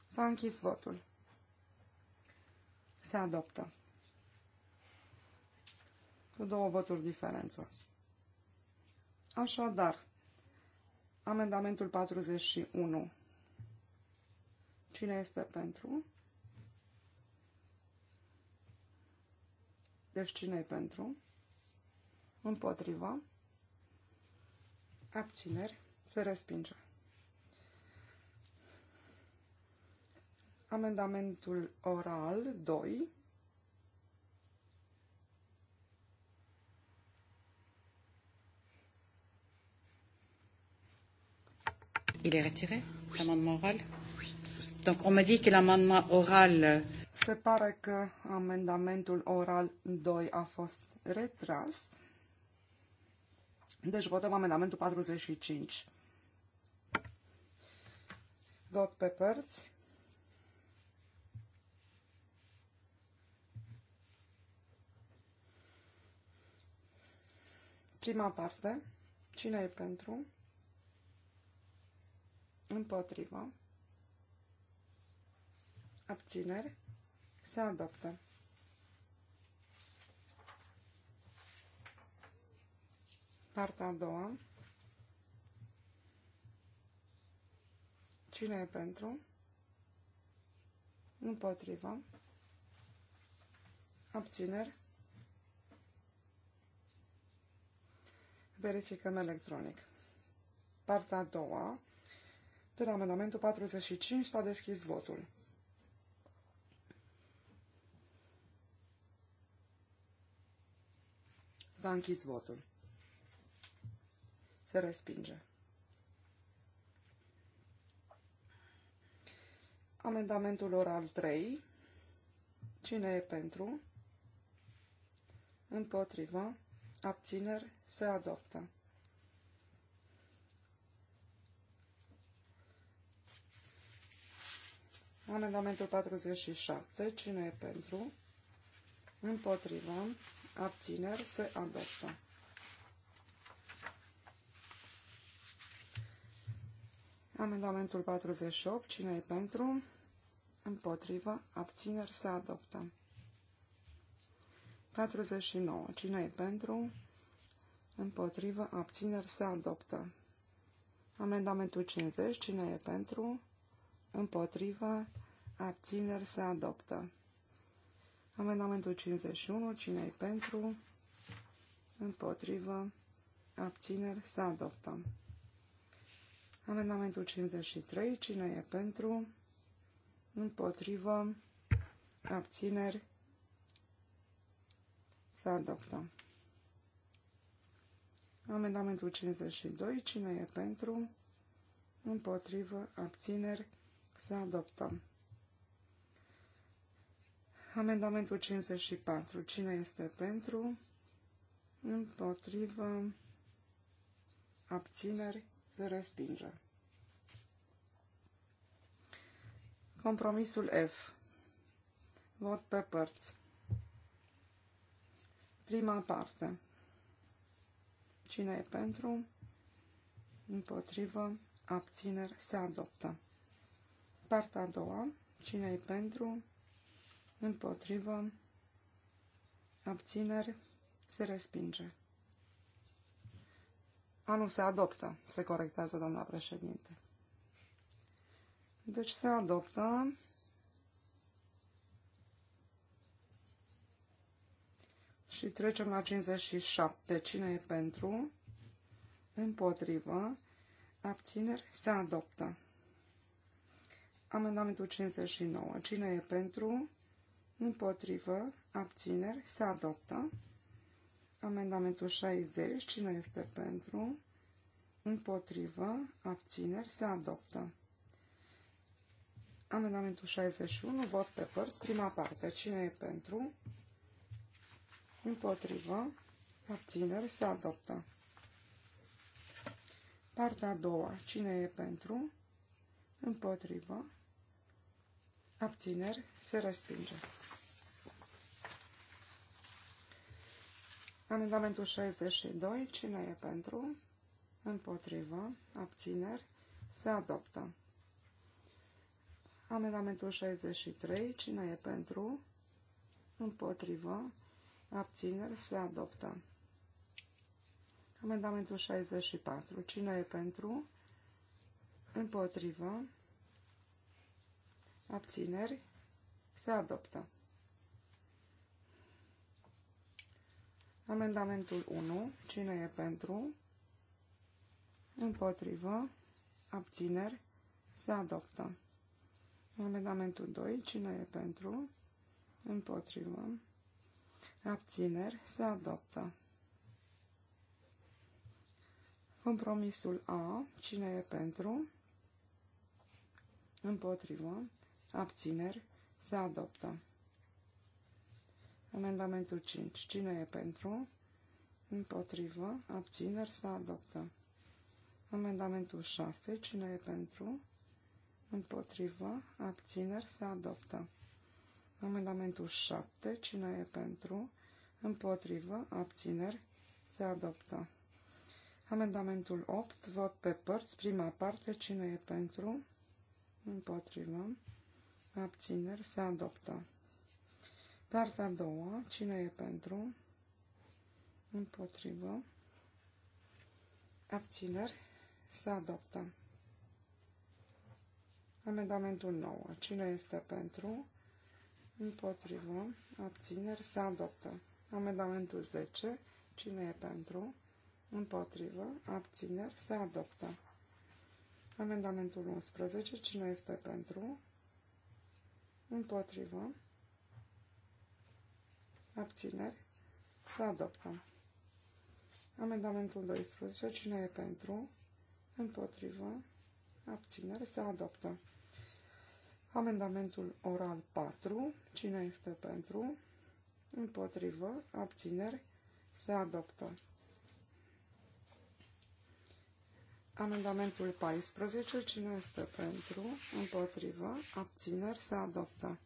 S-a închis votul. Se adoptă. Cu două voturi diferență. Așadar, amendamentul 41. Cine este pentru? Deci cine pentru? Împotriva. Abțineri. Se respinge. Amendamentul oral 2. Il est retiré, l'amendement oral oui. Donc on m'a dit que l'amendement oral se pare că amendamentul oral 2 a fost retras. Deci votăm amendamentul 45. Vot pe părți. Prima parte. Cine e pentru? Împotrivă. Abțineri. Se adaptă. Partea a doua. Cine e pentru? Împotriva. Abțineri. Verificăm electronic. Partea a doua. De la amendamentul 45 s-a deschis votul. S-a închis votul. Se respinge. Amendamentul oral 3. Cine e pentru? Împotrivă. Abțineri. Se adoptă. Amendamentul 47. Cine e pentru? Împotrivă abțineri, se adoptă. Amendamentul 48, cine e pentru? Împotrivă, abțineri, se adoptă. 49, cine e pentru? Împotrivă, abțineri, se adoptă. Amendamentul 50, cine e pentru? Împotrivă, abțineri, se adoptă. Amendamentul 51, cine e pentru, împotrivă, abțineri, să adoptăm. Amendamentul 53, cine e pentru, împotrivă, abțineri, să adoptăm. Amendamentul 52, cine e pentru, împotrivă, abțineri, să adoptăm. Amendamentul 54. Cine este pentru? Împotrivă. Abțineri. Se respinge. Compromisul F. Vot pe părți. Prima parte. Cine e pentru? Împotrivă. Abțineri. Se adoptă. Partea a doua. Cine e pentru? împotrivă, abțineri, se respinge. nu se adoptă, se corectează doamna președinte. Deci se adoptă și trecem la 57. Cine e pentru? Împotrivă. Abțineri se adoptă. Amendamentul 59. Cine e pentru? împotrivă, abțineri, se adoptă. Amendamentul 60, cine este pentru, împotrivă, abțineri, se adoptă. Amendamentul 61, vot pe părți, prima parte, cine e pentru, împotrivă, abțineri, se adoptă. Partea a doua, cine e pentru, împotrivă, abțineri, se respinge. Amendamentul 62. Cine e pentru? Împotrivă. Abțineri. Se adoptă. Amendamentul 63. Cine e pentru? Împotrivă. Abțineri. Se adoptă. Amendamentul 64. Cine e pentru? Împotrivă. Abțineri. Se adoptă. Amendamentul 1. Cine e pentru? Împotrivă. Abțineri. Se adoptă. Amendamentul 2. Cine e pentru? Împotrivă. Abțineri. Se adoptă. Compromisul A. Cine e pentru? Împotrivă. Abțineri. Se adoptă. Amendamentul 5. Cine e pentru? Împotrivă. Abțineri se adoptă. Amendamentul 6. Cine e pentru? Împotrivă. Abțineri se adoptă. Amendamentul 7. Cine e pentru? Împotrivă. Abțineri se adoptă. Amendamentul 8. Vot pe părți. Prima parte. Cine e pentru? Împotrivă. Abțineri se adoptă. Partea a doua, cine e pentru? Împotrivă. Abțineri. Se adoptă. Amendamentul 9. Cine este pentru? Împotrivă. Abțineri. Se adoptă. Amendamentul 10. Cine e pentru? Împotrivă. Abțineri. Se adoptă. Amendamentul 11. Cine este pentru? Împotrivă abțineri, se adoptă. Amendamentul 12, cine e pentru, împotrivă, abțineri, se adoptă. Amendamentul oral 4, cine este pentru, împotrivă, abțineri, se adoptă. Amendamentul 14. Cine este pentru? Împotrivă? Abțineri? Se adoptă.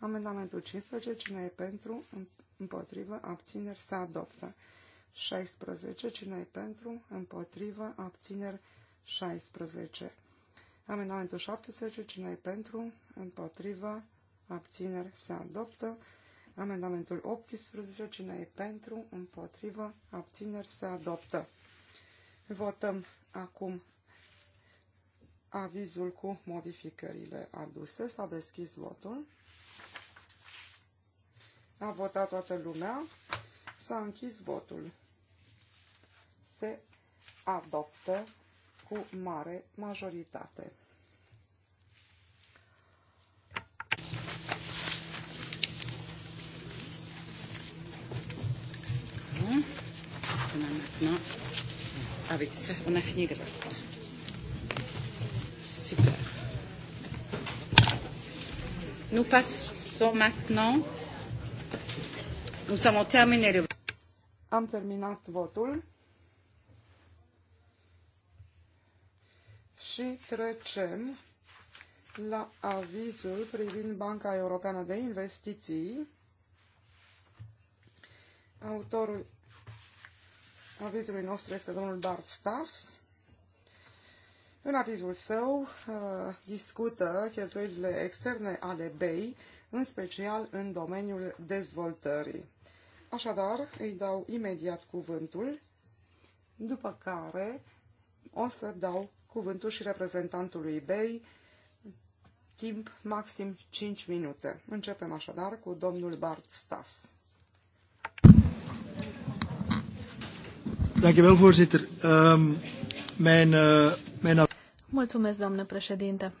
Amendamentul 15, cine e pentru, împotrivă, abțineri, se adoptă. 16, cine e pentru, împotrivă, abțineri, 16. Amendamentul 17, cine e pentru, împotrivă, abțineri, se adoptă. Amendamentul 18, cine e pentru, împotrivă, abțineri, se adoptă. Votăm acum avizul cu modificările aduse. S-a deschis votul. A votat toată lumea. S-a închis votul. Se adoptă cu mare majoritate. On a maintenant avec ah ça, on a fini Super. Nous passons maintenant Nous avons terminé le... Am terminat votul. Și trecem la avizul privind Banca Europeană de Investiții. Autorul avizului nostru este domnul Bart Stas. În avizul său uh, discută cheltuielile externe ale BEI, în special în domeniul dezvoltării. Așadar, îi dau imediat cuvântul, după care o să dau cuvântul și reprezentantului BEI, timp maxim 5 minute. Începem așadar cu domnul Bart Stas. Ehm, eh, Mulțumesc, doamnă președinte.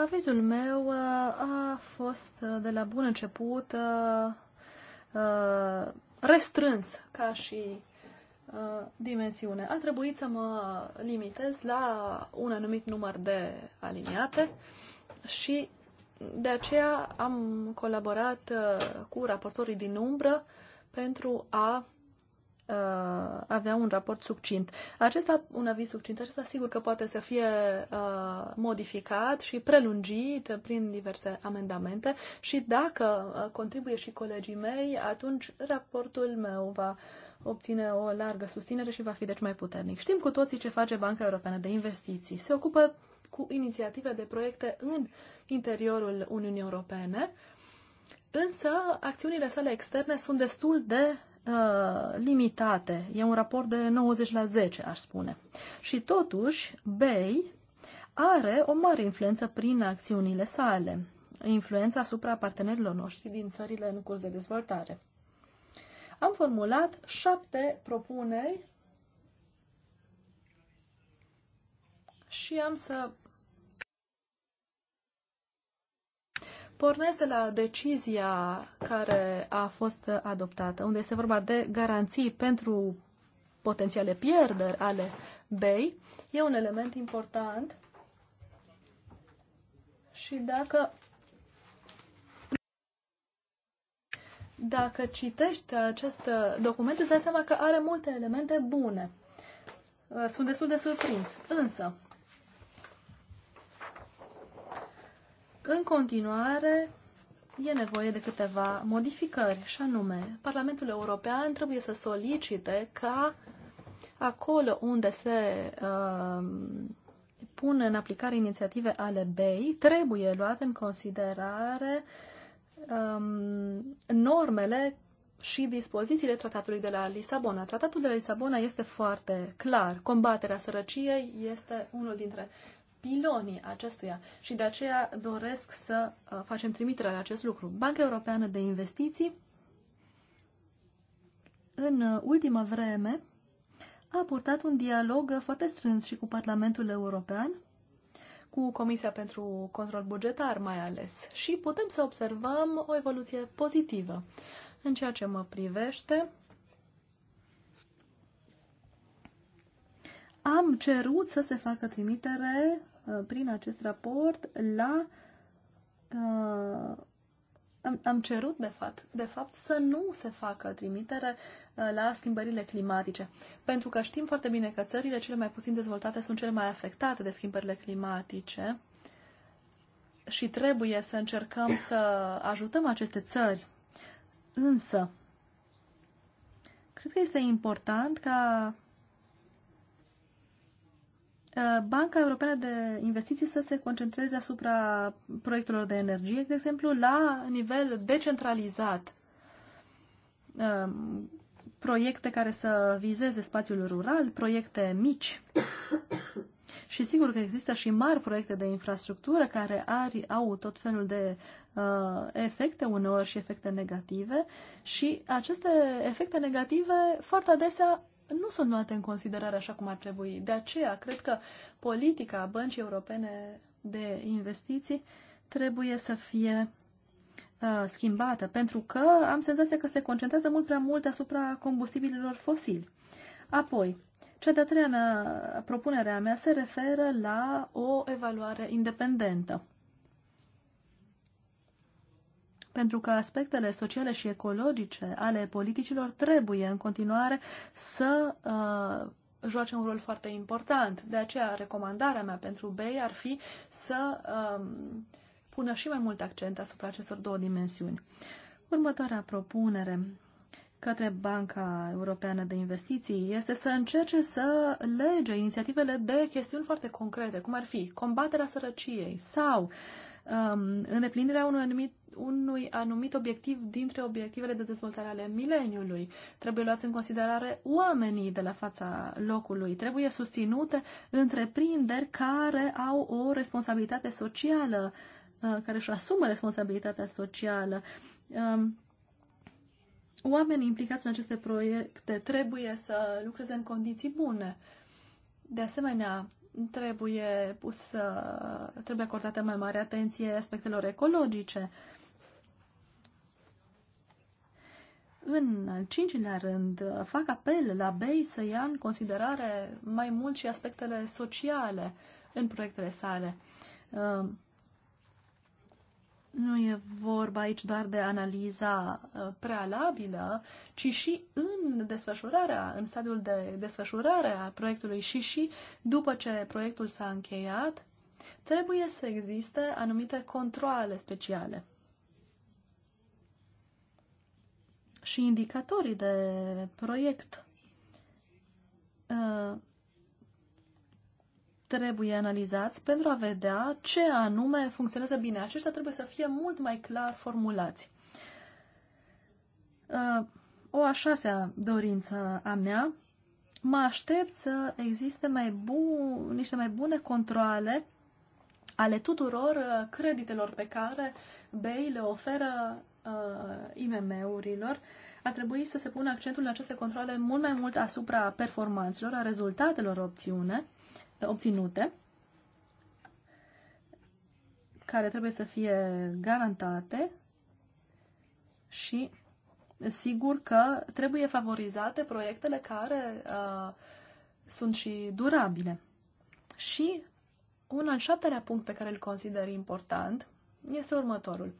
Avizul meu uh, a fost uh, de la bun început uh, restrâns ca și dimensiune. A trebuit să mă limitez la un anumit număr de aliniate și de aceea am colaborat cu raportorii din umbră pentru a uh, avea un raport succint. Acesta, un aviz succint, acesta sigur că poate să fie uh, modificat și prelungit prin diverse amendamente și dacă uh, contribuie și colegii mei, atunci raportul meu va obține o largă susținere și va fi deci mai puternic. Știm cu toții ce face Banca Europeană de Investiții. Se ocupă cu inițiative de proiecte în interiorul Uniunii Europene, însă acțiunile sale externe sunt destul de uh, limitate. E un raport de 90 la 10, aș spune. Și totuși, Bay are o mare influență prin acțiunile sale, influența asupra partenerilor noștri din țările în curs de dezvoltare. Am formulat șapte propuneri și am să pornesc de la decizia care a fost adoptată, unde este vorba de garanții pentru potențiale pierderi ale BEI, e un element important și dacă dacă citești acest document, îți dai seama că are multe elemente bune. Sunt destul de surprins. Însă, În continuare, e nevoie de câteva modificări, și anume, Parlamentul European trebuie să solicite ca acolo unde se uh, pun în aplicare inițiative ale BEI, trebuie luate în considerare um, normele și dispozițiile tratatului de la Lisabona. Tratatul de la Lisabona este foarte clar. Combaterea sărăciei este unul dintre pilonii acestuia și de aceea doresc să uh, facem trimitere la acest lucru. Banca Europeană de Investiții în uh, ultima vreme a purtat un dialog uh, foarte strâns și cu Parlamentul European, cu Comisia pentru Control Bugetar mai ales și putem să observăm o evoluție pozitivă. În ceea ce mă privește, am cerut să se facă trimitere Uh, prin acest raport la uh, am, am cerut, de fapt, de fapt, să nu se facă trimitere uh, la schimbările climatice. Pentru că știm foarte bine că țările cele mai puțin dezvoltate sunt cele mai afectate de schimbările climatice și trebuie să încercăm să ajutăm aceste țări. Însă, cred că este important ca Uh, Banca Europeană de Investiții să se concentreze asupra proiectelor de energie, de exemplu, la nivel decentralizat. Uh, proiecte care să vizeze spațiul rural, proiecte mici. și sigur că există și mari proiecte de infrastructură care ar, au tot felul de uh, efecte, uneori și efecte negative. Și aceste efecte negative foarte adesea nu sunt luate în considerare așa cum ar trebui. De aceea, cred că politica Băncii Europene de Investiții trebuie să fie uh, schimbată, pentru că am senzația că se concentrează mult prea mult asupra combustibililor fosili. Apoi, cea de-a treia mea, propunerea mea se referă la o evaluare independentă pentru că aspectele sociale și ecologice ale politicilor trebuie în continuare să uh, joace un rol foarte important. De aceea, recomandarea mea pentru BEI ar fi să um, pună și mai mult accent asupra acestor două dimensiuni. Următoarea propunere către Banca Europeană de Investiții este să încerce să lege inițiativele de chestiuni foarte concrete, cum ar fi combaterea sărăciei sau uh, um, îndeplinirea unui anumit, unui anumit obiectiv dintre obiectivele de dezvoltare ale mileniului. Trebuie luați în considerare oamenii de la fața locului. Trebuie susținute întreprinderi care au o responsabilitate socială, uh, care își asumă responsabilitatea socială. Um, oamenii implicați în aceste proiecte trebuie să lucreze în condiții bune. De asemenea, trebuie pus, uh, trebuie acordată mai mare atenție aspectelor ecologice. În al cincilea rând, fac apel la BEI să ia în considerare mai mult și aspectele sociale în proiectele sale. Uh, nu e vorba aici doar de analiza uh, prealabilă, ci și în desfășurarea, în stadiul de desfășurare a proiectului și și după ce proiectul s-a încheiat, trebuie să existe anumite controle speciale. Și indicatorii de proiect uh, trebuie analizați pentru a vedea ce anume funcționează bine. Aceștia trebuie să fie mult mai clar formulați. Uh, o a șasea dorință a mea, mă aștept să existe mai bu- niște mai bune controle ale tuturor uh, creditelor pe care BEI le oferă uh, IMM-urilor, ar trebui să se pună accentul în aceste controle mult mai mult asupra performanțelor, a rezultatelor obține, obținute, care trebuie să fie garantate și sigur că trebuie favorizate proiectele care uh, sunt și durabile. Și un al șaptelea punct pe care îl consider important este următorul.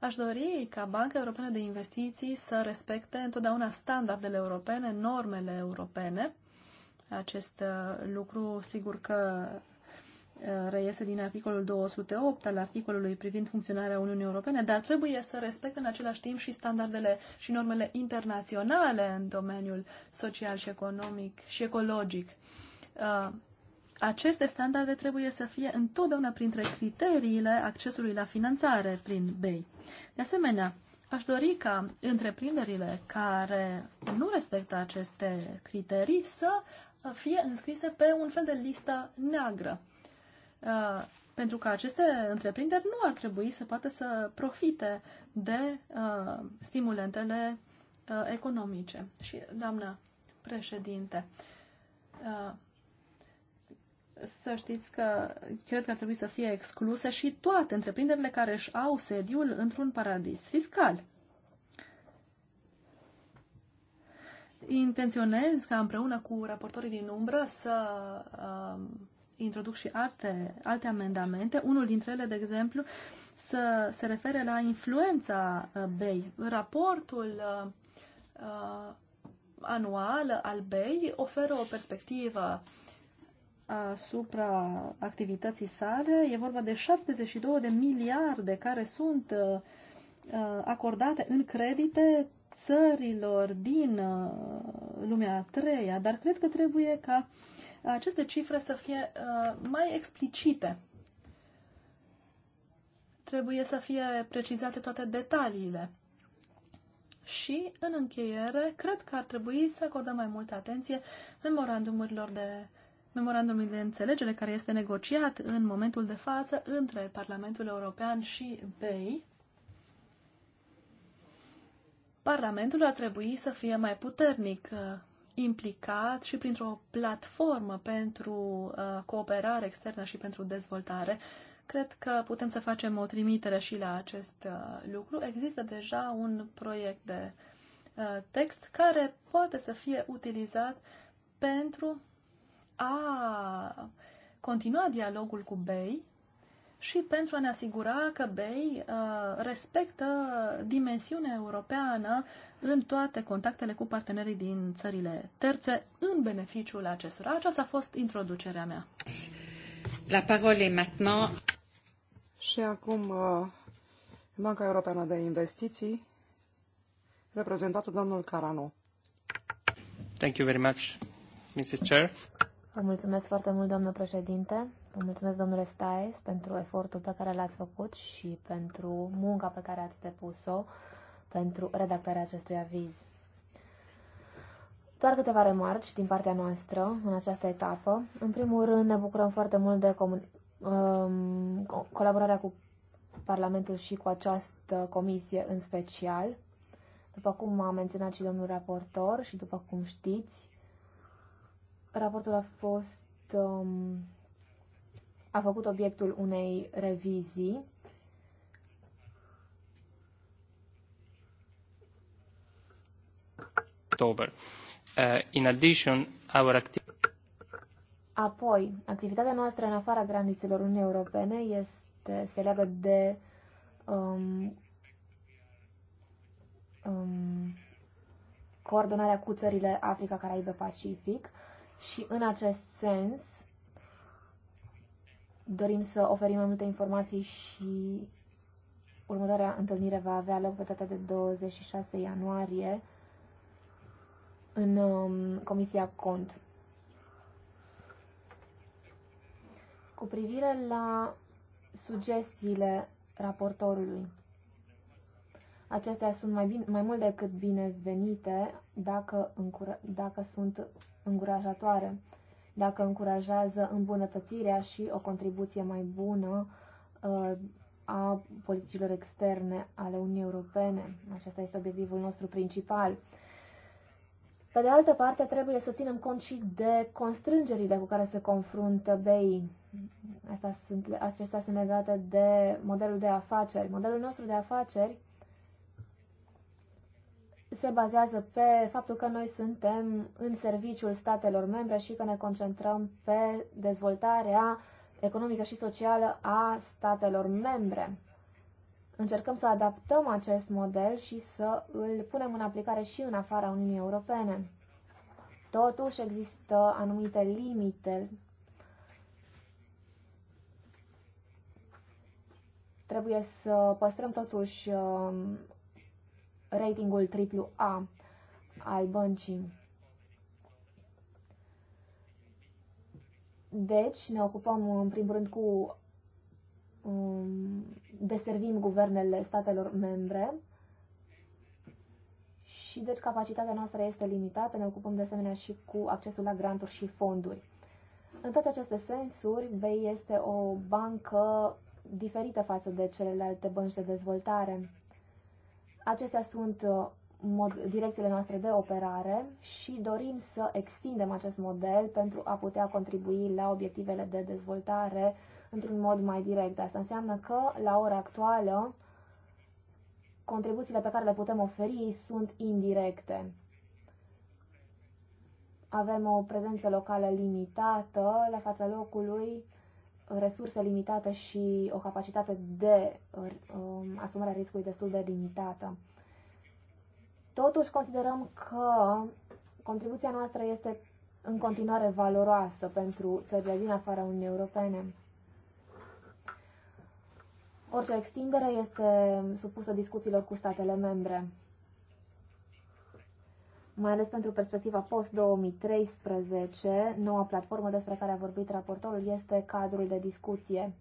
Aș dori ca Banca Europeană de Investiții să respecte întotdeauna standardele europene, normele europene acest uh, lucru, sigur că uh, reiese din articolul 208 al articolului privind funcționarea Uniunii Europene, dar trebuie să respecte în același timp și standardele și normele internaționale în domeniul social și economic și ecologic. Uh, aceste standarde trebuie să fie întotdeauna printre criteriile accesului la finanțare prin BEI. De asemenea, aș dori ca întreprinderile care nu respectă aceste criterii să fie înscrise pe un fel de listă neagră. Uh, pentru că aceste întreprinderi nu ar trebui să poată să profite de uh, stimulentele uh, economice. Și, doamnă președinte, să știți că cred că ar trebui să fie excluse și toate întreprinderile care își au sediul într-un paradis fiscal. intenționez ca împreună cu raportorii din umbră să uh, introduc și alte, alte amendamente. Unul dintre ele, de exemplu, să se refere la influența uh, BEI. Raportul uh, uh, anual al BEI oferă o perspectivă asupra uh, activității sale. E vorba de 72 de miliarde care sunt uh, acordate în credite țărilor din uh, lumea a treia, dar cred că trebuie ca aceste cifre să fie uh, mai explicite. Trebuie să fie precizate toate detaliile. Și, în încheiere, cred că ar trebui să acordăm mai multă atenție memorandumurilor de memorandumului de înțelegere care este negociat în momentul de față între Parlamentul European și BEI Parlamentul ar trebui să fie mai puternic uh, implicat și printr-o platformă pentru uh, cooperare externă și pentru dezvoltare. Cred că putem să facem o trimitere și la acest uh, lucru. Există deja un proiect de text care poate să fie utilizat pentru a continua dialogul cu BEI și pentru a ne asigura că BEI uh, respectă dimensiunea europeană în toate contactele cu partenerii din țările terțe în beneficiul acestora. Aceasta a fost introducerea mea. La parole maintenant. Și acum uh, Banca Europeană de Investiții, reprezentată domnul Carano. Thank you very much, Mrs. Chair. Vă mulțumesc foarte mult, doamnă președinte. Vă mulțumesc, domnule Staes, pentru efortul pe care l-ați făcut și pentru munca pe care ați depus-o pentru redactarea acestui aviz. Doar câteva remarci din partea noastră în această etapă. În primul rând, ne bucurăm foarte mult de comun- um, colaborarea cu Parlamentul și cu această comisie în special. După cum a menționat și domnul raportor și după cum știți, raportul a fost um, a făcut obiectul unei revizii October. Uh, in addition, our acti- Apoi, activitatea noastră în afara granițelor Uniunii Europene este, se leagă de um, um, coordonarea cu țările Africa, Caraibe, Pacific. Uh, și în acest sens dorim să oferim mai multe informații și următoarea întâlnire va avea loc pe data de 26 ianuarie în um, Comisia Cont. Cu privire la sugestiile raportorului, acestea sunt mai, bine, mai mult decât binevenite dacă, dacă sunt încurajatoare, dacă încurajează îmbunătățirea și o contribuție mai bună uh, a politicilor externe ale Uniunii Europene. Acesta este obiectivul nostru principal. Pe de altă parte, trebuie să ținem cont și de constrângerile cu care se confruntă BEI. acestea sunt legate de modelul de afaceri. Modelul nostru de afaceri se bazează pe faptul că noi suntem în serviciul statelor membre și că ne concentrăm pe dezvoltarea economică și socială a statelor membre. Încercăm să adaptăm acest model și să îl punem în aplicare și în afara Uniunii Europene. Totuși există anumite limite. Trebuie să păstrăm totuși um, ratingul AAA al băncii. Deci ne ocupăm în primul rând cu um, deservim guvernele statelor membre și deci capacitatea noastră este limitată, ne ocupăm de asemenea și cu accesul la granturi și fonduri. În toate aceste sensuri, BEI este o bancă diferită față de celelalte bănci de dezvoltare. Acestea sunt uh, mod, direcțiile noastre de operare și dorim să extindem acest model pentru a putea contribui la obiectivele de dezvoltare într-un mod mai direct. Asta înseamnă că, la ora actuală, contribuțiile pe care le putem oferi sunt indirecte. Avem o prezență locală limitată la fața locului, resurse limitate și o capacitate de uh, um, asumare a riscului destul de limitată. Totuși, considerăm că contribuția noastră este în continuare valoroasă pentru țările din afara Uniunii Europene. Orice extindere este supusă discuțiilor cu statele membre mai ales pentru perspectiva post-2013, noua platformă despre care a vorbit raportorul este cadrul de discuție.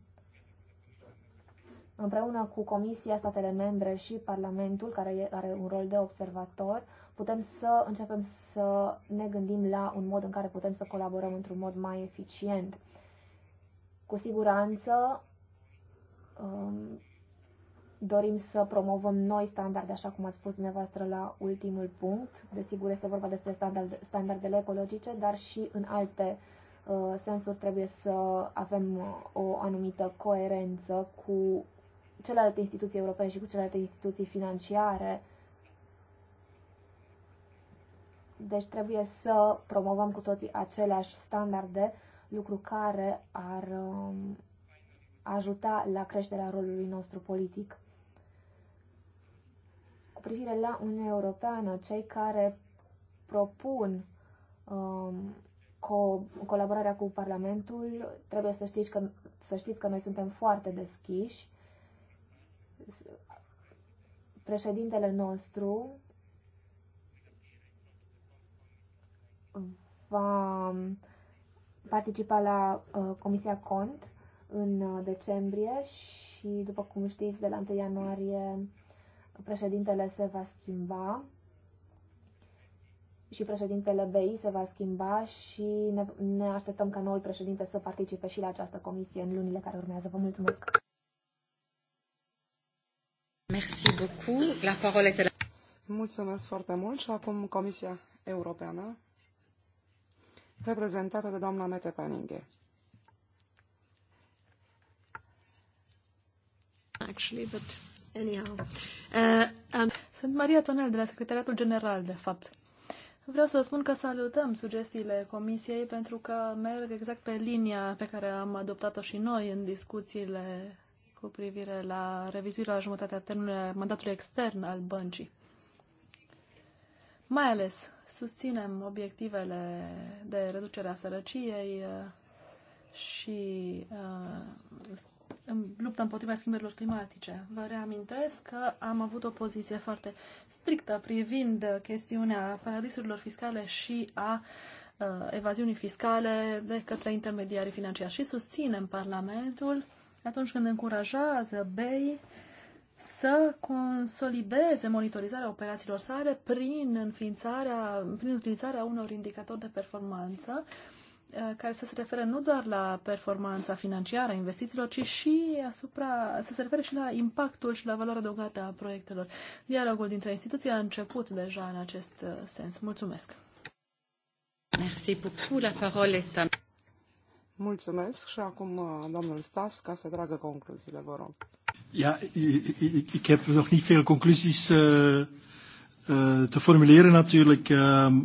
Împreună cu Comisia, statele membre și Parlamentul, care are un rol de observator, putem să începem să ne gândim la un mod în care putem să colaborăm într-un mod mai eficient. Cu siguranță, um, dorim să promovăm noi standarde, așa cum ați spus dumneavoastră la ultimul punct. Desigur, este vorba despre standarde, standardele ecologice, dar și în alte uh, sensuri trebuie să avem uh, o anumită coerență cu celelalte instituții europene și cu celelalte instituții financiare. Deci trebuie să promovăm cu toții aceleași standarde, lucru care ar uh, ajuta la creșterea rolului nostru politic privire la Uniunea Europeană, cei care propun um, co- colaborarea cu Parlamentul, trebuie să știți, că, să știți că noi suntem foarte deschiși. Președintele nostru va um, participa la uh, Comisia Cont în uh, decembrie și, după cum știți, de la 1 ianuarie președintele se va schimba și președintele BI se va schimba și ne, ne așteptăm ca noul președinte să participe și la această comisie în lunile care urmează. Vă mulțumesc! Merci beaucoup. La parole est la... Mulțumesc foarte mult și acum Comisia Europeană, reprezentată de doamna Mete Paninghe. Actually, but Anyhow. Uh, um... Sunt Maria Tonel de la Secretariatul General, de fapt. Vreau să vă spun că salutăm sugestiile Comisiei pentru că merg exact pe linia pe care am adoptat-o și noi în discuțiile cu privire la revizuirea la jumătatea termenului mandatului extern al băncii. Mai ales susținem obiectivele de reducere a sărăciei uh, și uh, în lupta împotriva schimbărilor climatice. Vă reamintesc că am avut o poziție foarte strictă privind chestiunea paradisurilor fiscale și a uh, evaziunii fiscale de către intermediarii financiari și susținem Parlamentul atunci când încurajează BEI să consolideze monitorizarea operațiilor sale prin înființarea, prin utilizarea unor indicatori de performanță uh, Uh, care să se referă nu doar la performanța financiară a investițiilor, ci și asupra, să se refere și la impactul și la valoarea adăugată a proiectelor. Dialogul dintre instituții a început deja în acest uh, sens. Mulțumesc! Merci beaucoup. La parole est à... Mulțumesc și acum uh, domnul Stas ca să tragă concluziile, vă rog. Ja, ik heb nog niet veel conclusies uh, uh, te formuleren natuurlijk. Uh,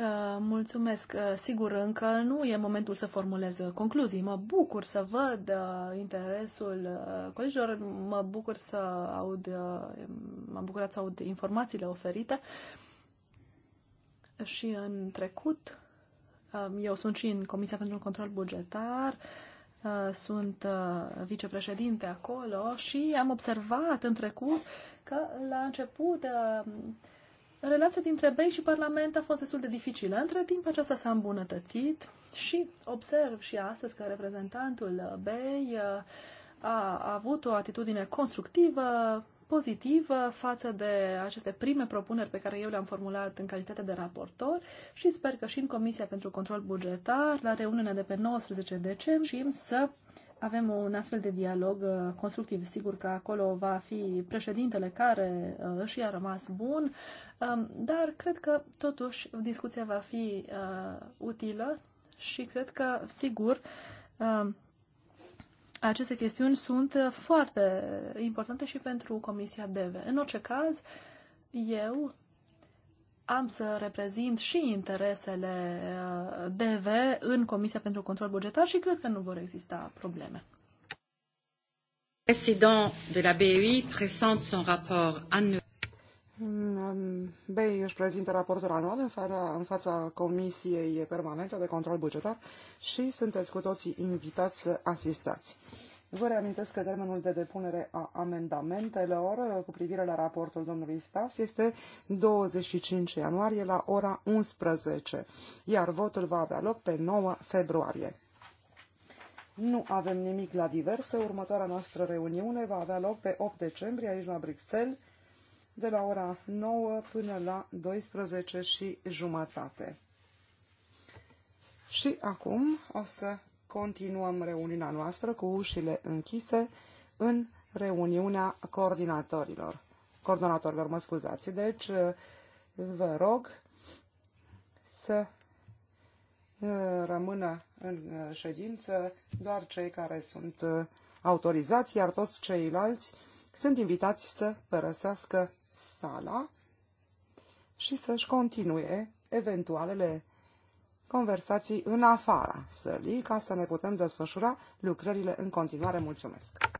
Uh, mulțumesc. Uh, sigur, încă nu e momentul să formulez concluzii. Mă bucur să văd uh, interesul colegilor, mă bucur să aud, m-am bucurat să aud informațiile oferite. Și în trecut, eu sunt și în Comisia pentru Control Bugetar, sunt vicepreședinte acolo și am observat în trecut că la început relația dintre BEI și Parlament a fost destul de dificilă. Între timp, aceasta s-a îmbunătățit și observ și astăzi că reprezentantul BEI uh, a avut o atitudine constructivă, pozitivă față de aceste prime propuneri pe care eu le-am formulat în calitate de raportor și sper că și în Comisia pentru Control Bugetar, la reuniunea de pe 19 decembrie, să avem un astfel de dialog uh, constructiv. Sigur că acolo va fi președintele care uh, și a rămas bun, um, dar cred că totuși discuția va fi uh, utilă și cred că, sigur, um, aceste chestiuni sunt uh, foarte importante și pentru Comisia DEVE. În orice caz, eu am să reprezint și interesele uh, DV în Comisia pentru Control Bugetar și cred că nu vor exista probleme. Président de la BEI présente son rapport annuel. BEI își prezintă raportul anual în, în fața Comisiei Permanente de Control Bugetar și sunteți cu toții invitați să asistați. Vă reamintesc că termenul de depunere a amendamentelor uh, cu privire la raportul domnului Stas este 25 ianuarie la ora 11, iar votul va avea loc pe 9 februarie. Nu avem nimic la diverse. Următoarea noastră reuniune va avea loc pe 8 decembrie aici la Bruxelles de la ora 9 până la 12 și jumătate. Și acum o să continuăm reuniunea noastră cu ușile închise în reuniunea coordinatorilor. Coordonatorilor, mă scuzați. Deci, vă rog să uh, rămână în uh, ședință doar cei care sunt uh, autorizați, iar toți ceilalți sunt invitați să părăsească sala și să-și continue eventualele conversații în afara sălii ca să ne putem desfășura lucrările în continuare. Mulțumesc!